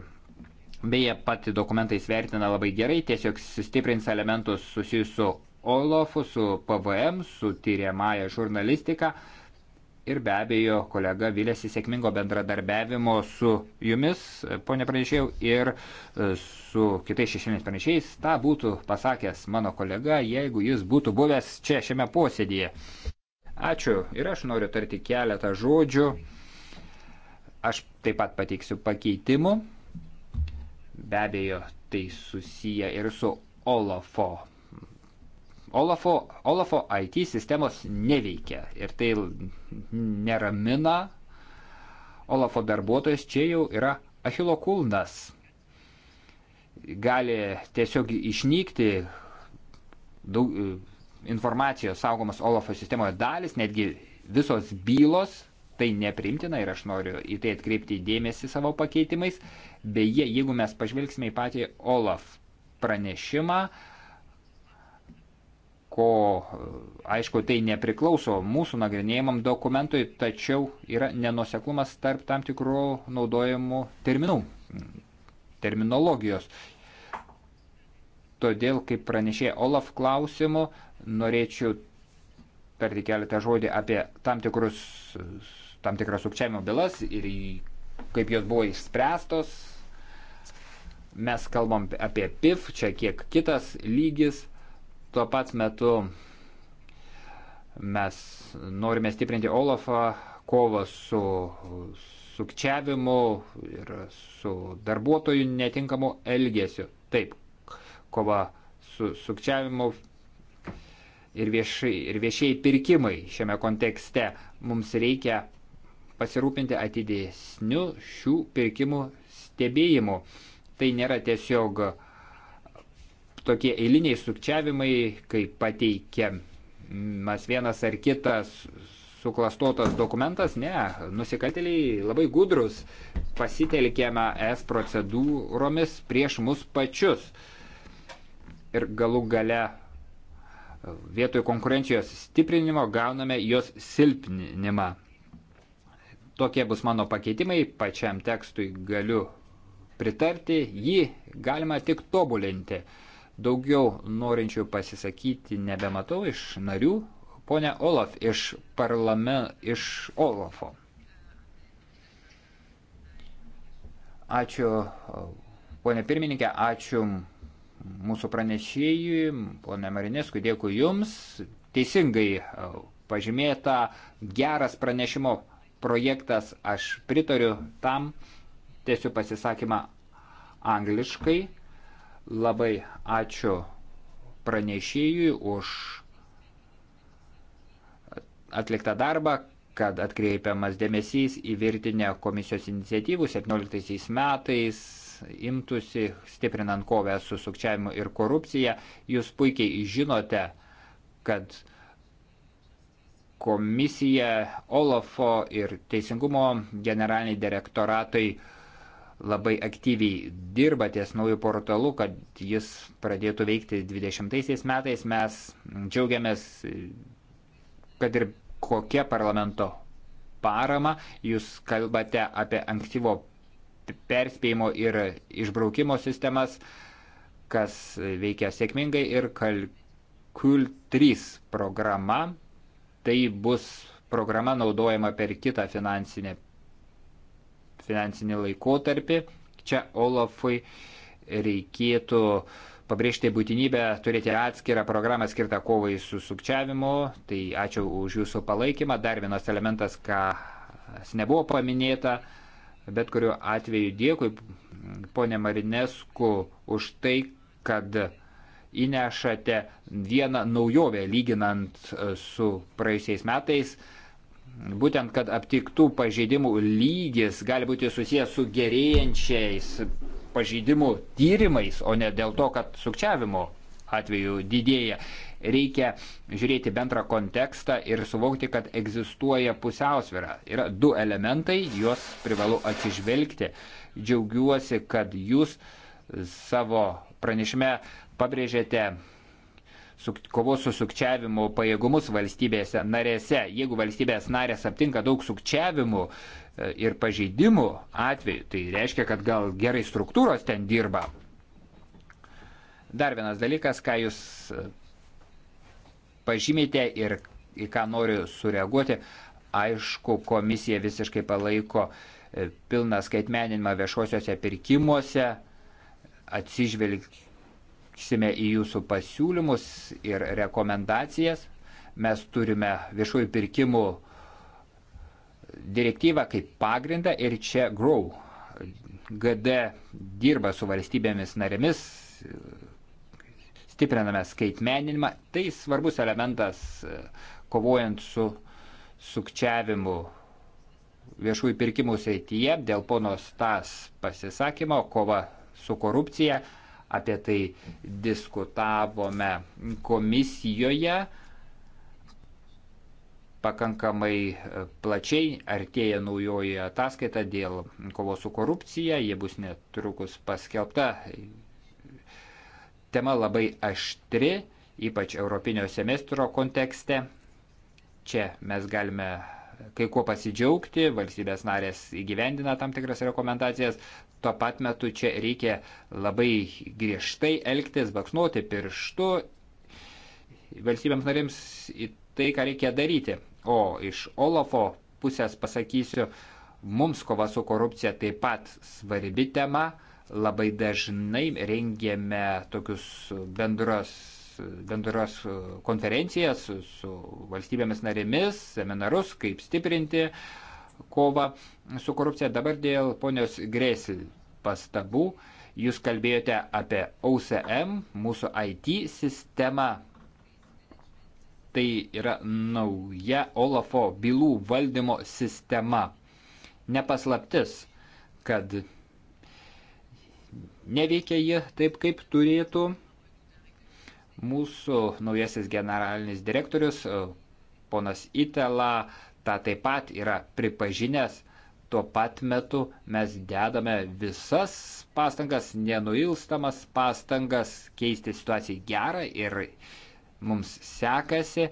beje pati dokumentai svertina labai gerai, tiesiog sustiprins elementus susijusiu su OLOFu, su PVM, su tyriamąją žurnalistiką ir be abejo kolega vilėsi sėkmingo bendradarbiavimo su jumis, ponė pranešėjau, ir e, su kitais šešėmis pranešėjais. Ta būtų pasakęs mano kolega, jeigu jis būtų buvęs čia šiame posėdėje. Ačiū ir aš noriu tarti keletą žodžių. Aš taip pat pateiksiu pakeitimų. Be abejo, tai susiję ir su Olafo Olafo, Olafo IT sistemos neveikia ir tai neramina Olafo darbuotojas čia jau yra Achilo kulnas. Gali tiesiog išnykti daug, e, informacijos saugomas Olafo sistemoje dalis, netgi visos bylos, tai nepriimtina ir aš noriu į tai atkreipti dėmesį savo pakeitimais. Beje, jeigu mes pažvelgsime į patį Olaf pranešimą, ko, aišku, tai nepriklauso mūsų nagrinėjimam dokumentui, tačiau yra nenuseklumas tarp tam tikrų naudojimų terminų, terminologijos. Todėl, kaip pranešė Olaf klausimu, norėčiau tarti keletą žodį apie tam, tikrus, tam tikras sukčiavimo bylas ir kaip jos buvo išspręstos. Mes kalbam apie PIF, čia kiek kitas lygis – Tuo pat metu mes norime stiprinti Olafą, kovą su sukčiavimu ir su darbuotojų netinkamu elgesiu. Taip, kova su sukčiavimu ir, viešai, ir viešieji pirkimai šiame kontekste mums reikia pasirūpinti atidėsniu šių pirkimų stebėjimu. Tai nėra tiesiog uh, tokie eiliniai sukčiavimai, kai pateikiamas vienas ar kitas suklastotas dokumentas, ne, nusikaltėliai labai gudrus, pasitelkiama es procedūromis prieš mus pačius. Ir galų gale vietoj konkurencijos stiprinimo gauname jos silpninimą. Tokie bus mano pakeitimai, pačiam tekstui galiu pritarti, jį galima tik tobulinti. Daugiau norinčių pasisakyti nebematau iš narių. Pone Olaf iš parlame, iš Olafo. Ačiū, ponė pirmininkė, ačiū mūsų pranešėjui, ponė Marinėskui, dėkui Jums. Teisingai pažymėta geras pranešimo projektas, aš pritariu tam, tiesiu pasisakymą angliškai. Labai ačiū pranešėjui už atliktą darbą, kad atkreipiamas dėmesys į virtinę komisijos iniciatyvų 17 metais imtųsi stiprinant kovę su sukčiavimu ir korupcija. Jūs puikiai žinote, kad komisija, Olafo ir Teisingumo generaliniai direktoratai uh, labai aktyviai dirba ties naujų portalu, kad jis pradėtų veikti 20 metais. Mes džiaugiamės, kad ir kokia parlamento parama, jūs kalbate apie ankstyvo perspėjimo ir išbraukimo sistemas, kas veikia sėkmingai ir Kalkul 3 programa. Tai bus programa naudojama per kitą finansinę finansinį laikotarpį. Čia Olafui reikėtų pabrėžti būtinybę turėti atskirą programą skirtą kovai su sukčiavimu. Tai ačiū už jūsų palaikymą. Dar vienas elementas, kas nebuvo paminėta, bet kuriuo atveju dėkui, ponė Marinesku, už tai, kad įnešate vieną naujovę lyginant su praėjusiais metais būtent, kad aptiktų pažeidimų lygis gali būti susijęs su gerėjančiais pažeidimų tyrimais, o ne dėl to, kad sukčiavimo atveju didėja. Reikia žiūrėti bendrą kontekstą ir suvokti, kad egzistuoja pusiausvėra. Yra du elementai, juos privalu atsižvelgti. Džiaugiuosi, kad jūs savo pranešime pabrėžėte kovos su sukčiavimu pajėgumus valstybėse narėse. Jeigu valstybės narės aptinka daug sukčiavimų e, ir pažeidimų atveju, tai reiškia, kad gal gerai struktūros ten dirba. Dar vienas dalykas, ką jūs e, pažymite ir į ką noriu sureaguoti, aišku, komisija visiškai palaiko e, pilną skaitmeninimą viešuosiuose pirkimuose, atsižvelgiant atsižvelgsime į jūsų pasiūlymus ir rekomendacijas. Mes turime viešųjų pirkimų direktyvą kaip pagrindą ir čia GROW. GD dirba su valstybėmis narėmis, stipriname skaitmeninimą. Tai svarbus elementas e, kovojant su sukčiavimu viešųjų pirkimų srityje dėl ponos tas pasisakymo kova su korupcija apie tai diskutavome komisijoje pakankamai e, plačiai artėja naujoji ataskaita dėl kovos su korupcija, jie bus netrukus paskelbta. Tema labai aštri, ypač Europinio semestro kontekste. Čia mes galime kai kuo pasidžiaugti, valstybės narės įgyvendina tam tikras rekomendacijas, tuo pat metu čia reikia labai griežtai elgtis, baksnuoti pirštu valstybėms narėms į tai, ką reikia daryti. O iš Olafo pusės pasakysiu, mums kova su korupcija taip pat svarbi tema, labai dažnai rengėme tokius bendros bendras e, konferencijas su valstybėmis narėmis, seminarus, kaip stiprinti kovą su korupcija. Dabar dėl ponios Grėsil pastabų. Jūs kalbėjote apie OCM, mūsų IT sistemą. Tai yra nauja Olafo bylų valdymo sistema. Nepaslaptis, kad neveikia ji taip, kaip turėtų Mūsų naujasis generalinis direktorius, e, ponas Itela, tą taip pat yra pripažinęs. Tuo pat metu mes dedame visas pastangas, nenuilstamas pastangas keisti situaciją gerą ir mums sekasi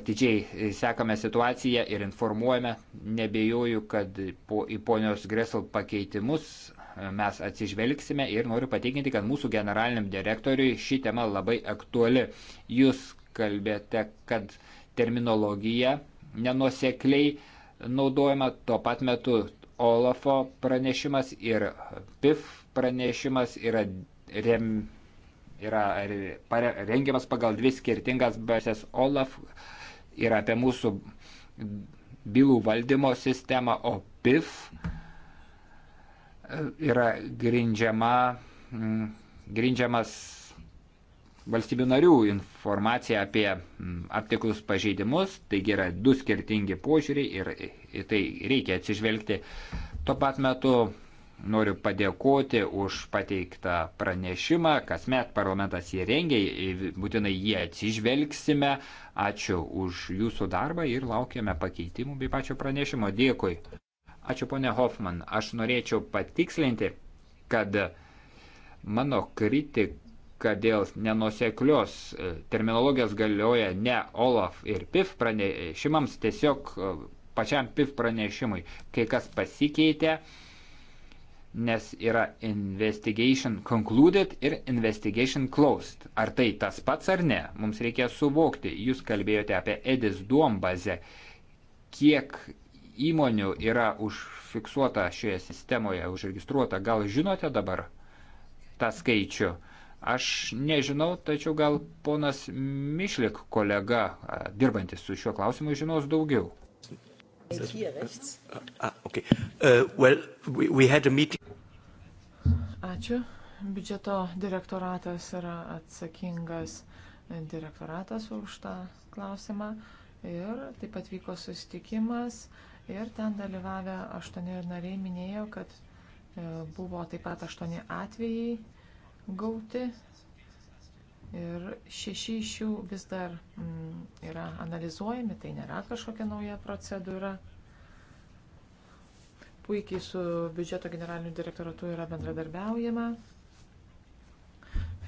atidžiai sekame situaciją ir informuojame. Nebejoju, kad po, į ponios Gresel pakeitimus mes atsižvelgsime ir noriu patikinti, kad mūsų generaliniam direktoriui ši tema labai aktuali. Jūs kalbėte, kad terminologija nenusekliai naudojama tuo pat metu Olafo pranešimas ir PIF pranešimas yra, rem, yra rengiamas pagal dvi skirtingas bazės Olaf ir apie mūsų bylų valdymo sistemą, o PIF yra grindžiama, mm, grindžiamas valstybių narių informacija apie mm, aptiklus pažeidimus, taigi yra du skirtingi požiūriai ir į tai reikia atsižvelgti. Tuo pat metu noriu padėkoti už pateiktą pranešimą, kasmet parlamentas jį rengia, būtinai jį atsižvelgsime. Ačiū už jūsų darbą ir laukiame pakeitimų bei pačio pranešimo. Dėkui. Ačiū ponė Hoffman. Aš norėčiau patikslinti, kad mano kritika dėl nenuseklios e, terminologijos galioja ne Olaf ir PIF pranešimams, tiesiog e, pačiam PIF pranešimui. Kai kas pasikeitė, nes yra investigation concluded ir investigation closed. Ar tai tas pats ar ne? Mums reikia suvokti. Jūs kalbėjote apie Edis duombazę. Kiek įmonių yra užfiksuota šioje sistemoje, užregistruota. Gal žinote dabar tą skaičių? Aš nežinau, tačiau gal ponas Mišlik kolega, dirbantis su šiuo klausimu, žinos daugiau. Ah, ah, uh, Ačiū. Biudžeto direktoratas yra atsakingas direktoratas už tą klausimą. Ir taip pat vyko susitikimas Ir ten dalyvavę aštuoni nariai minėjo, kad e, buvo taip pat aštuoni atvejai gauti. Ir šeši iš jų vis dar m, mm, yra analizuojami, tai nėra kažkokia nauja procedūra. Puikiai su biudžeto generaliniu direktoratu yra bendradarbiaujama.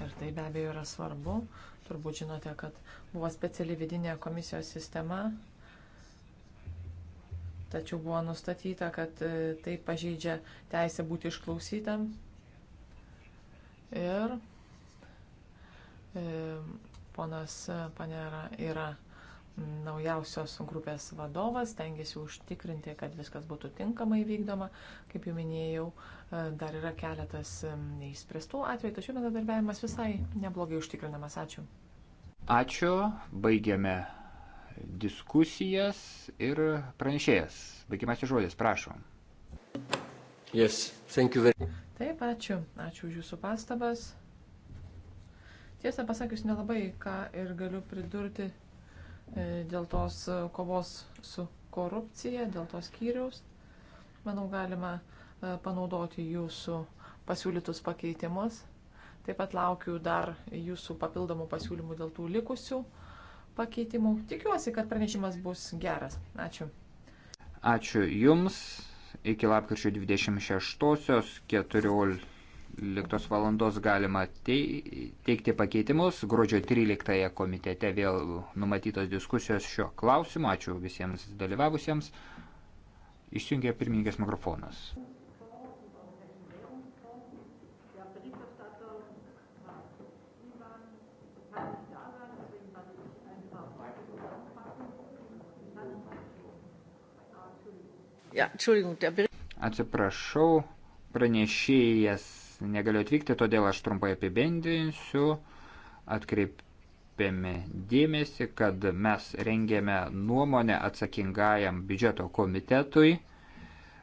Ir tai be abejo yra svarbu. Turbūt žinote, kad buvo speciali vidinė komisijos sistema, tačiau buvo nustatyta, kad e, tai pažeidžia teisę būti išklausytam. Ir e, ponas Panera yra naujausios grupės vadovas, tengiasi užtikrinti, kad viskas būtų tinkamai vykdoma. Kaip jau minėjau, e, dar yra keletas neįspręstų atvejų, tačiau bendradarbiavimas visai neblogai užtikrinamas. Ačiū. Ačiū, baigiame diskusijas ir pranešėjas. Baigiamasis žodis, prašom. Yes, very... Taip, ačiū. Ačiū už Jūsų pastabas. Tiesą pasakius, nelabai ką ir galiu pridurti e, dėl tos kovos su korupcija, dėl tos kyriaus. Manau, galima e, panaudoti Jūsų pasiūlytus pakeitimus. Taip pat laukiu dar Jūsų papildomų pasiūlymų dėl tų likusių pakeitimų. Tikiuosi, kad pranešimas bus geras. Ačiū. Ačiū Jums. Iki lapkričio 26-osios 14 valandos galima teikti pakeitimus. Gruodžio 13-ąją komitete vėl numatytos diskusijos šio klausimu. Ačiū visiems dalyvavusiems. Išjungia pirmininkės mikrofonas. Atsiprašau, pranešėjas negaliu atvykti, todėl aš trumpai apibendrinsiu. Atkreipėme dėmesį, kad mes rengėme nuomonę atsakingajam biudžeto komitetui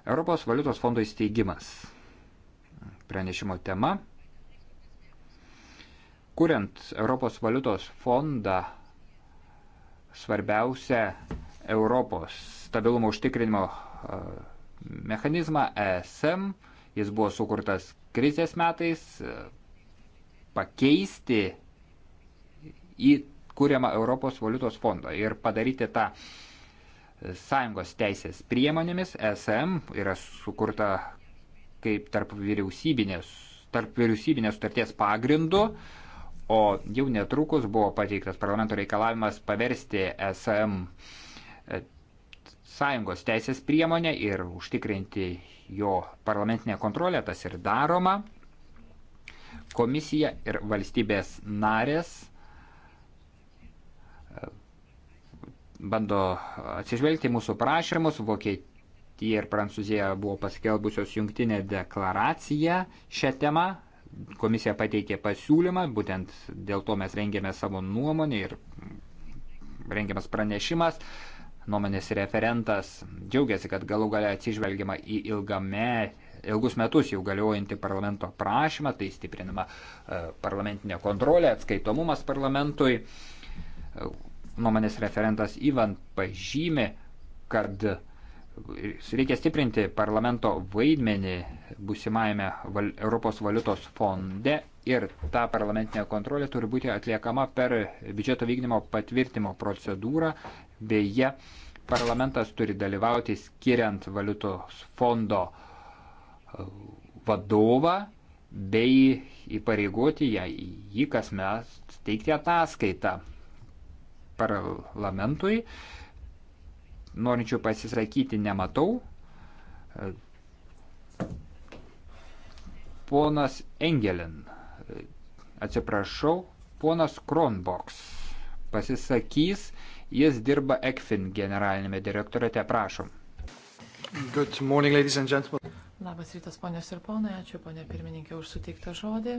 Europos valiutos fondo įsteigimas. Pranešimo tema. Kuriant Europos valiutos fondą, svarbiausia Europos stabilumo užtikrinimo E, mechanizmą ESM, jis buvo sukurtas krizės metais, e, pakeisti į kuriamą Europos valiutos fondą ir padaryti tą sąjungos teisės priemonėmis. ESM yra sukurta kaip tarp vyriausybinės, tarp vyriausybinės sutarties pagrindu, o jau netrukus buvo pateiktas parlamento reikalavimas paversti ESM sąjungos teisės priemonę ir užtikrinti jo parlamentinę kontrolę, tas ir daroma. Komisija ir valstybės narės e, bando atsižvelgti mūsų prašymus. Vokietija ir Prancūzija buvo paskelbusios jungtinę deklaraciją šią temą. Komisija pateikė pasiūlymą, būtent dėl to mes rengėme savo nuomonę ir rengiamas pranešimas. Uh, nuomonės referentas džiaugiasi, kad galų galia atsižvelgiama į ilgame, ilgus metus jau galiojantį parlamento prašymą, tai stiprinama e, parlamentinė kontrolė, atskaitomumas parlamentui. E, nuomonės referentas Ivan pažymi, kad reikia stiprinti parlamento vaidmenį busimajame val Europos valiutos fonde ir ta parlamentinė kontrolė turi būti atliekama per biudžeto vykdymo patvirtimo procedūrą Beje, parlamentas turi dalyvauti skiriant valiutos fondo e, vadovą bei įpareigoti ją jį kasmet teikti ataskaitą parlamentui. Norinčių pasisakyti nematau. E, ponas Engelin, e, atsiprašau, ponas Kronboks pasisakys Jis dirba ECFIN generalinėme direktorate, prašom. Good morning, ladies and gentlemen. Labas rytas, ponios ir ponai, ačiū ponė pirmininkė už suteiktą žodį.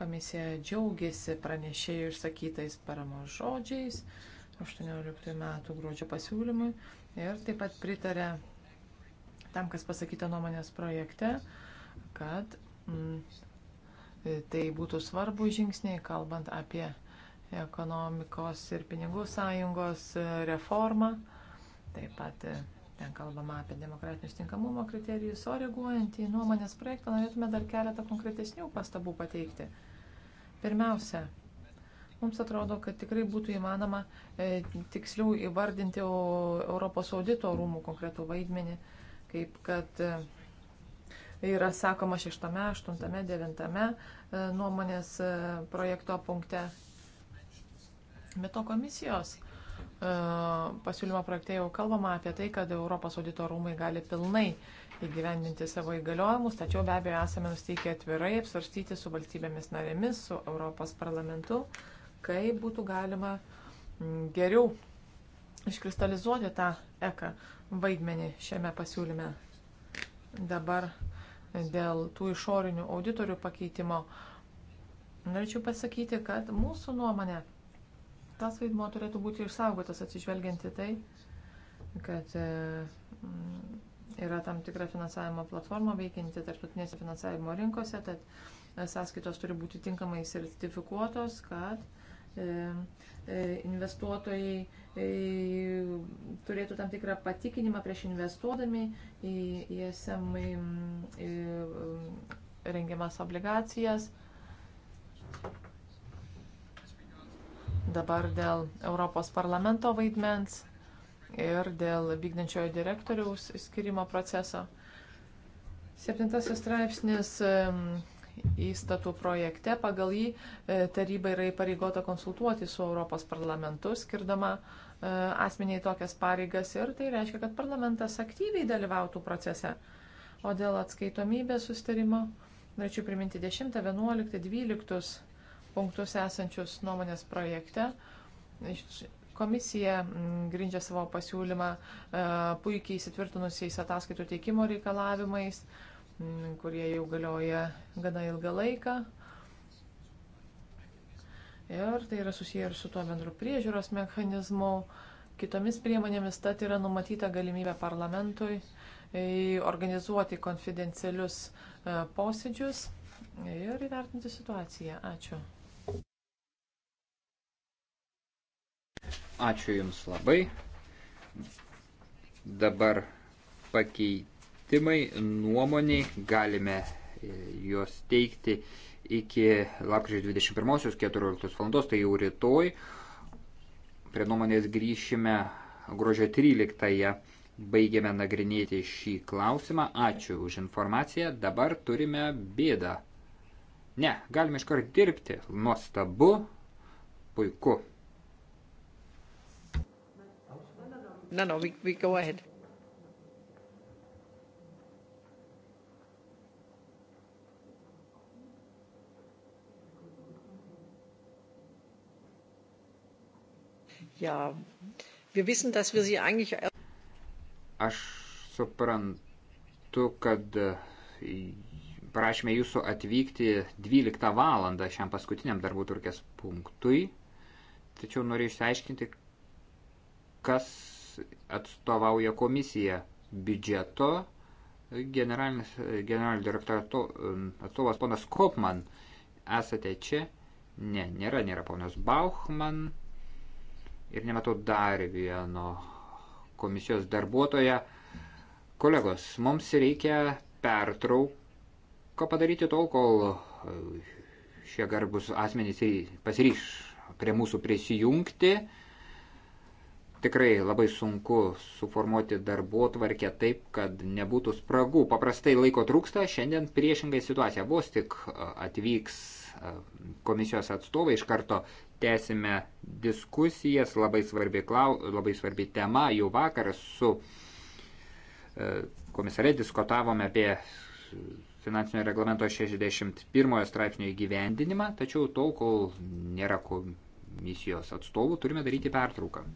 Komisija džiaugiasi pranešėjų išsakytais paramos žodžiais 18 metų gruodžio pasiūlymui ir taip pat pritarė tam, kas pasakyta nuomonės projekte, kad mm, tai būtų svarbu žingsniai, kalbant apie ekonomikos ir pinigų sąjungos e, reformą. Taip pat e, ten kalbama apie demokratinius tinkamumo kriterijus, o reaguojant į nuomonės projektą norėtume dar keletą konkretesnių pastabų pateikti. Pirmiausia, mums atrodo, kad tikrai būtų įmanoma e, tiksliau įvardinti Europos audito rūmų konkretų vaidmenį, kaip kad e, yra sakoma šeštame, aštuntame, devintame e, nuomonės e, projekto punkte. Be to komisijos e, pasiūlymo projekte jau kalbama apie tai, kad Europos audito rūmai gali pilnai įgyvendinti savo įgaliojimus, tačiau be abejo esame nusteikę atvirai apsvarstyti su valstybėmis narėmis, su Europos parlamentu, kaip būtų galima mm, geriau iškristalizuoti tą eką vaidmenį šiame pasiūlyme. Dabar dėl tų išorinių auditorių pakeitimo norėčiau pasakyti, kad mūsų nuomonė tas vaidmuo turėtų būti išsaugotas atsižvelgianti tai, kad e, mm, yra tam tikra finansavimo platforma veikianti tarptautinėse finansavimo rinkose, tad e, sąskaitos turi būti tinkamai sertifikuotos, kad e, investuotojai turėtų tam tikrą patikinimą prieš investuodami į ESM mm, mm, rengiamas obligacijas. Thank you. Dabar dėl Europos parlamento vaidmens ir dėl vykdančiojo direktoriaus skirimo proceso. Septintasis straipsnis įstatų projekte pagal jį e, taryba yra įpareigota konsultuoti su Europos parlamentu, skirdama e, asmeniai tokias pareigas ir tai reiškia, kad parlamentas aktyviai dalyvautų procese. O dėl atskaitomybės sustarimo norėčiau priminti 10, 11, 12 punktus esančius nuomonės projekte. Komisija mm, grindžia savo pasiūlymą e, puikiai įsitvirtinusiais ataskaitų teikimo reikalavimais, mm, kurie jau galioja gana ilgą laiką. Ir tai yra susiję ir su tuo bendru priežiūros mechanizmu, kitomis priemonėmis, tad yra numatyta galimybė parlamentui e, organizuoti konfidencialius e, posėdžius ir įvertinti situaciją. Ačiū. Ačiū Jums labai. Dabar pakeitimai nuomoniai galime e, juos teikti iki lapkričio 21.14 val. tai jau rytoj. Prie nuomonės grįšime gruodžio 13-ąją. Baigėme nagrinėti šį klausimą. Ačiū už informaciją. Dabar turime bėdą. Ne, galime iškart dirbti. Nuostabu. Puiku. No, no, we, we go ahead. Ja, wir wissen, dass wir sie eigentlich. Aš suprantu, kad e, prašymė jūsų atvykti 12 valandą šiam paskutiniam darbų turkės punktui, tačiau noriu išsiaiškinti, kas atstovauja komisija biudžeto generalinis generalinio direktorato um, atstovas ponas Kopman. Esate čia? Ne, nėra, nėra ponas Bauchman. Ir nematau dar vieno komisijos darbuotoja. Kolegos, mums reikia pertrauką padaryti tol, kol uh, šie garbus asmenys pasiryš prie mūsų prisijungti. Tikrai labai sunku suformuoti darbo tvarkę taip, kad nebūtų spragų. Paprastai laiko trūksta, šiandien priešingai situacija. Vos tik atvyks komisijos atstovai, iš karto tęsime diskusijas, labai svarbi, klau, labai svarbi tema. Jau vakar su e, komisare diskutavome apie finansinio reglamento 61 straipsnio įgyvendinimą, tačiau tol, kol nėra komisijos atstovų, turime daryti pertrauką.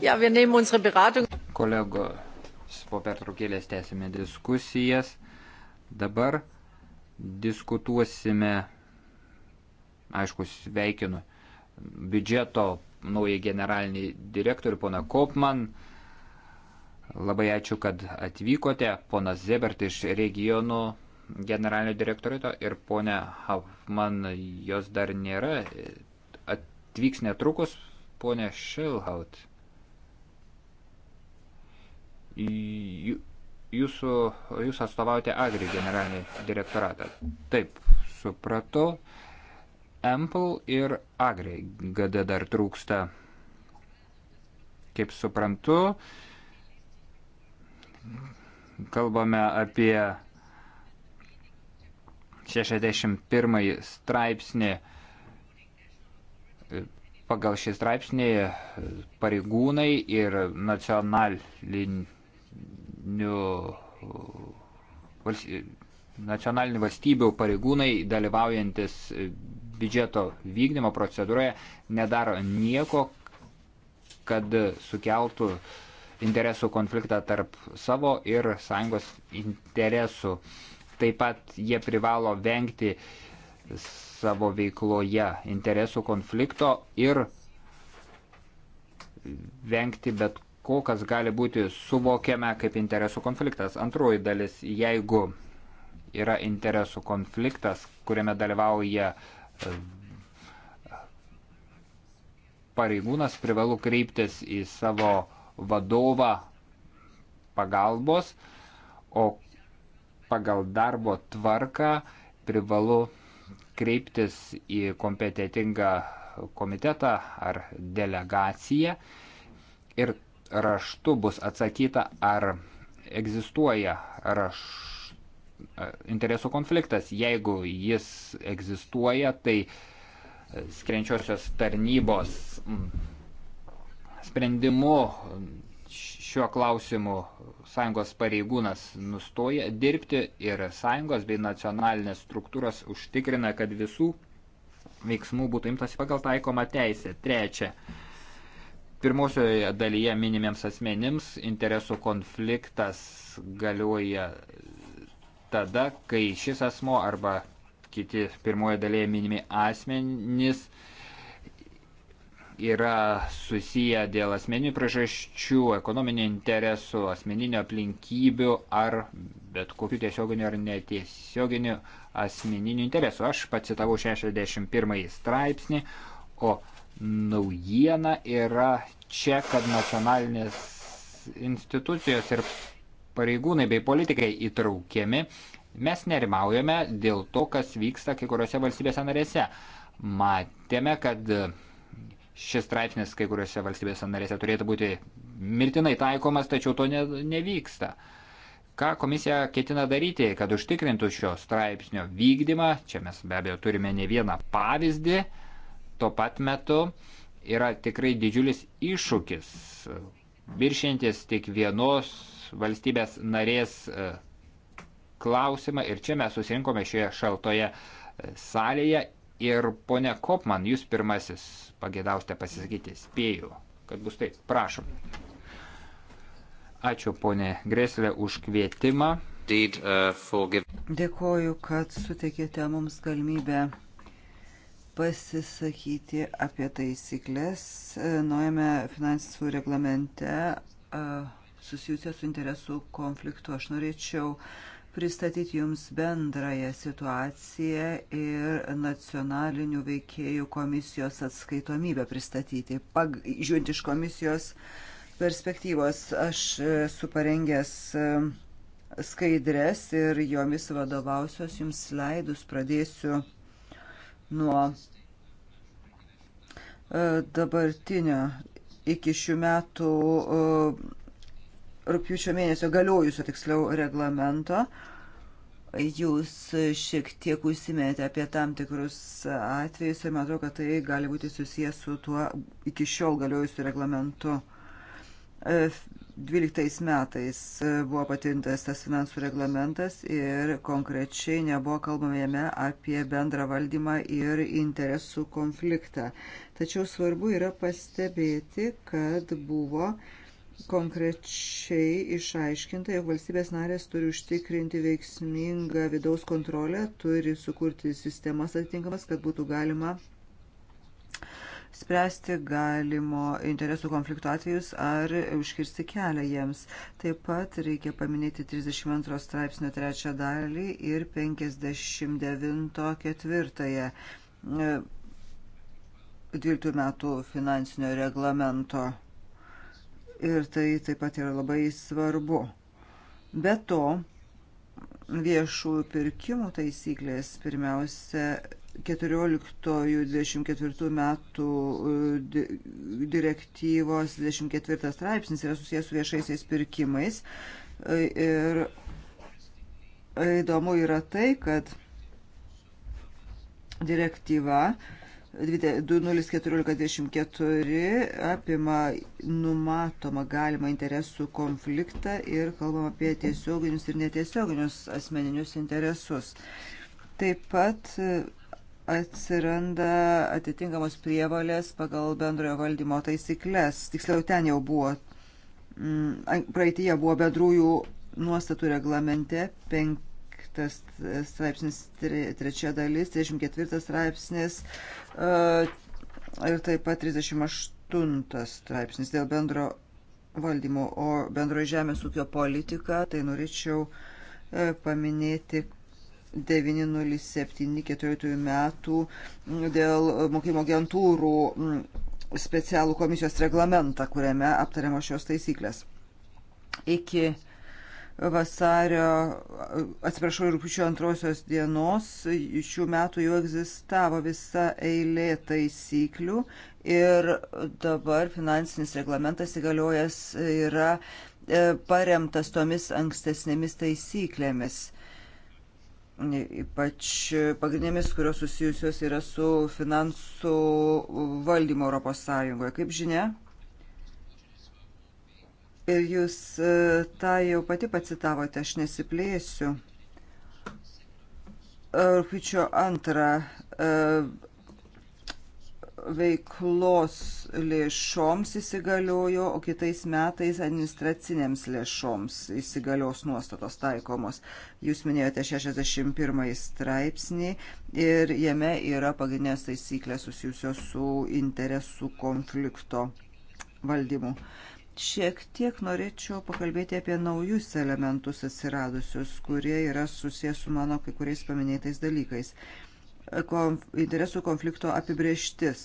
Ja, Kolegos, po pertraukėlės tęsime diskusijas. Dabar diskutuosime, aišku, sveikinu biudžeto naują generalinį direktorių, pona Kopman. Labai ačiū, kad atvykote, ponas Zebert iš regionų generalinio direktorito ir ponia Hauptman, jos dar nėra, atvyks netrukus ponia Šilhaut. Jūsų, jūs atstovaujate Agri generalinį direktoratą. Taip, supratau. Ample ir Agri GD dar trūksta. Kaip suprantu, kalbame apie 61 straipsnį. Pagal šį straipsnį pareigūnai ir nacionaliniai nacionalinių valstybių pareigūnai dalyvaujantis biudžeto vykdymo procedūroje nedaro nieko, kad sukeltų interesų konfliktą tarp savo ir sąjungos interesų. Taip pat jie privalo vengti savo veikloje interesų konflikto ir vengti bet kol kas gali būti suvokiama kaip interesų konfliktas. Antroji dalis, jeigu yra interesų konfliktas, kuriame dalyvauja e, pareigūnas, privalu kreiptis į savo vadovą pagalbos, o pagal darbo tvarką privalu kreiptis į kompetitingą komitetą ar delegaciją ir raštu bus atsakyta, ar egzistuoja raš... interesų konfliktas. Jeigu jis egzistuoja, tai skrenčiosios tarnybos mm, sprendimu šiuo klausimu sąjungos pareigūnas nustoja dirbti ir sąjungos bei nacionalinės struktūros užtikrina, kad visų veiksmų būtų imtas pagal taikomą teisę. Trečia, Pirmosioje dalyje minimiems asmenims interesų konfliktas galioja tada, kai šis asmo arba kiti pirmoje dalyje minimi asmenys yra susiję dėl asmeninių priežasčių, ekonominių interesų, asmeninių aplinkybių ar bet kokių tiesioginių ar netiesioginių asmeninių interesų. Aš pacitavau 61 straipsnį, o naujiena yra čia, kad nacionalinės institucijos ir pareigūnai bei politikai įtraukiami. Mes nerimaujame dėl to, kas vyksta kai kuriuose valstybėse narėse. Matėme, kad šis straipsnis kai kuriuose valstybėse narėse turėtų būti mirtinai taikomas, tačiau to ne, nevyksta. Ką komisija ketina daryti, kad užtikrintų šio straipsnio vykdymą? Čia mes be abejo turime ne vieną pavyzdį tuo pat metu yra tikrai didžiulis iššūkis, viršintis tik vienos valstybės narės e, klausimą. Ir čia mes susirinkome šioje šaltoje e, salėje. Ir ponia Kopman, jūs pirmasis pagėdausite pasisakyti, spėju, kad bus taip. Prašom. Ačiū ponė Greslė už kvietimą. Uh, Dėkoju, kad suteikėte mums galimybę pasisakyti apie taisyklės e, naujame finansų reglamente e, susijusios su interesų konfliktu. Aš norėčiau pristatyti Jums bendrąją situaciją ir nacionalinių veikėjų komisijos atskaitomybę pristatyti. Pag, žiūrint iš komisijos perspektyvos, aš esu parengęs e, skaidres ir jomis vadovausios Jums leidus pradėsiu nuo e, dabartinio iki šių metų e, rūpjūčio mėnesio galiojusio tiksliau reglamento. Jūs šiek tiek užsiminėte apie tam tikrus atvejus ir matau, kad tai gali būti susijęs su tuo iki šiol galiojusiu reglamentu. E, 2012 metais e, buvo patintas tas finansų reglamentas ir konkrečiai nebuvo kalbama jame apie bendrą valdymą ir interesų konfliktą. Tačiau svarbu yra pastebėti, kad buvo konkrečiai išaiškinta, jog valstybės narės turi užtikrinti veiksmingą vidaus kontrolę, turi sukurti sistemas atitinkamas, kad būtų galima spręsti galimo interesų konflikto atvejus ar užkirsti kelią jiems. Taip pat reikia paminėti 32 straipsnio trečią dalį ir 59 ketvirtąją 12 e, metų finansinio reglamento. Ir tai taip pat yra labai svarbu. Be to, viešųjų pirkimų taisyklės pirmiausia 14-24 metų e, direktyvos 24 straipsnis yra susijęs su viešaisiais pirkimais. E, ir įdomu yra tai, kad direktyva 2014-24 apima numatomą galimą interesų konfliktą ir kalbam apie tiesioginius ir netiesioginius asmeninius interesus. Taip pat atsiranda atitinkamos prievalės pagal bendrojo valdymo taisyklės. Tiksliau, ten jau buvo, mm, praeitie buvo bedrųjų nuostatų reglamente 5 penktas straipsnis, trečia dalis, 34 straipsnis e, ir taip pat 38 straipsnis dėl bendro valdymo, o bendro žemės ūkio politika, tai norėčiau e, paminėti, 907-14 metų dėl mokymo agentūrų mm, specialų komisijos reglamentą, kuriame aptariamos šios taisyklės. Iki vasario, atsiprašau, rūpiučio antrosios dienos šių metų jau egzistavo visa eilė taisyklių ir dabar finansinis reglamentas įgaliojęs yra e, paremtas tomis ankstesnėmis taisyklėmis ypač pagrindėmis, kurios susijusios yra su finansų valdymo Europos Sąjungoje. Kaip žinia, ir jūs e, tą jau pati pacitavote, aš nesiplėsiu. Rūpiučio antrą e, veiklos lėšoms įsigaliojo, o kitais metais administracinėms lėšoms įsigalios nuostatos taikomos. Jūs minėjote 61 straipsnį ir jame yra pagrindinės taisyklės susijusios su interesų konflikto valdymu. Šiek tiek norėčiau pakalbėti apie naujus elementus atsiradusius, kurie yra susijęs su mano kai kuriais paminėtais dalykais konf, interesų konflikto apibrieštis.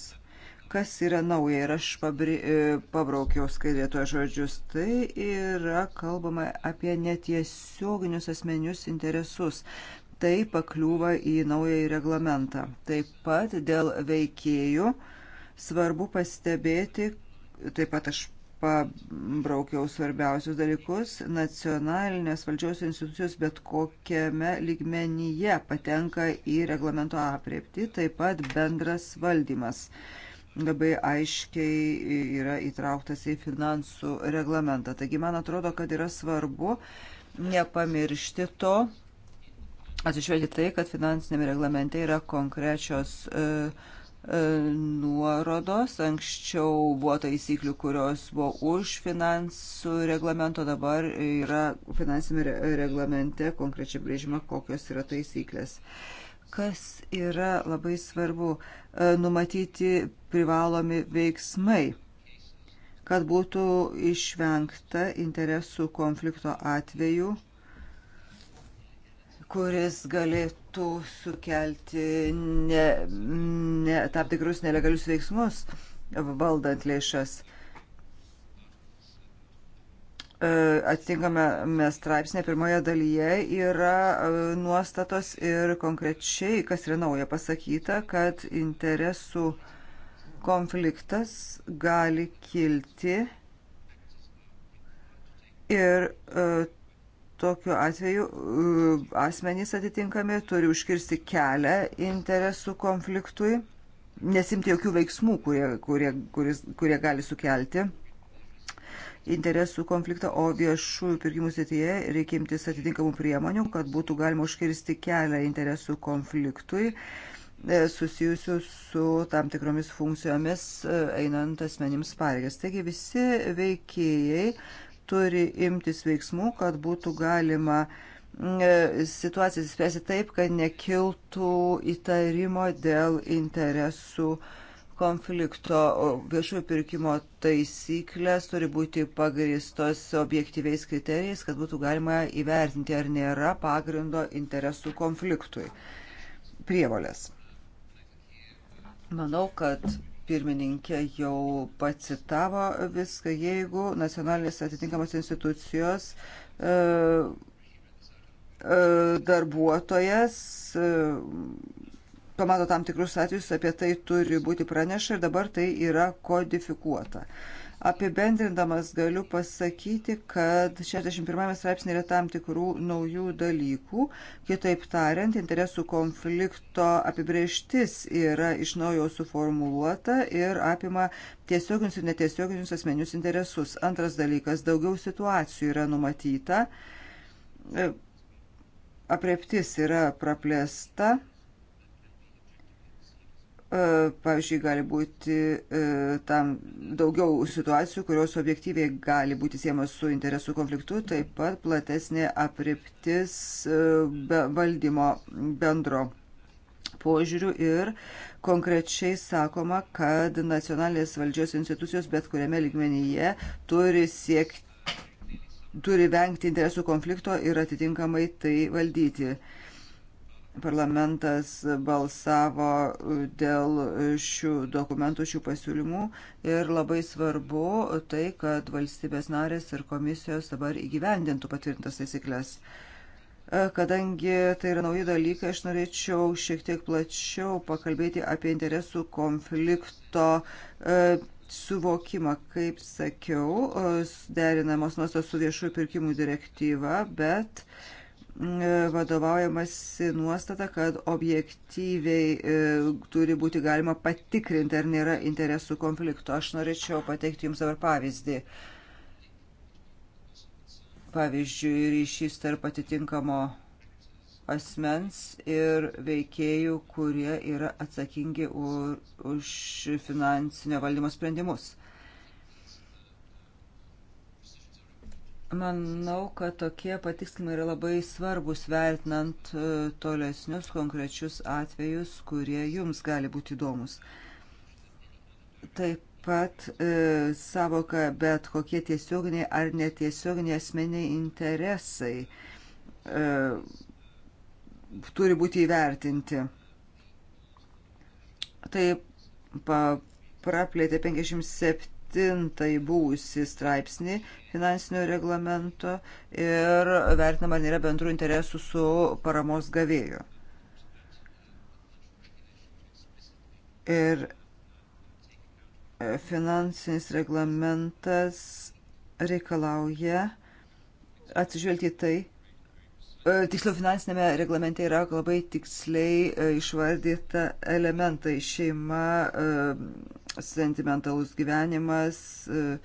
Kas yra nauja ir aš pabri, e, pabraukiau skaidrėtoje žodžius, tai yra kalbama apie netiesioginius asmenius interesus. Tai pakliūva į naująjį reglamentą. Taip pat dėl veikėjų svarbu pastebėti, taip pat aš pabraukiau svarbiausius dalykus. Nacionalinės valdžios institucijos bet kokiame lygmenyje patenka į reglamento apriepti, taip pat bendras valdymas labai aiškiai yra įtrauktas į finansų reglamentą. Taigi man atrodo, kad yra svarbu nepamiršti to, atsižvelgti tai, kad finansinėme reglamente yra konkrečios uh, E, nuorodos. Anksčiau buvo taisyklių, kurios buvo už finansų reglamento, dabar yra finansinėme reglamente konkrečiai brėžima, kokios yra taisyklės. Kas yra labai svarbu e, numatyti privalomi veiksmai, kad būtų išvengta interesų konflikto atveju kuris galėtų sukelti ne, ne, tam tikrus nelegalius veiksmus valdant lėšas. E, atitinkame straipsnė pirmoje dalyje yra e, nuostatos ir konkrečiai, kas yra nauja pasakyta, kad interesų konfliktas gali kilti ir e, Tokiu atveju e, asmenys atitinkami turi užkirsti kelią interesų konfliktui, nesimti jokių veiksmų, kurie, kurie, kuris, kurie gali sukelti interesų konfliktą, o viešųjų pirkimų srityje reikia imtis atitinkamų priemonių, kad būtų galima užkirsti kelią interesų konfliktui e, susijusių su tam tikromis funkcijomis e, einant asmenims pareigas. Taigi visi veikėjai turi imtis veiksmų, kad būtų galima e, situaciją spręsti taip, kad nekiltų įtarimo dėl interesų konflikto. Viešųjų pirkimo taisyklės turi būti pagristos objektyviais kriterijais, kad būtų galima įvertinti, ar nėra pagrindo interesų konfliktui. Prievolės. Manau, kad pirmininkė jau pacitavo viską, jeigu nacionalinės atitinkamos institucijos e, e, darbuotojas e, pamato tam tikrus atvejus, apie tai turi būti praneša ir dabar tai yra kodifikuota. Apibendrindamas galiu pasakyti, kad 61 straipsnė yra tam tikrų naujų dalykų. Kitaip tariant, interesų konflikto apibrieštis yra iš naujo suformuoluota ir apima tiesioginius ir netiesioginius asmenius interesus. Antras dalykas - daugiau situacijų yra numatyta. Apreptis yra praplėsta E, pavyzdžiui, gali būti e, tam daugiau situacijų, kurios objektyviai gali būti siemos su interesų konfliktu, taip pat platesnė apriptis e, valdymo bendro požiūrių ir konkrečiai sakoma, kad nacionalinės valdžios institucijos bet kuriame lygmenyje turi siekti turi vengti interesų konflikto ir atitinkamai tai valdyti. Uh, parlamentas balsavo dėl šių dokumentų, šių pasiūlymų ir labai svarbu tai, kad valstybės narės ir komisijos dabar įgyvendintų patvirtintas taisyklės. E, kadangi tai yra nauji dalykai, aš norėčiau šiek tiek plačiau pakalbėti apie interesų konflikto e, suvokimą, kaip sakiau, e, derinamos nuostos su viešųjų pirkimų direktyva, bet uh, E, vadovaujamasi nuostata, kad objektyviai e, turi būti galima patikrinti, ar nėra interesų konflikto. Aš norėčiau pateikti Jums dabar pavyzdį. Pavyzdžiui, ryšys tarp atitinkamo asmens ir veikėjų, kurie yra atsakingi už finansinio valdymo sprendimus. Manau, kad tokie patikslimai yra labai svarbus vertinant e, tolesnius konkrečius atvejus, kurie jums gali būti įdomus. Taip pat e, savoka, bet kokie tiesioginiai ar netiesioginiai asmeniai interesai e, turi būti įvertinti. Taip praplėtė 57 septintąjį būsį straipsnį finansinio reglamento ir vertinama nėra bendrų interesų su paramos gavėju. Ir e, finansinis reglamentas reikalauja atsižvelgti tai, e, Tiksliau, finansinėme reglamente yra labai tiksliai e, išvardyta elementai šeima, sentimentalus gyvenimas, e,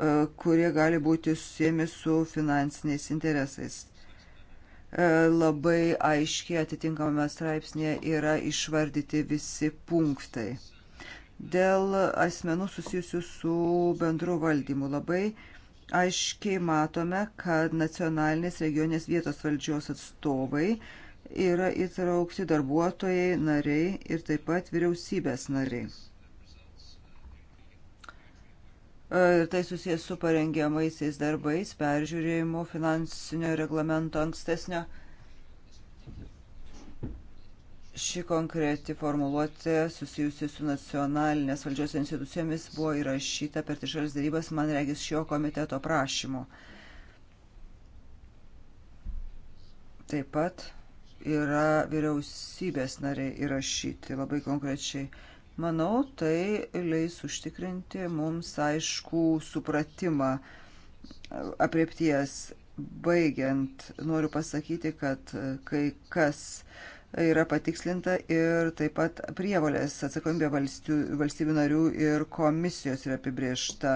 e, kurie gali būti susiemi su finansiniais interesais. E, labai aiškiai atitinkamame straipsnėje yra išvardyti visi punktai. Dėl asmenų susijusių su bendru valdymu labai aiškiai matome, kad nacionalinės regionės vietos valdžios atstovai yra įtraukti darbuotojai, nariai ir taip pat vyriausybės nariai. Ir e, tai susijęs su parengiamaisiais darbais, peržiūrėjimu finansinio reglamento ankstesnio. Ši konkreti formuluotė susijusi su nacionalinės valdžios institucijomis buvo įrašyta per trišalis darybas, man regis, šio komiteto prašymu. Taip pat yra vyriausybės nariai įrašyti labai konkrečiai. Manau, tai leis užtikrinti mums aišku supratimą apriepties. Baigiant, noriu pasakyti, kad e, kai kas yra patikslinta ir taip pat prievalės atsakomybė valstybių narių ir komisijos yra apibriešta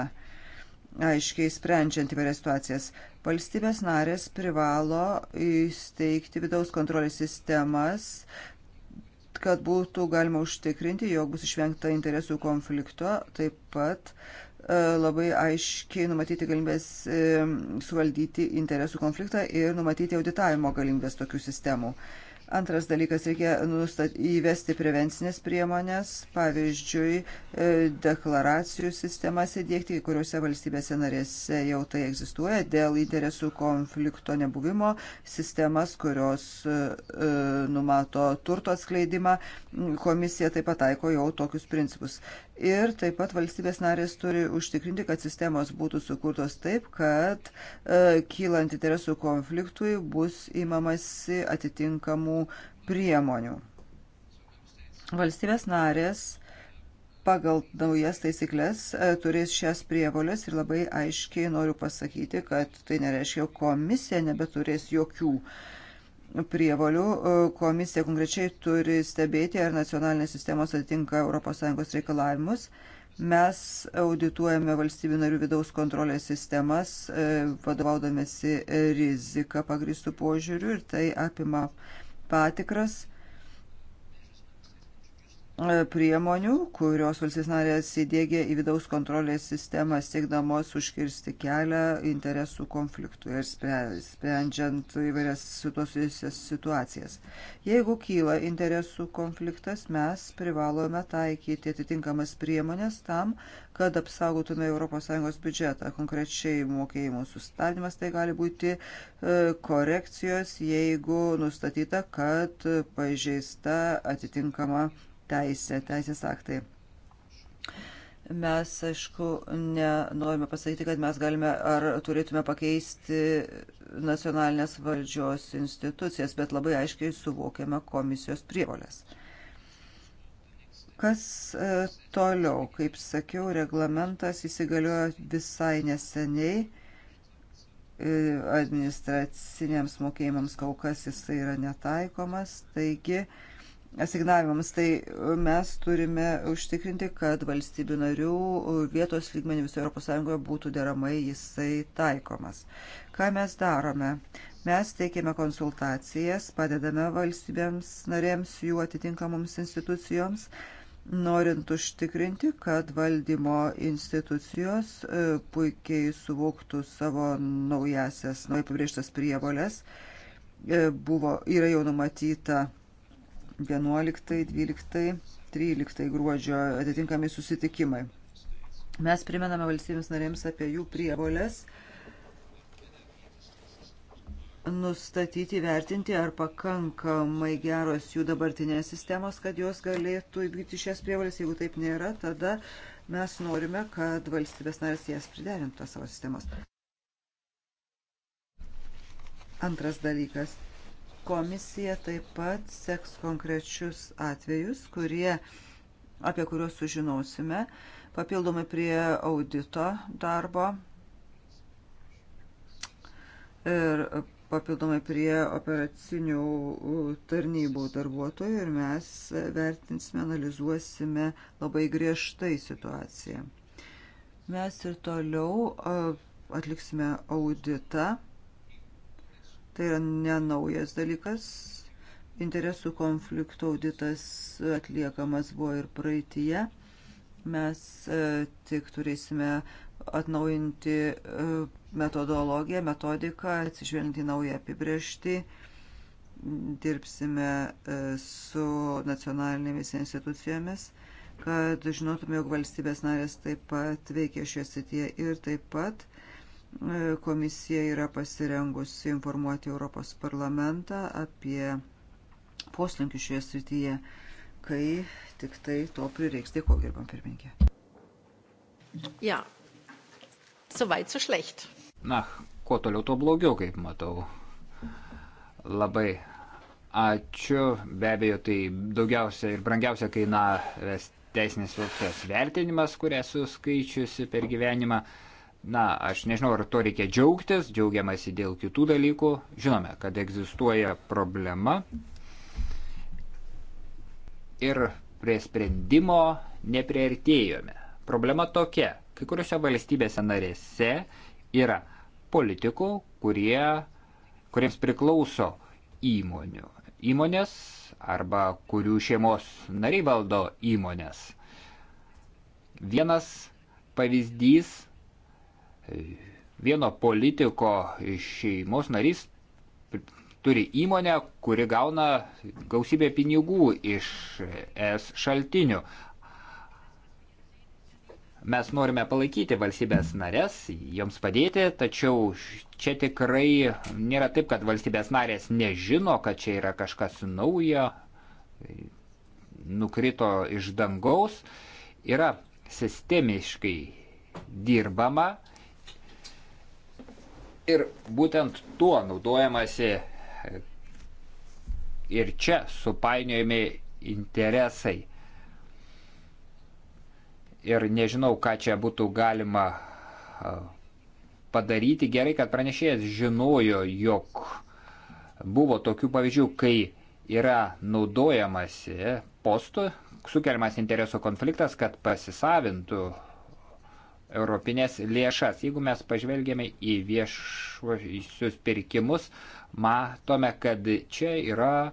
aiškiai sprendžiant įvairias situacijas. Valstybės narės privalo įsteigti vidaus kontrolės sistemas, kad būtų galima užtikrinti, jog bus išvengta interesų konflikto, taip pat e, labai aiškiai numatyti galimybės e, suvaldyti interesų konfliktą ir numatyti auditavimo galimybės tokių sistemų. Antras dalykas, reikia nustat, įvesti prevencinės priemonės, pavyzdžiui, e, deklaracijų sistemas įdėkti, kai kuriuose valstybėse narėse jau tai egzistuoja, dėl interesų konflikto nebuvimo, sistemas, kurios e, e, numato turto atskleidimą, komisija taip pat taiko jau tokius principus ir taip pat valstybės narės turi užtikrinti, kad sistemos būtų sukurtos taip, kad e, kylant interesų konfliktui bus įmamasi atitinkamų priemonių. Valstybės narės pagal naujas taisyklės e, turės šias prievolės ir labai aiškiai noriu pasakyti, kad tai nereiškia, komisija nebeturės jokių uh, prievolių. E, komisija konkrečiai turi stebėti, ar nacionalinės sistemos atitinka ES reikalavimus. Mes audituojame valstybių narių vidaus kontrolės sistemas, e, vadovaudomėsi riziką pagristų požiūrių ir tai apima patikras E, priemonių, kurios valstybės narės įdėgė į vidaus kontrolės sistemą, siekdamos užkirsti kelią interesų konfliktui ir sprendžiant įvairias situacijas. Jeigu kyla interesų konfliktas, mes privalome taikyti atitinkamas priemonės tam, kad apsaugotume ES biudžetą. Konkrečiai mokėjimų sustabdymas tai gali būti e, korekcijos, jeigu nustatyta, kad pažeista atitinkama teisė, teisės aktai. Mes, aišku, nenorime pasakyti, kad mes galime ar turėtume pakeisti nacionalinės valdžios institucijas, bet labai aiškiai suvokiame komisijos prievolės. Kas e, toliau, kaip sakiau, reglamentas įsigaliojo visai neseniai. E, administraciniams mokėjimams kol kas jisai yra netaikomas, taigi asignavimams, tai mes turime užtikrinti, kad valstybių narių vietos lygmenį visoje ES būtų deramai jisai taikomas. Ką mes darome? Mes teikiame konsultacijas, padedame valstybėms narėms, jų atitinkamoms institucijoms, norint užtikrinti, kad valdymo institucijos e, puikiai suvoktų savo naujasias, naujai pabrėžtas prievolės. E, buvo, yra jau numatyta 11, 12, 13 gruodžio atitinkami susitikimai. Mes primename valstybėms narėms apie jų prievolės nustatyti, vertinti, ar pakankamai geros jų dabartinės sistemos, kad jos galėtų įvykdyti šias prievalės. Jeigu taip nėra, tada mes norime, kad valstybės narės jas priderintų savo sistemos. Antras dalykas Komisija taip pat seks konkrečius atvejus, kurie, apie kuriuos sužinosime, papildomai prie audito darbo ir papildomai prie operacinių tarnybų darbuotojų ir mes vertinsime, analizuosime labai griežtai situaciją. Mes ir toliau atliksime auditą Tai yra nenaujas dalykas. Interesų konflikto auditas atliekamas buvo ir praeitie. Mes e, tik turėsime atnaujinti e, metodologiją, metodiką, atsižvelgiant į naują apibriežtį. Dirbsime e, su nacionalinėmis institucijomis kad žinotume, jog valstybės narės taip pat veikia šioje srityje ir taip pat uh, Komisija yra pasirengusi informuoti Europos parlamentą apie poslinkių šioje srityje, kai tik tai to prireiks. Dėkuoju, gerbam pirmininkė. Ja, soweit so schlecht. Na, kuo toliau, tuo blogiau, kaip matau. Labai ačiū. Be abejo, tai daugiausia ir brangiausia kaina teisinės vertės vertinimas, kurią esu skaičiusi per gyvenimą. Na, aš nežinau, ar to reikia džiaugtis, džiaugiamasi dėl kitų dalykų. Žinome, kad egzistuoja problema ir prie sprendimo neprieartėjome. Problema tokia, kai kuriuose valstybėse narėse yra politikų, kurie, kuriems priklauso įmonių. Įmonės arba kurių šeimos nariai valdo įmonės. Vienas pavyzdys vieno politiko šeimos narys turi įmonę, kuri gauna gausybę pinigų iš es šaltinių. Mes norime palaikyti valstybės narės, joms padėti, tačiau čia tikrai nėra taip, kad valstybės narės nežino, kad čia yra kažkas naujo, nukrito iš dangaus. Yra sistemiškai dirbama, Ir būtent tuo naudojamasi e, ir čia supainiojami interesai. Ir nežinau, ką čia būtų galima e, padaryti. Gerai, kad pranešėjas žinojo, jog buvo tokių pavyzdžių, kai yra naudojamasi postu, sukeliamas interesų konfliktas, kad pasisavintų europinės lėšas. Jeigu mes pažvelgėme į viešuosius pirkimus, matome, kad čia yra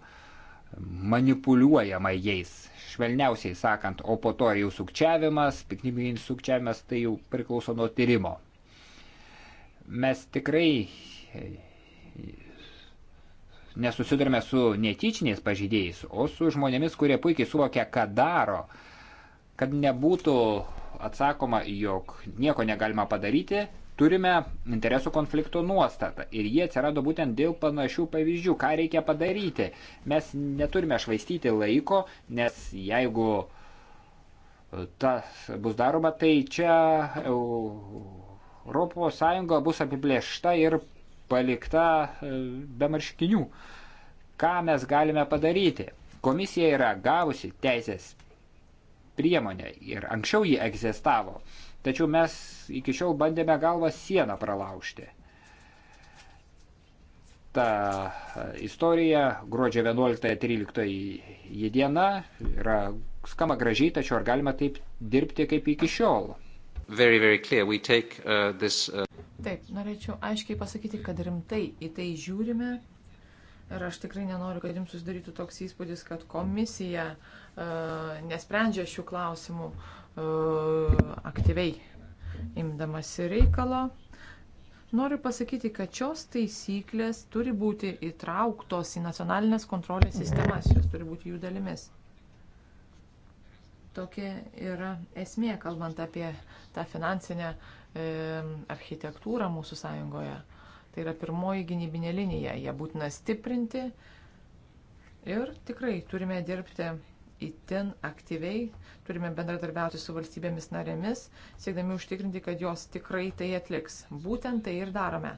manipuliuojama jais, švelniausiai sakant, o po to jau sukčiavimas, piknybinis sukčiavimas, tai jau priklauso nuo tyrimo. Mes tikrai nesusidurime su netyčiniais pažydėjais, o su žmonėmis, kurie puikiai suvokia, ką daro, kad nebūtų atsakoma, jog nieko negalima padaryti, turime interesų konflikto nuostatą. Ir jie atsirado būtent dėl panašių pavyzdžių, ką reikia padaryti. Mes neturime švaistyti laiko, nes jeigu e, tas bus daroma, tai čia ES bus apiplėšta ir palikta e, be marškinių. Ką mes galime padaryti? Komisija yra gavusi teisės priemonė ir anksčiau ji egzistavo, tačiau mes iki šiol bandėme galvą sieną pralaužti. Ta istorija gruodžio 11-13 diena yra skama gražiai, tačiau ar galima taip dirbti kaip iki šiol? Very, very clear. We take, uh, this, uh... Taip, norėčiau aiškiai pasakyti, kad rimtai į tai žiūrime Ir aš tikrai nenoriu, kad jums susidarytų toks įspūdis, kad komisija e, nesprendžia šių klausimų e, aktyviai imdamasi reikalo. Noriu pasakyti, kad šios taisyklės turi būti įtrauktos į nacionalinės kontrolės sistemas, jos turi būti jų dalimis. Tokia yra esmė, kalbant apie tą finansinę e, architektūrą mūsų sąjungoje. E, Tai yra pirmoji gynybinė linija. Ją būtina stiprinti ir tikrai turime dirbti įtin aktyviai, turime bendradarbiauti su valstybėmis narėmis, siekdami užtikrinti, kad jos tikrai tai atliks. Būtent tai ir darome.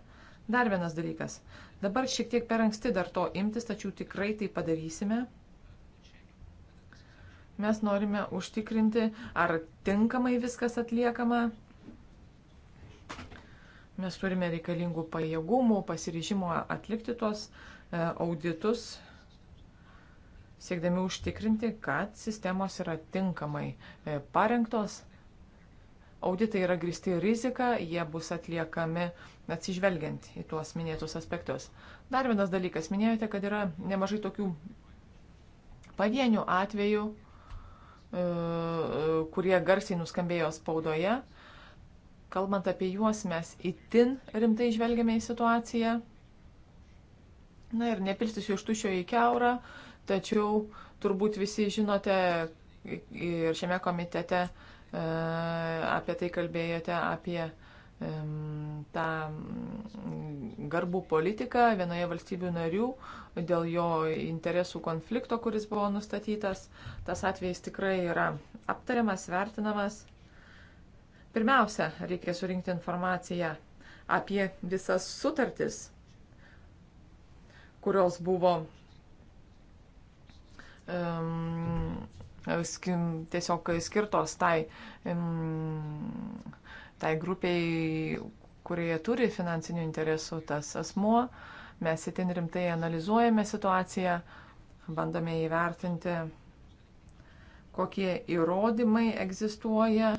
Dar vienas dalykas. Dabar šiek tiek per anksti dar to imtis, tačiau tikrai tai padarysime. Mes norime užtikrinti, ar tinkamai viskas atliekama, Mes turime reikalingų pajėgumų, pasiryžimo atlikti tuos e, auditus, siekdami užtikrinti, kad sistemos yra tinkamai e, parengtos. Auditai yra gristi rizika, jie bus atliekami atsižvelgiant į tuos minėtus aspektus. Dar vienas dalykas, minėjote, kad yra nemažai tokių pavienių atvejų, e, kurie garsiai nuskambėjo spaudoje, Kalbant apie juos, mes itin rimtai žvelgiame į situaciją. Na ir nepilstysiu iš tušio į keurą, tačiau turbūt visi žinote ir šiame komitete e, apie tai kalbėjote, apie tą garbų politiką vienoje valstybių narių dėl jo interesų konflikto, kuris buvo nustatytas. Tas atvejis tikrai yra aptariamas, vertinamas. Pirmiausia, reikia surinkti informaciją apie visas sutartis, kurios buvo um, skim, tiesiog skirtos tai, um, tai grupiai, kurie turi finansinių interesų tas asmuo. Mes itin rimtai analizuojame situaciją, bandome įvertinti, kokie įrodymai egzistuoja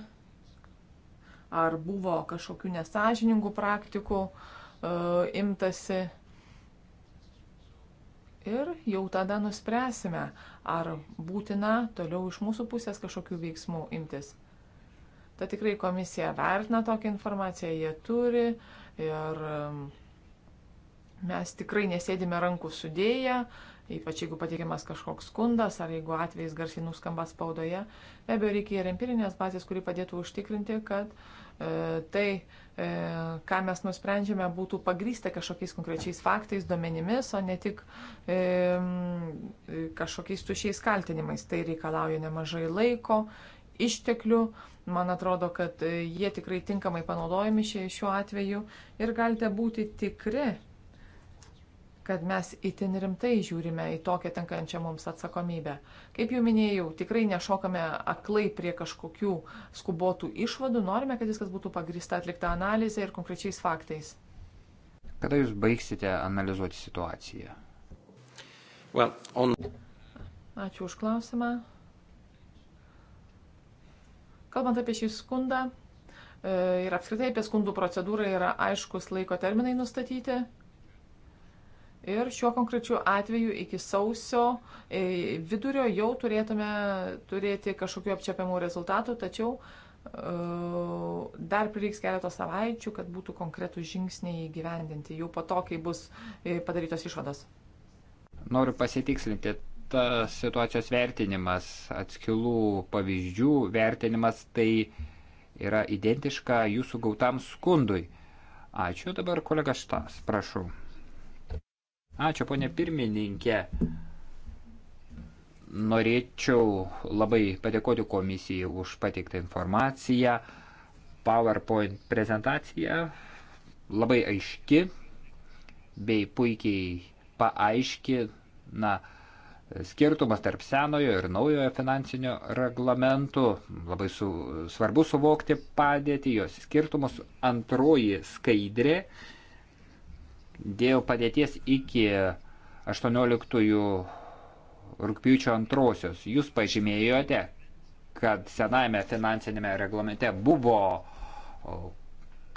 ar buvo kažkokių nesažiningų praktikų e, imtasi. Ir jau tada nuspręsime, ar būtina toliau iš mūsų pusės kažkokių veiksmų imtis. Ta tikrai komisija vertina tokią informaciją, jie turi ir mes tikrai nesėdime rankų sudėję, ypač jeigu pateikiamas kažkoks skundas ar jeigu atvejais garsiai nuskamba spaudoje, be abejo reikia ir empirinės bazės, kuri padėtų užtikrinti, kad uh, E, tai, e, ką mes nusprendžiame, būtų pagrįsta kažkokiais konkrečiais faktais, duomenimis, o ne tik e, kažkokiais tušiais kaltinimais. Tai reikalauja nemažai laiko, išteklių. Man atrodo, kad jie tikrai tinkamai panaudojami šiuo atveju ir galite būti tikri, kad mes itin rimtai žiūrime į tokią tenkančią mums atsakomybę. Kaip jau minėjau, tikrai nešokame aklai prie kažkokių skubotų išvadų, norime, kad viskas būtų pagrįsta atlikta analizė ir konkrečiais faktais. Kada jūs baigsite analizuoti situaciją? Well, on... Ačiū už klausimą. Kalbant apie šį skundą e, ir apskritai apie skundų procedūrą yra aiškus laiko terminai nustatyti. Ir šiuo konkrečiu atveju iki sausio e, vidurio jau turėtume turėti kažkokiu apčiapiamų rezultatų, tačiau e, dar prireiks keletą savaičių, kad būtų konkretų žingsniai įgyvendinti, jau po to, kai bus e, padarytos išvados. Noriu pasitikslinti, tas situacijos vertinimas, atskilų pavyzdžių vertinimas, tai yra identiška jūsų gautam skundui. Ačiū dabar kolega Štas, prašau. Ačiū, ponė pirmininkė. Norėčiau labai padėkoti komisijai už pateiktą informaciją. PowerPoint prezentacija labai aiški bei puikiai paaiškina skirtumas tarp senojo ir naujojo finansinio reglamentų. Labai su, svarbu suvokti padėtį, jos skirtumus. Antroji skaidrė dėl padėties iki 18 rugpjūčio antrosios. Jūs pažymėjote, kad senajame finansinėme reglamente buvo,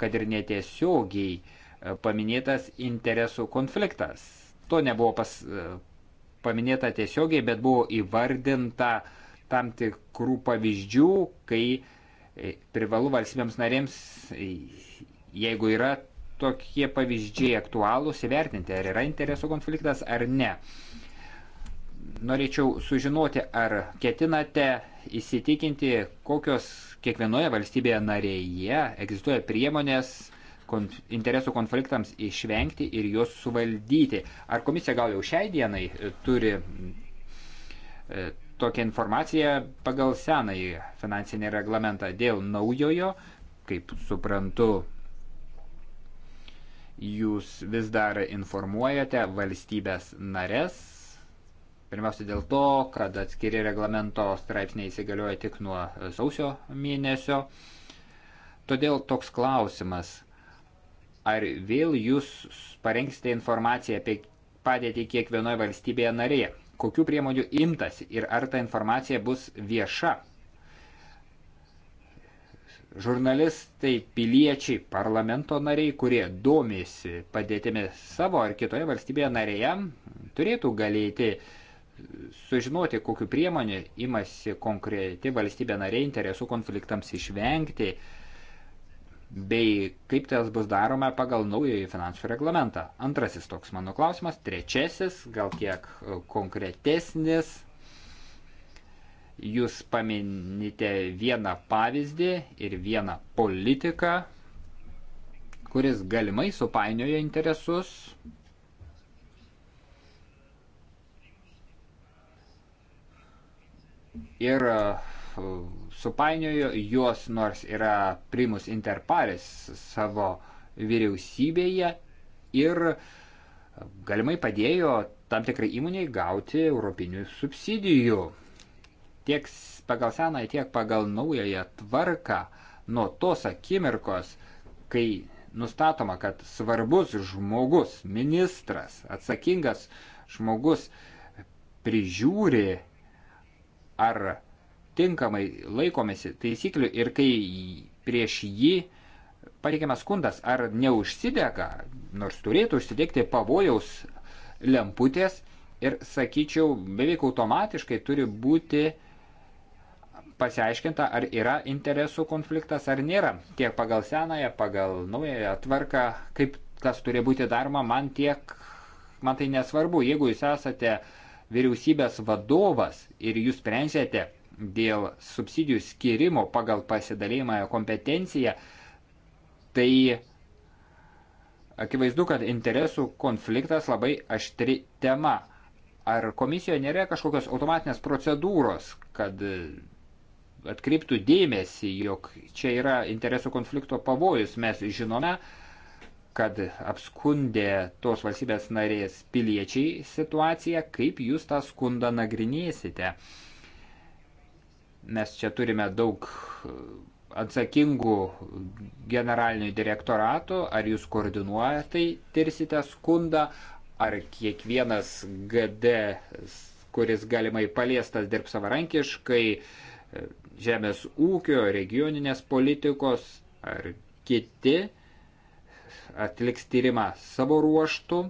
kad ir netiesiogiai, e, paminėtas interesų konfliktas. To nebuvo pas, e, paminėta tiesiogiai, bet buvo įvardinta tam tikrų pavyzdžių, kai e, privalu valstybėms narėms, jeigu yra tokie pavyzdžiai aktualūs įvertinti, ar yra interesų konfliktas ar ne. Norėčiau sužinoti, ar ketinate įsitikinti, kokios kiekvienoje valstybėje narėje egzistuoja priemonės konf interesų konfliktams išvengti ir juos suvaldyti. Ar komisija gal jau šiai dienai e, turi e, tokią informaciją pagal senąjį finansinį reglamentą dėl naujojo, kaip suprantu, jūs vis dar informuojate valstybės nares. Pirmiausia dėl to, kad atskiri reglamento straipsniai įsigalioja tik nuo sausio mėnesio. Todėl toks klausimas, ar vėl jūs parengsite informaciją apie padėtį kiekvienoje valstybėje narėje? Kokių priemonių imtas ir ar ta informacija bus vieša? žurnalistai, piliečiai, parlamento nariai, kurie domėsi padėtimi savo ar kitoje valstybėje narėje, turėtų galėti sužinoti, kokiu priemonė imasi konkreti valstybė nariai interesų konfliktams išvengti, bei kaip tas bus daroma pagal naująjį finansų reglamentą. Antrasis toks mano klausimas, trečiasis, gal kiek konkretesnis Jūs paminite vieną pavyzdį ir vieną politiką, kuris galimai supainioja interesus. Ir uh, supainiojo juos, nors yra primus interparis savo vyriausybėje ir uh, galimai padėjo tam tikrai įmoniai gauti europinių subsidijų tiek pagal senąją, tiek pagal naująją tvarką nuo tos akimirkos, kai nustatoma, kad svarbus žmogus, ministras, atsakingas žmogus prižiūri ar tinkamai laikomėsi taisyklių ir kai prieš jį pateikiamas skundas ar neužsidega, nors turėtų užsidegti pavojaus lemputės ir, sakyčiau, beveik automatiškai turi būti uh, pasiaiškinta, ar yra interesų konfliktas ar nėra. Tiek pagal senąją, pagal naująją tvarką, kaip kas turi būti daroma, man tiek, man tai nesvarbu. Jeigu jūs esate vyriausybės vadovas ir jūs sprendžiate dėl subsidijų skirimo pagal pasidalymąją kompetenciją, tai akivaizdu, kad interesų konfliktas labai aštri tema. Ar komisijoje nėra kažkokios automatinės procedūros, kad atkreiptų dėmesį, jog čia yra interesų konflikto pavojus. Mes žinome, kad apskundė tos valstybės narės piliečiai situaciją, kaip jūs tą skundą nagrinėsite. Mes čia turime daug atsakingų generalinių direktoratų, ar jūs koordinuojate, tirsite skundą, ar kiekvienas GD, kuris galimai paliestas, dirb savarankiškai, uh, žemės ūkio, regioninės politikos ar kiti atliks tyrimą savo ruoštų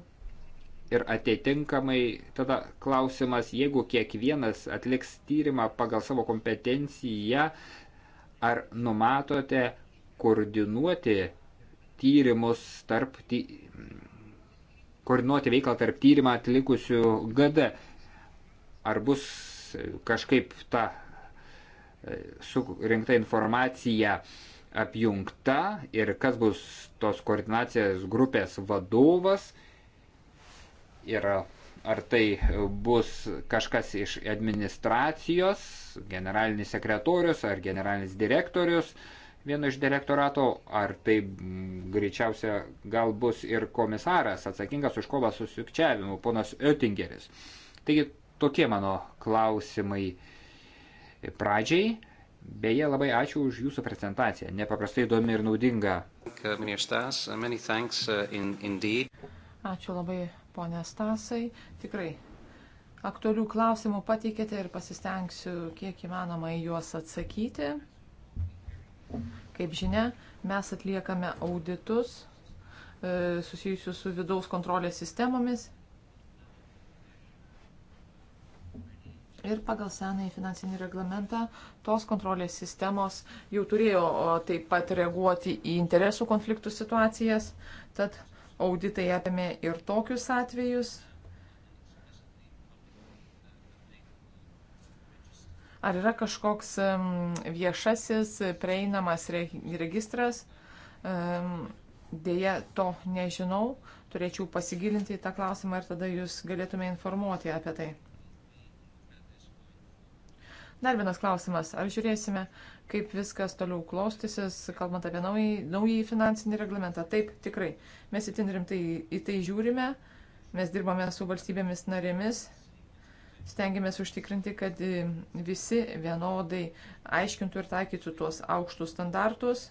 ir atitinkamai tada klausimas, jeigu kiekvienas atliks tyrimą pagal savo kompetenciją, ar numatote koordinuoti tyrimus tarp, ty... koordinuoti veiklą tarp tyrimą atlikusių GD? Ar bus kažkaip ta surinkta informacija apjungta ir kas bus tos koordinacijos grupės vadovas ir ar tai bus kažkas iš administracijos, generalinis sekretorius ar generalinis direktorius vieno iš direktorato, ar tai greičiausia gal bus ir komisaras atsakingas už kovą su sukčiavimu, ponas Oettingeris. Taigi tokie mano klausimai pradžiai. Beje, labai ačiū už jūsų prezentaciją. Nepaprastai įdomi ir naudinga. Uh, ačiū labai, ponė Stasai. Tikrai aktualių klausimų pateikėte ir pasistengsiu kiek įmanoma į juos atsakyti. Kaip žinia, mes atliekame auditus uh, susijusius su vidaus kontrolės sistemomis Ir pagal senąjį finansinį reglamentą tos kontrolės sistemos jau turėjo taip pat reaguoti į interesų konfliktų situacijas, tad auditai apėmė ir tokius atvejus. Ar yra kažkoks viešasis prieinamas registras? Deja, to nežinau. Turėčiau pasigilinti į tą klausimą ir tada jūs galėtume informuoti apie tai. Dar vienas klausimas. Ar žiūrėsime, kaip viskas toliau klostysis, kalbant apie naują, naują finansinį reglamentą? Taip, tikrai. Mes itin rimtai į tai žiūrime. Mes dirbame su valstybėmis narėmis. Stengiamės užtikrinti, kad e, visi vienodai aiškintų ir taikytų tuos aukštus standartus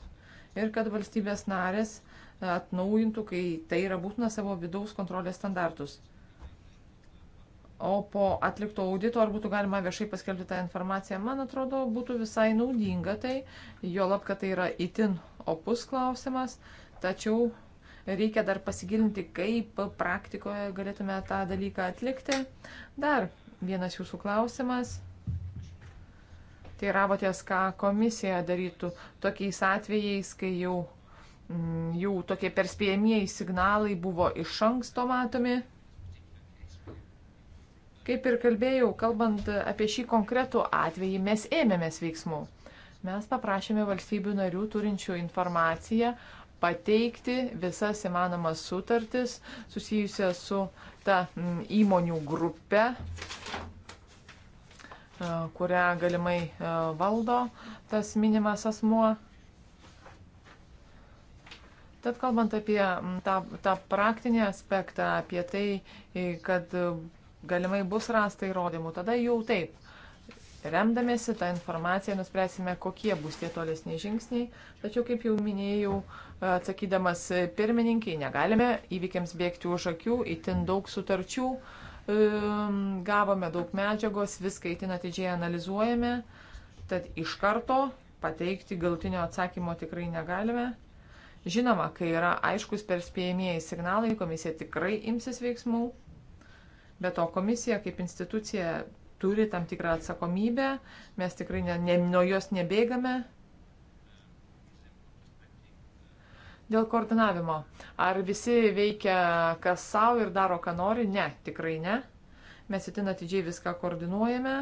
ir kad valstybės narės e, atnaujintų, kai tai yra būtina, savo vidaus kontrolės standartus o po atlikto audito ar būtų galima viešai paskelbti tą informaciją, man atrodo, būtų visai naudinga tai, jo lab, kad tai yra itin opus klausimas, tačiau reikia dar pasigilinti, kaip praktikoje galėtume tą dalyką atlikti. Dar vienas jūsų klausimas. Tai ravotės, ką komisija darytų tokiais atvejais, kai jau, mm, jau tokie perspėjamieji signalai buvo iš anksto matomi. Kaip ir kalbėjau, kalbant apie šį konkretų atvejį, mes ėmėmės veiksmų. Mes paprašėme valstybių narių turinčių informaciją pateikti visas įmanomas sutartis susijusias su ta mm, įmonių grupe, e, kurią galimai e, valdo tas minimas asmuo. Tad kalbant apie mm, tą, tą praktinį aspektą, apie tai, kad galimai bus rasta įrodymų, tada jau taip. Remdamėsi tą informaciją nuspręsime, kokie bus tie tolesniai žingsniai, tačiau, kaip jau minėjau, atsakydamas pirmininkiai, negalime įvykiams bėgti už akių, itin daug sutarčių, ehm, gavome daug medžiagos, viską itin atidžiai analizuojame, tad iš karto pateikti galtinio atsakymo tikrai negalime. Žinoma, kai yra aiškus perspėjimieji signalai, komisija tikrai imsis veiksmų. Be to, komisija kaip institucija turi tam tikrą atsakomybę, mes tikrai ne, ne, nuo jos nebėgame. Dėl koordinavimo. Ar visi veikia kas savo ir daro, ką nori? Ne, tikrai ne. Mes itin atidžiai viską koordinuojame.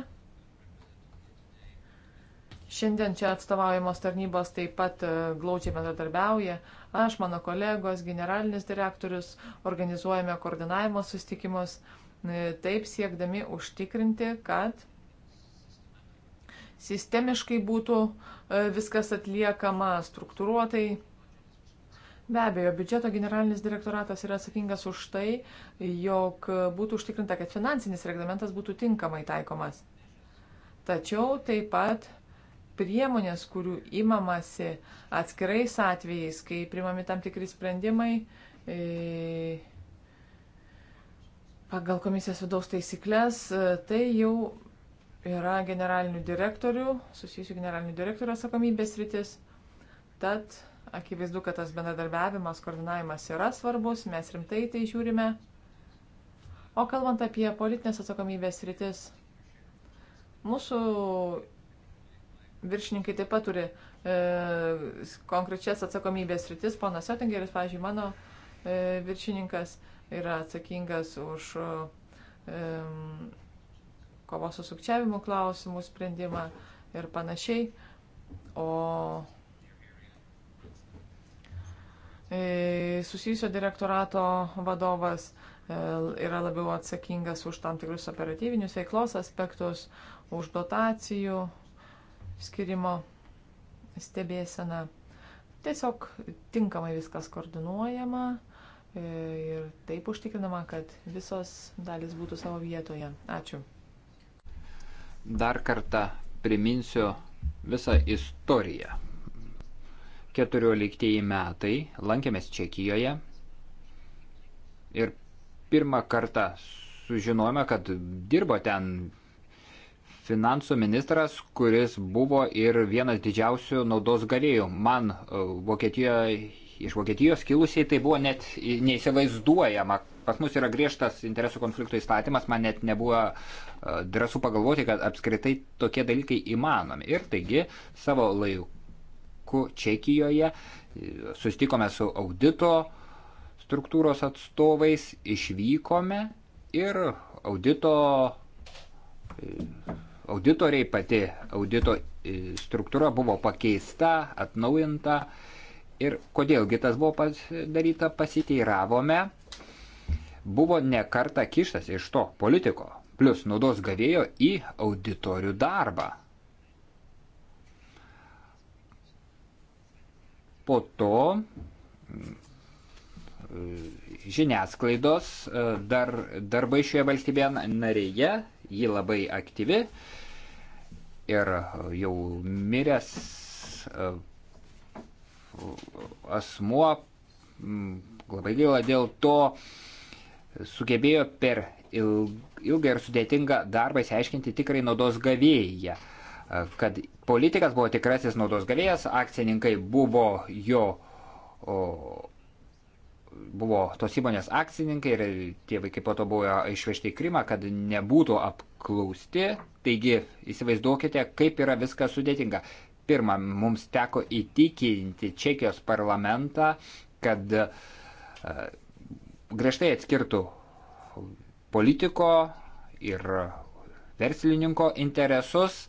Šiandien čia atstovaujamos tarnybos taip pat e, glaučiai bendradarbiauja. Aš, mano kolegos, generalinis direktorius organizuojame koordinavimo sustikimus. Uh, E, taip siekdami užtikrinti, kad sistemiškai būtų e, viskas atliekama struktūruotai. Be abejo, biudžeto generalinis direktoratas yra atsakingas už tai, jog būtų užtikrinta, kad finansinis reglamentas būtų tinkamai taikomas. Tačiau taip pat priemonės, kurių imamasi atskirais atvejais, kai primami tam tikri sprendimai, e, Pagal komisijos vidaus taisyklės e, tai jau yra generalinių direktorių, susijusių generalinių direktorių atsakomybės rytis. Tad akivaizdu, kad tas bendradarbiavimas, koordinavimas yra svarbus, mes rimtai tai žiūrime. O kalbant apie politinės atsakomybės rytis, mūsų viršininkai taip pat turi e, konkrečias atsakomybės rytis. Ponas Jotingeris, pavyzdžiui, mano e, viršininkas yra atsakingas už um, kovos su sukčiavimu klausimų sprendimą ir panašiai. O e, susijusio direktorato vadovas e, yra labiau atsakingas už tam tikrus operatyvinius veiklos aspektus, už dotacijų skirimo stebėseną. Tiesiog tinkamai viskas koordinuojama E, ir taip užtikrinama, kad visos dalis būtų savo vietoje. Ačiū. Dar kartą priminsiu visą istoriją. 14 metai lankėmės Čekijoje ir pirmą kartą sužinojome, kad dirbo ten finansų ministras, kuris buvo ir vienas didžiausių naudos galėjų. Man e, Vokietijoje iš Vokietijos kilusiai tai buvo net neįsivaizduojama. Pas mus yra griežtas interesų konflikto įstatymas, man net nebuvo e, drąsų pagalvoti, kad apskritai tokie dalykai įmanomi. Ir taigi savo laiku Čekijoje e, sustikome su audito struktūros atstovais, išvykome ir audito e, auditoriai pati audito struktūra buvo pakeista, atnaujinta Ir kodėlgi tas buvo padaryta, pasiteiravome. Buvo nekarta kištas iš to politiko, plus naudos gavėjo į auditorių darbą. Po to mm, žiniasklaidos e, dar, darbai šioje valstybėje narėje, ji labai aktyvi ir jau miręs e, asmuo, mm, labai gaila dėl to, sugebėjo per ilgą ir sudėtingą darbą įsiaiškinti tikrai naudos gavėją kad politikas buvo tikrasis naudos gavėjas, akcininkai buvo jo, o, buvo tos įmonės akcininkai ir tie vaikai po to buvo išvežti į Krymą, kad nebūtų apklausti. Taigi įsivaizduokite, kaip yra viskas sudėtinga. Pirma, mums teko įtikinti Čekijos parlamentą, kad e, griežtai atskirtų politiko ir verslininko interesus.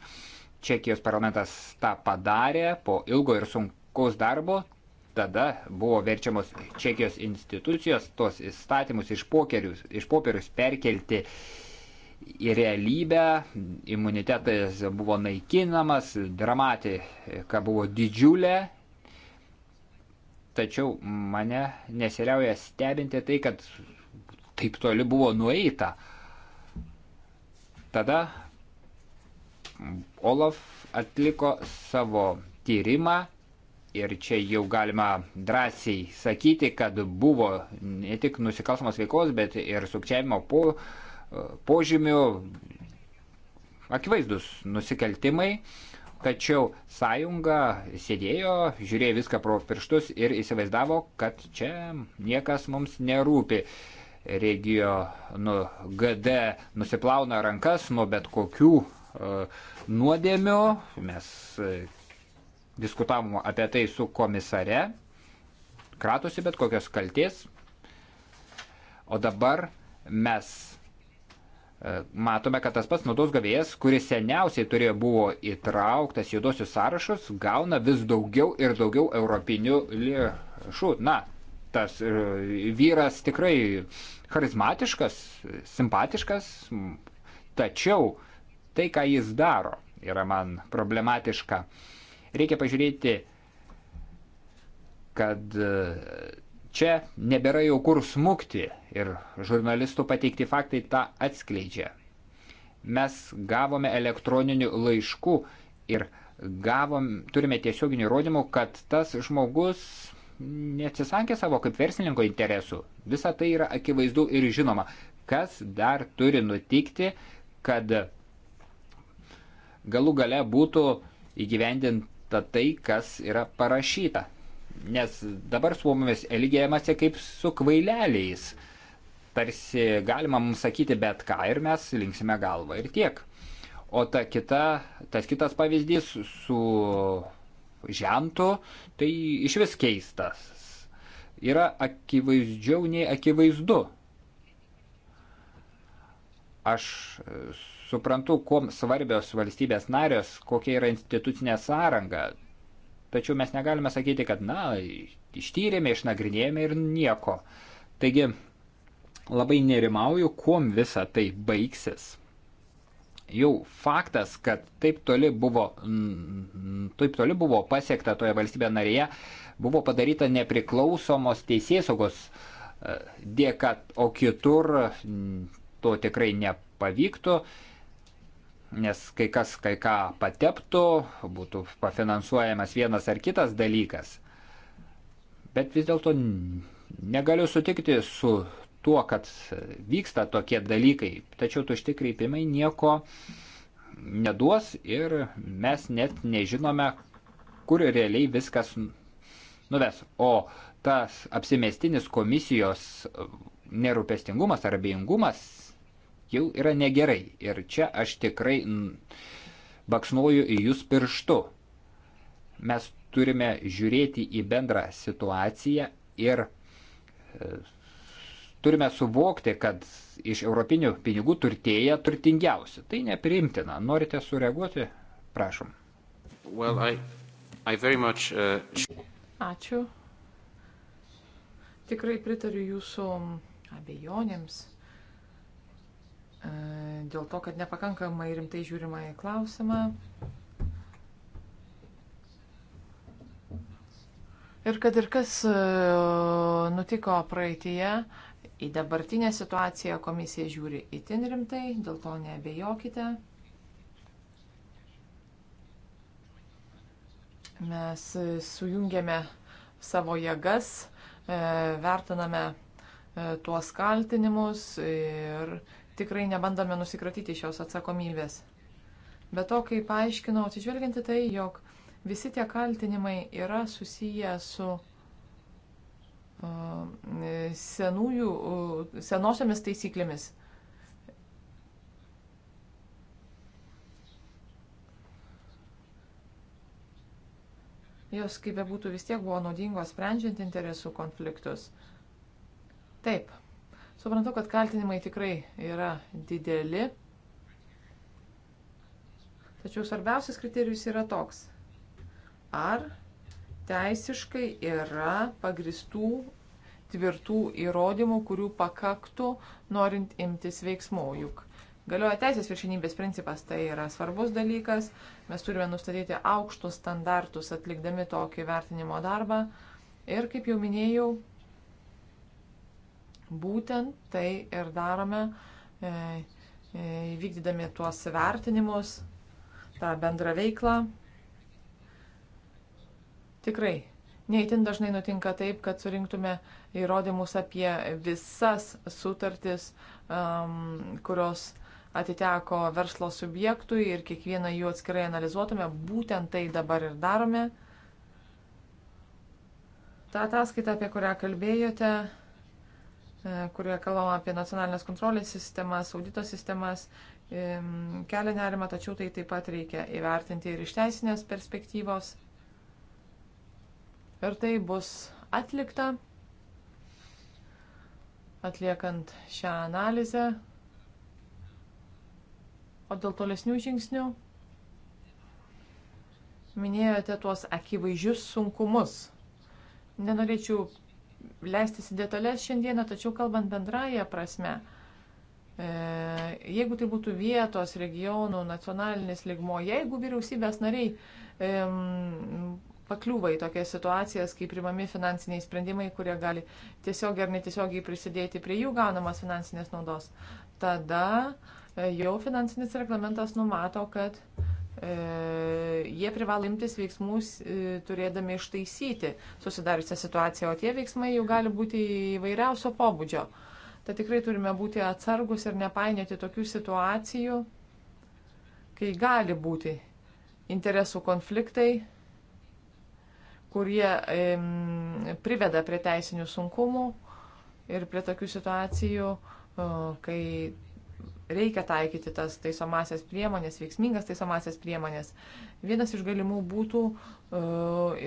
Čekijos parlamentas tą padarė po ilgo ir sunkaus darbo. Tada buvo verčiamos Čekijos institucijos tos įstatymus iš, pokerius, iš popierius perkelti į realybę, imunitetas buvo naikinamas, dramatika buvo didžiulė, tačiau mane nesiliauja stebinti tai, kad taip toli buvo nueita. Tada Olaf atliko savo tyrimą ir čia jau galima drąsiai sakyti, kad buvo ne tik nusikalstamos veikos, bet ir sukčiavimo po požymių, akivaizdus nusikaltimai, tačiau sąjunga sėdėjo, žiūrėjo viską pro pirštus ir įsivaizdavo, kad čia niekas mums nerūpi. Regio nu, GD nusiplauna rankas nuo bet kokių uh, nuodėmių, mes uh, diskutavom apie tai su komisare, kratosi bet kokios kalties, o dabar mes matome, kad tas pats naudos gavėjas, kuris seniausiai turėjo buvo įtrauktas juodosius sąrašus, gauna vis daugiau ir daugiau europinių lėšų. Na, tas e, vyras tikrai charizmatiškas, simpatiškas, tačiau tai, ką jis daro, yra man problematiška. Reikia pažiūrėti, kad e, Čia nebėra jau kur smukti ir žurnalistų pateikti faktai tą atskleidžia. Mes gavome elektroninių laiškų ir gavom, turime tiesioginių įrodymų, kad tas žmogus neatsisankė savo kaip verslininko interesų. Visa tai yra akivaizdu ir žinoma. Kas dar turi nutikti, kad galų gale būtų įgyvendinta tai, kas yra parašyta nes dabar su mumis elgiamasi kaip su kvaileliais. Tarsi galima mums sakyti bet ką ir mes linksime galvą ir tiek. O ta kita, tas kitas pavyzdys su žentu, tai iš vis keistas. Yra akivaizdžiau nei akivaizdu. Aš suprantu, kuo svarbios valstybės narės, kokia yra institucinė sąranga, Tačiau mes negalime sakyti, kad, na, ištyrėme, išnagrinėjome ir nieko. Taigi, labai nerimauju, kuom visa tai baigsis. Jau faktas, kad taip toli buvo, taip toli buvo pasiekta toje valstybėje narėje, buvo padaryta nepriklausomos teisėsaugos e, dėka, o kitur to tikrai nepavyktų nes kai kas kai ką pateptų, būtų pafinansuojamas vienas ar kitas dalykas. Bet vis dėlto negaliu sutikti su tuo, kad vyksta tokie dalykai, tačiau tušti kreipimai nieko neduos ir mes net nežinome, kur realiai viskas nuves. O tas apsimestinis komisijos nerūpestingumas ar abejingumas jau yra negerai. Ir čia aš tikrai baksnuoju į jūs pirštu. Mes turime žiūrėti į bendrą situaciją ir e, turime suvokti, kad iš europinių pinigų turtėja turtingiausi. Tai nepriimtina. Norite sureaguoti? Prašom. Well, I, I much, uh... Ačiū. Tikrai pritariu jūsų abejonėms E, dėl to, kad nepakankamai rimtai žiūrima į klausimą. Ir kad ir kas e, nutiko praeitie, į dabartinę situaciją komisija žiūri itin rimtai, dėl to nebejokite. Mes e, sujungėme savo jėgas, vertiname tuos kaltinimus ir tikrai nebandome nusikratyti šios atsakomybės. Bet to, kaip aiškinau, atsižvelginti tai, jog visi tie kaltinimai yra susiję su uh, senųjų, uh, senosiamis taisyklėmis. Jos, kaip bebūtų, vis tiek buvo naudingos sprendžiant interesų konfliktus. Taip, Suprantu, kad kaltinimai tikrai yra dideli. Tačiau svarbiausias kriterijus yra toks. Ar teisiškai yra pagristų tvirtų įrodymų, kurių pakaktų norint imtis veiksmų. Juk galioja teisės viršinybės principas, tai yra svarbus dalykas. Mes turime nustatyti aukštus standartus atlikdami tokį vertinimo darbą. Ir kaip jau minėjau, Būtent tai ir darome, e, e, vykdydami tuos vertinimus, tą bendrą veiklą. Tikrai, neįtin dažnai nutinka taip, kad surinktume įrodymus apie visas sutartis, um, kurios atiteko verslo subjektui ir kiekvieną jų atskirai analizuotume. Būtent tai dabar ir darome. Ta ataskaita, apie kurią kalbėjote, kurioje kalbama apie nacionalinės kontrolės sistemas, audito sistemas, kelia nerima, tačiau tai taip pat reikia įvertinti ir iš teisinės perspektyvos. Ir tai bus atlikta, atliekant šią analizę. O dėl tolesnių žingsnių minėjote tuos akivaizdžius sunkumus. Nenorėčiau leistis į detalės šiandieną, tačiau kalbant bendrąją prasme, e, jeigu tai būtų vietos, regionų, nacionalinis ligmo, jeigu vyriausybės nariai pakliūva į tokias situacijas, kai primami finansiniai sprendimai, kurie gali tiesiog ar netiesiogiai prisidėti prie jų gaunamos finansinės naudos, tada e, jau finansinis reglamentas numato, kad E, jie privalo imtis veiksmus e, turėdami ištaisyti susidariusią situaciją, o tie veiksmai jau gali būti įvairiausio pobūdžio. Tad tikrai turime būti atsargus ir nepainioti tokių situacijų, kai gali būti interesų konfliktai, kurie e, priveda prie teisinių sunkumų ir prie tokių situacijų, e, kai reikia taikyti tas taisomasias priemonės, veiksmingas taisomasias priemonės. Vienas iš galimų būtų e,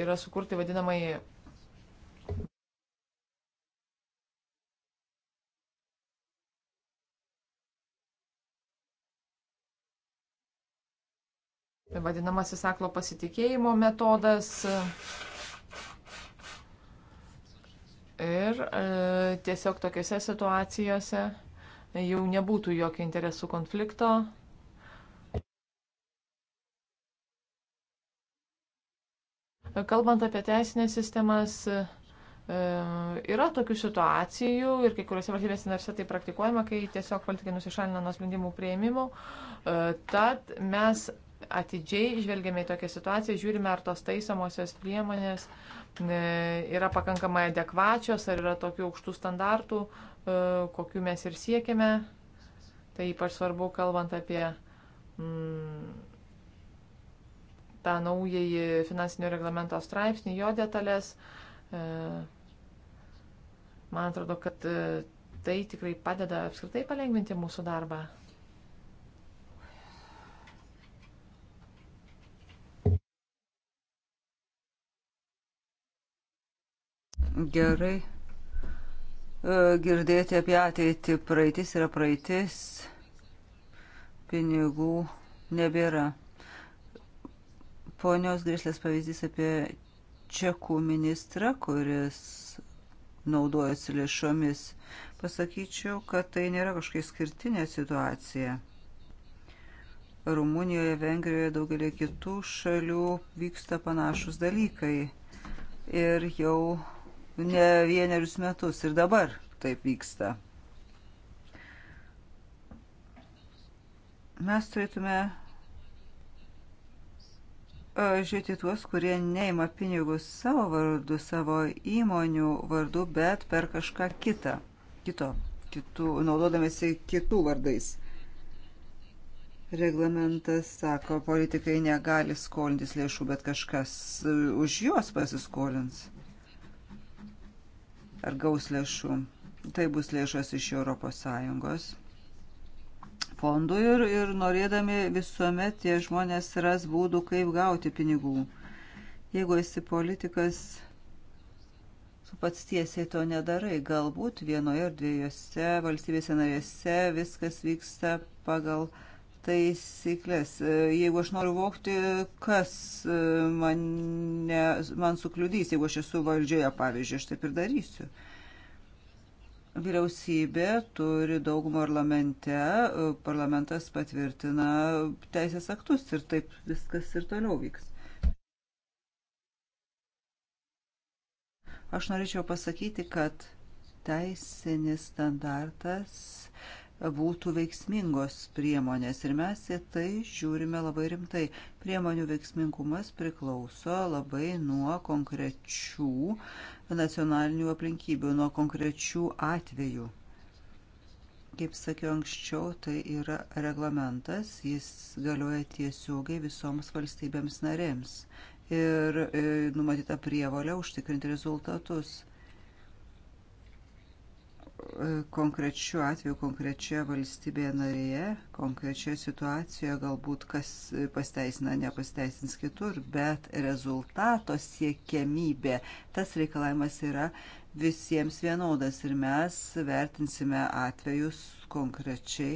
yra sukurti vadinamai vadinamasis aklo pasitikėjimo metodas. Ir e, tiesiog tokiuose situacijose jau nebūtų jokio interesų konflikto. Kalbant apie teisinės sistemas, e, yra tokių situacijų ir kai kuriuose valstybėse narse tai praktikuojama, kai tiesiog politikai nusišalina nuo sprendimų prieimimų. E, tad mes atidžiai žvelgiame į tokią situaciją, žiūrime, ar tos taisomosios priemonės E, yra pakankamai adekvačios, ar yra tokių aukštų standartų, e, kokiu mes ir siekiame. Tai ypač svarbu, kalbant apie mm, tą naująjį finansinio reglamento straipsnį, jo detalės. E, man atrodo, kad tai tikrai padeda apskritai palengvinti mūsų darbą. gerai e, girdėti apie ateitį. Praeitis yra praeitis, pinigų nebėra. Ponios grįžlės pavyzdys apie čekų ministrą, kuris naudojasi lėšomis. Pasakyčiau, kad tai nėra kažkokia skirtinė situacija. Rumunijoje, Vengrijoje, daugelį kitų šalių vyksta panašus dalykai. Ir jau ne vienerius metus ir dabar taip vyksta. Mes turėtume e, žiūrėti tuos, kurie neima pinigus savo vardu, savo įmonių vardu, bet per kažką kitą, kito, kitų, naudodamėsi kitų vardais. Reglamentas sako, politikai negali skolintis lėšų, bet kažkas už juos pasiskolins ar gaus lėšų. Tai bus lėšos iš ES fondų ir, ir norėdami visuomet tie žmonės ras būdų, kaip gauti pinigų. Jeigu esi politikas, tu pats tiesiai to nedarai. Galbūt vienoje ar dviejose valstybėse narėse viskas vyksta pagal uh, taisyklės. E, jeigu aš noriu vokti, kas e, mane, man sukliudys, jeigu aš esu valdžioje, pavyzdžiui, aš taip ir darysiu. Vyriausybė turi daugumą parlamente, e, parlamentas patvirtina teisės aktus ir taip viskas ir toliau vyks. Aš norėčiau pasakyti, kad teisinis standartas būtų veiksmingos priemonės ir mes į tai žiūrime labai rimtai. Priemonių veiksmingumas priklauso labai nuo konkrečių nacionalinių aplinkybių, nuo konkrečių atvejų. Kaip sakiau anksčiau, tai yra reglamentas, jis galioja tiesiogiai visoms valstybėms narėms ir e, numatyta prievalė užtikrinti rezultatus. E, konkrečiu atveju, konkrečioje valstybėje narėje, konkrečioje situacijoje galbūt kas pasteisina, nepasteisins kitur, bet rezultato siekiamybė, tas reikalavimas yra visiems vienodas ir mes vertinsime atvejus konkrečiai.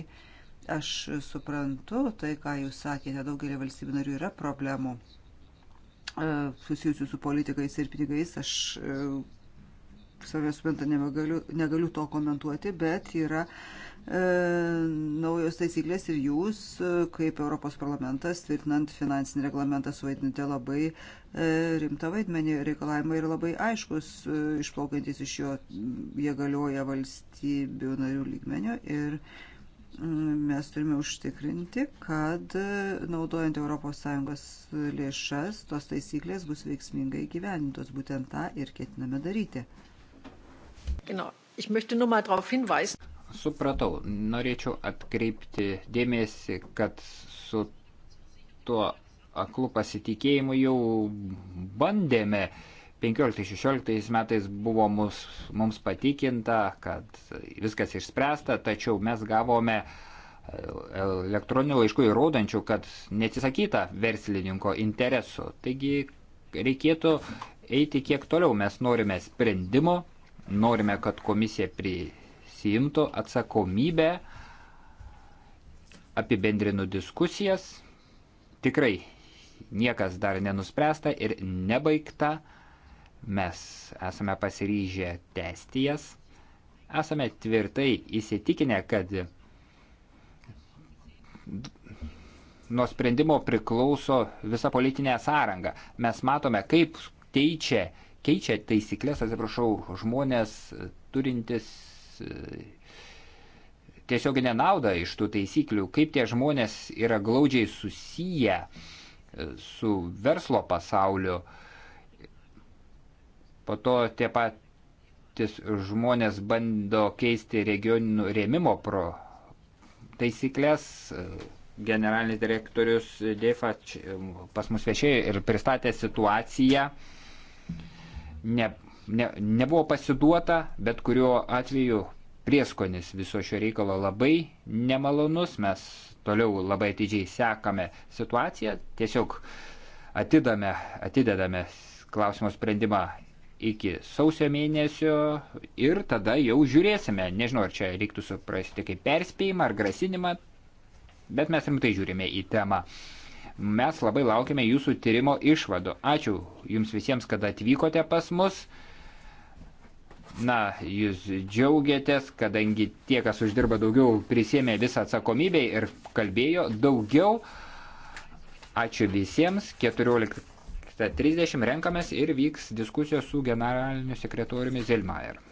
Aš suprantu tai, ką jūs sakėte, daugelį valstybių narių yra problemų e, susijusių su politikais ir pinigais. Aš e, savęs supranta, negaliu, negaliu to komentuoti, bet yra e, naujos taisyklės ir jūs, e, kaip Europos parlamentas, tvirtinant finansinį reglamentą, suvaidinate labai e, rimtą vaidmenį. Reikalavimai yra labai aiškus, e, išplaukiantis iš jo, jie galioja valstybių narių lygmenio ir Mes turime užtikrinti, kad e, naudojant ES lėšas, tos taisyklės bus veiksmingai gyvenintos. Būtent tą ir ketiname daryti. Supratau, norėčiau atkreipti dėmesį, kad su tuo aklų pasitikėjimu jau bandėme. 15-16 metais buvo mus, mums patikinta, kad viskas išspręsta, tačiau mes gavome e, elektroninių laiškų įrodančių, kad neatsisakyta verslininko interesų. Taigi reikėtų eiti kiek toliau, mes norime sprendimo, Norime, kad komisija prisimtų atsakomybę, apibendrinu diskusijas. Tikrai niekas dar nenuspręsta ir nebaigta. Mes esame pasiryžę tęsti jas. Esame tvirtai įsitikinę, kad nuo sprendimo priklauso visa politinė sąranga. Mes matome, kaip keičia keičia taisyklės, atsiprašau, žmonės turintis e, tiesioginę naudą iš tų taisyklių, kaip tie žmonės yra glaudžiai susiję e, su verslo pasauliu. Po to tie patys žmonės bando keisti regioninių rėmimo pro taisyklės. E, generalinis direktorius Deifač pas mus viešėjo ir pristatė situaciją ne, ne, nebuvo pasiduota, bet kuriuo atveju prieskonis viso šio reikalo labai nemalonus, mes toliau labai atidžiai sekame situaciją, tiesiog atidame, atidedame klausimo sprendimą iki sausio mėnesio ir tada jau žiūrėsime, nežinau ar čia reiktų suprasti kaip perspėjimą ar grasinimą, bet mes rimtai žiūrime į temą. Mes labai laukime jūsų tyrimo išvadų. Ačiū jums visiems, kad atvykote pas mus. Na, jūs džiaugiatės, kadangi tie, kas uždirba daugiau, prisėmė visą atsakomybę ir kalbėjo daugiau. Ačiū visiems. 14.30 renkamės ir vyks diskusijos su generaliniu sekretoriumi Zelmajer.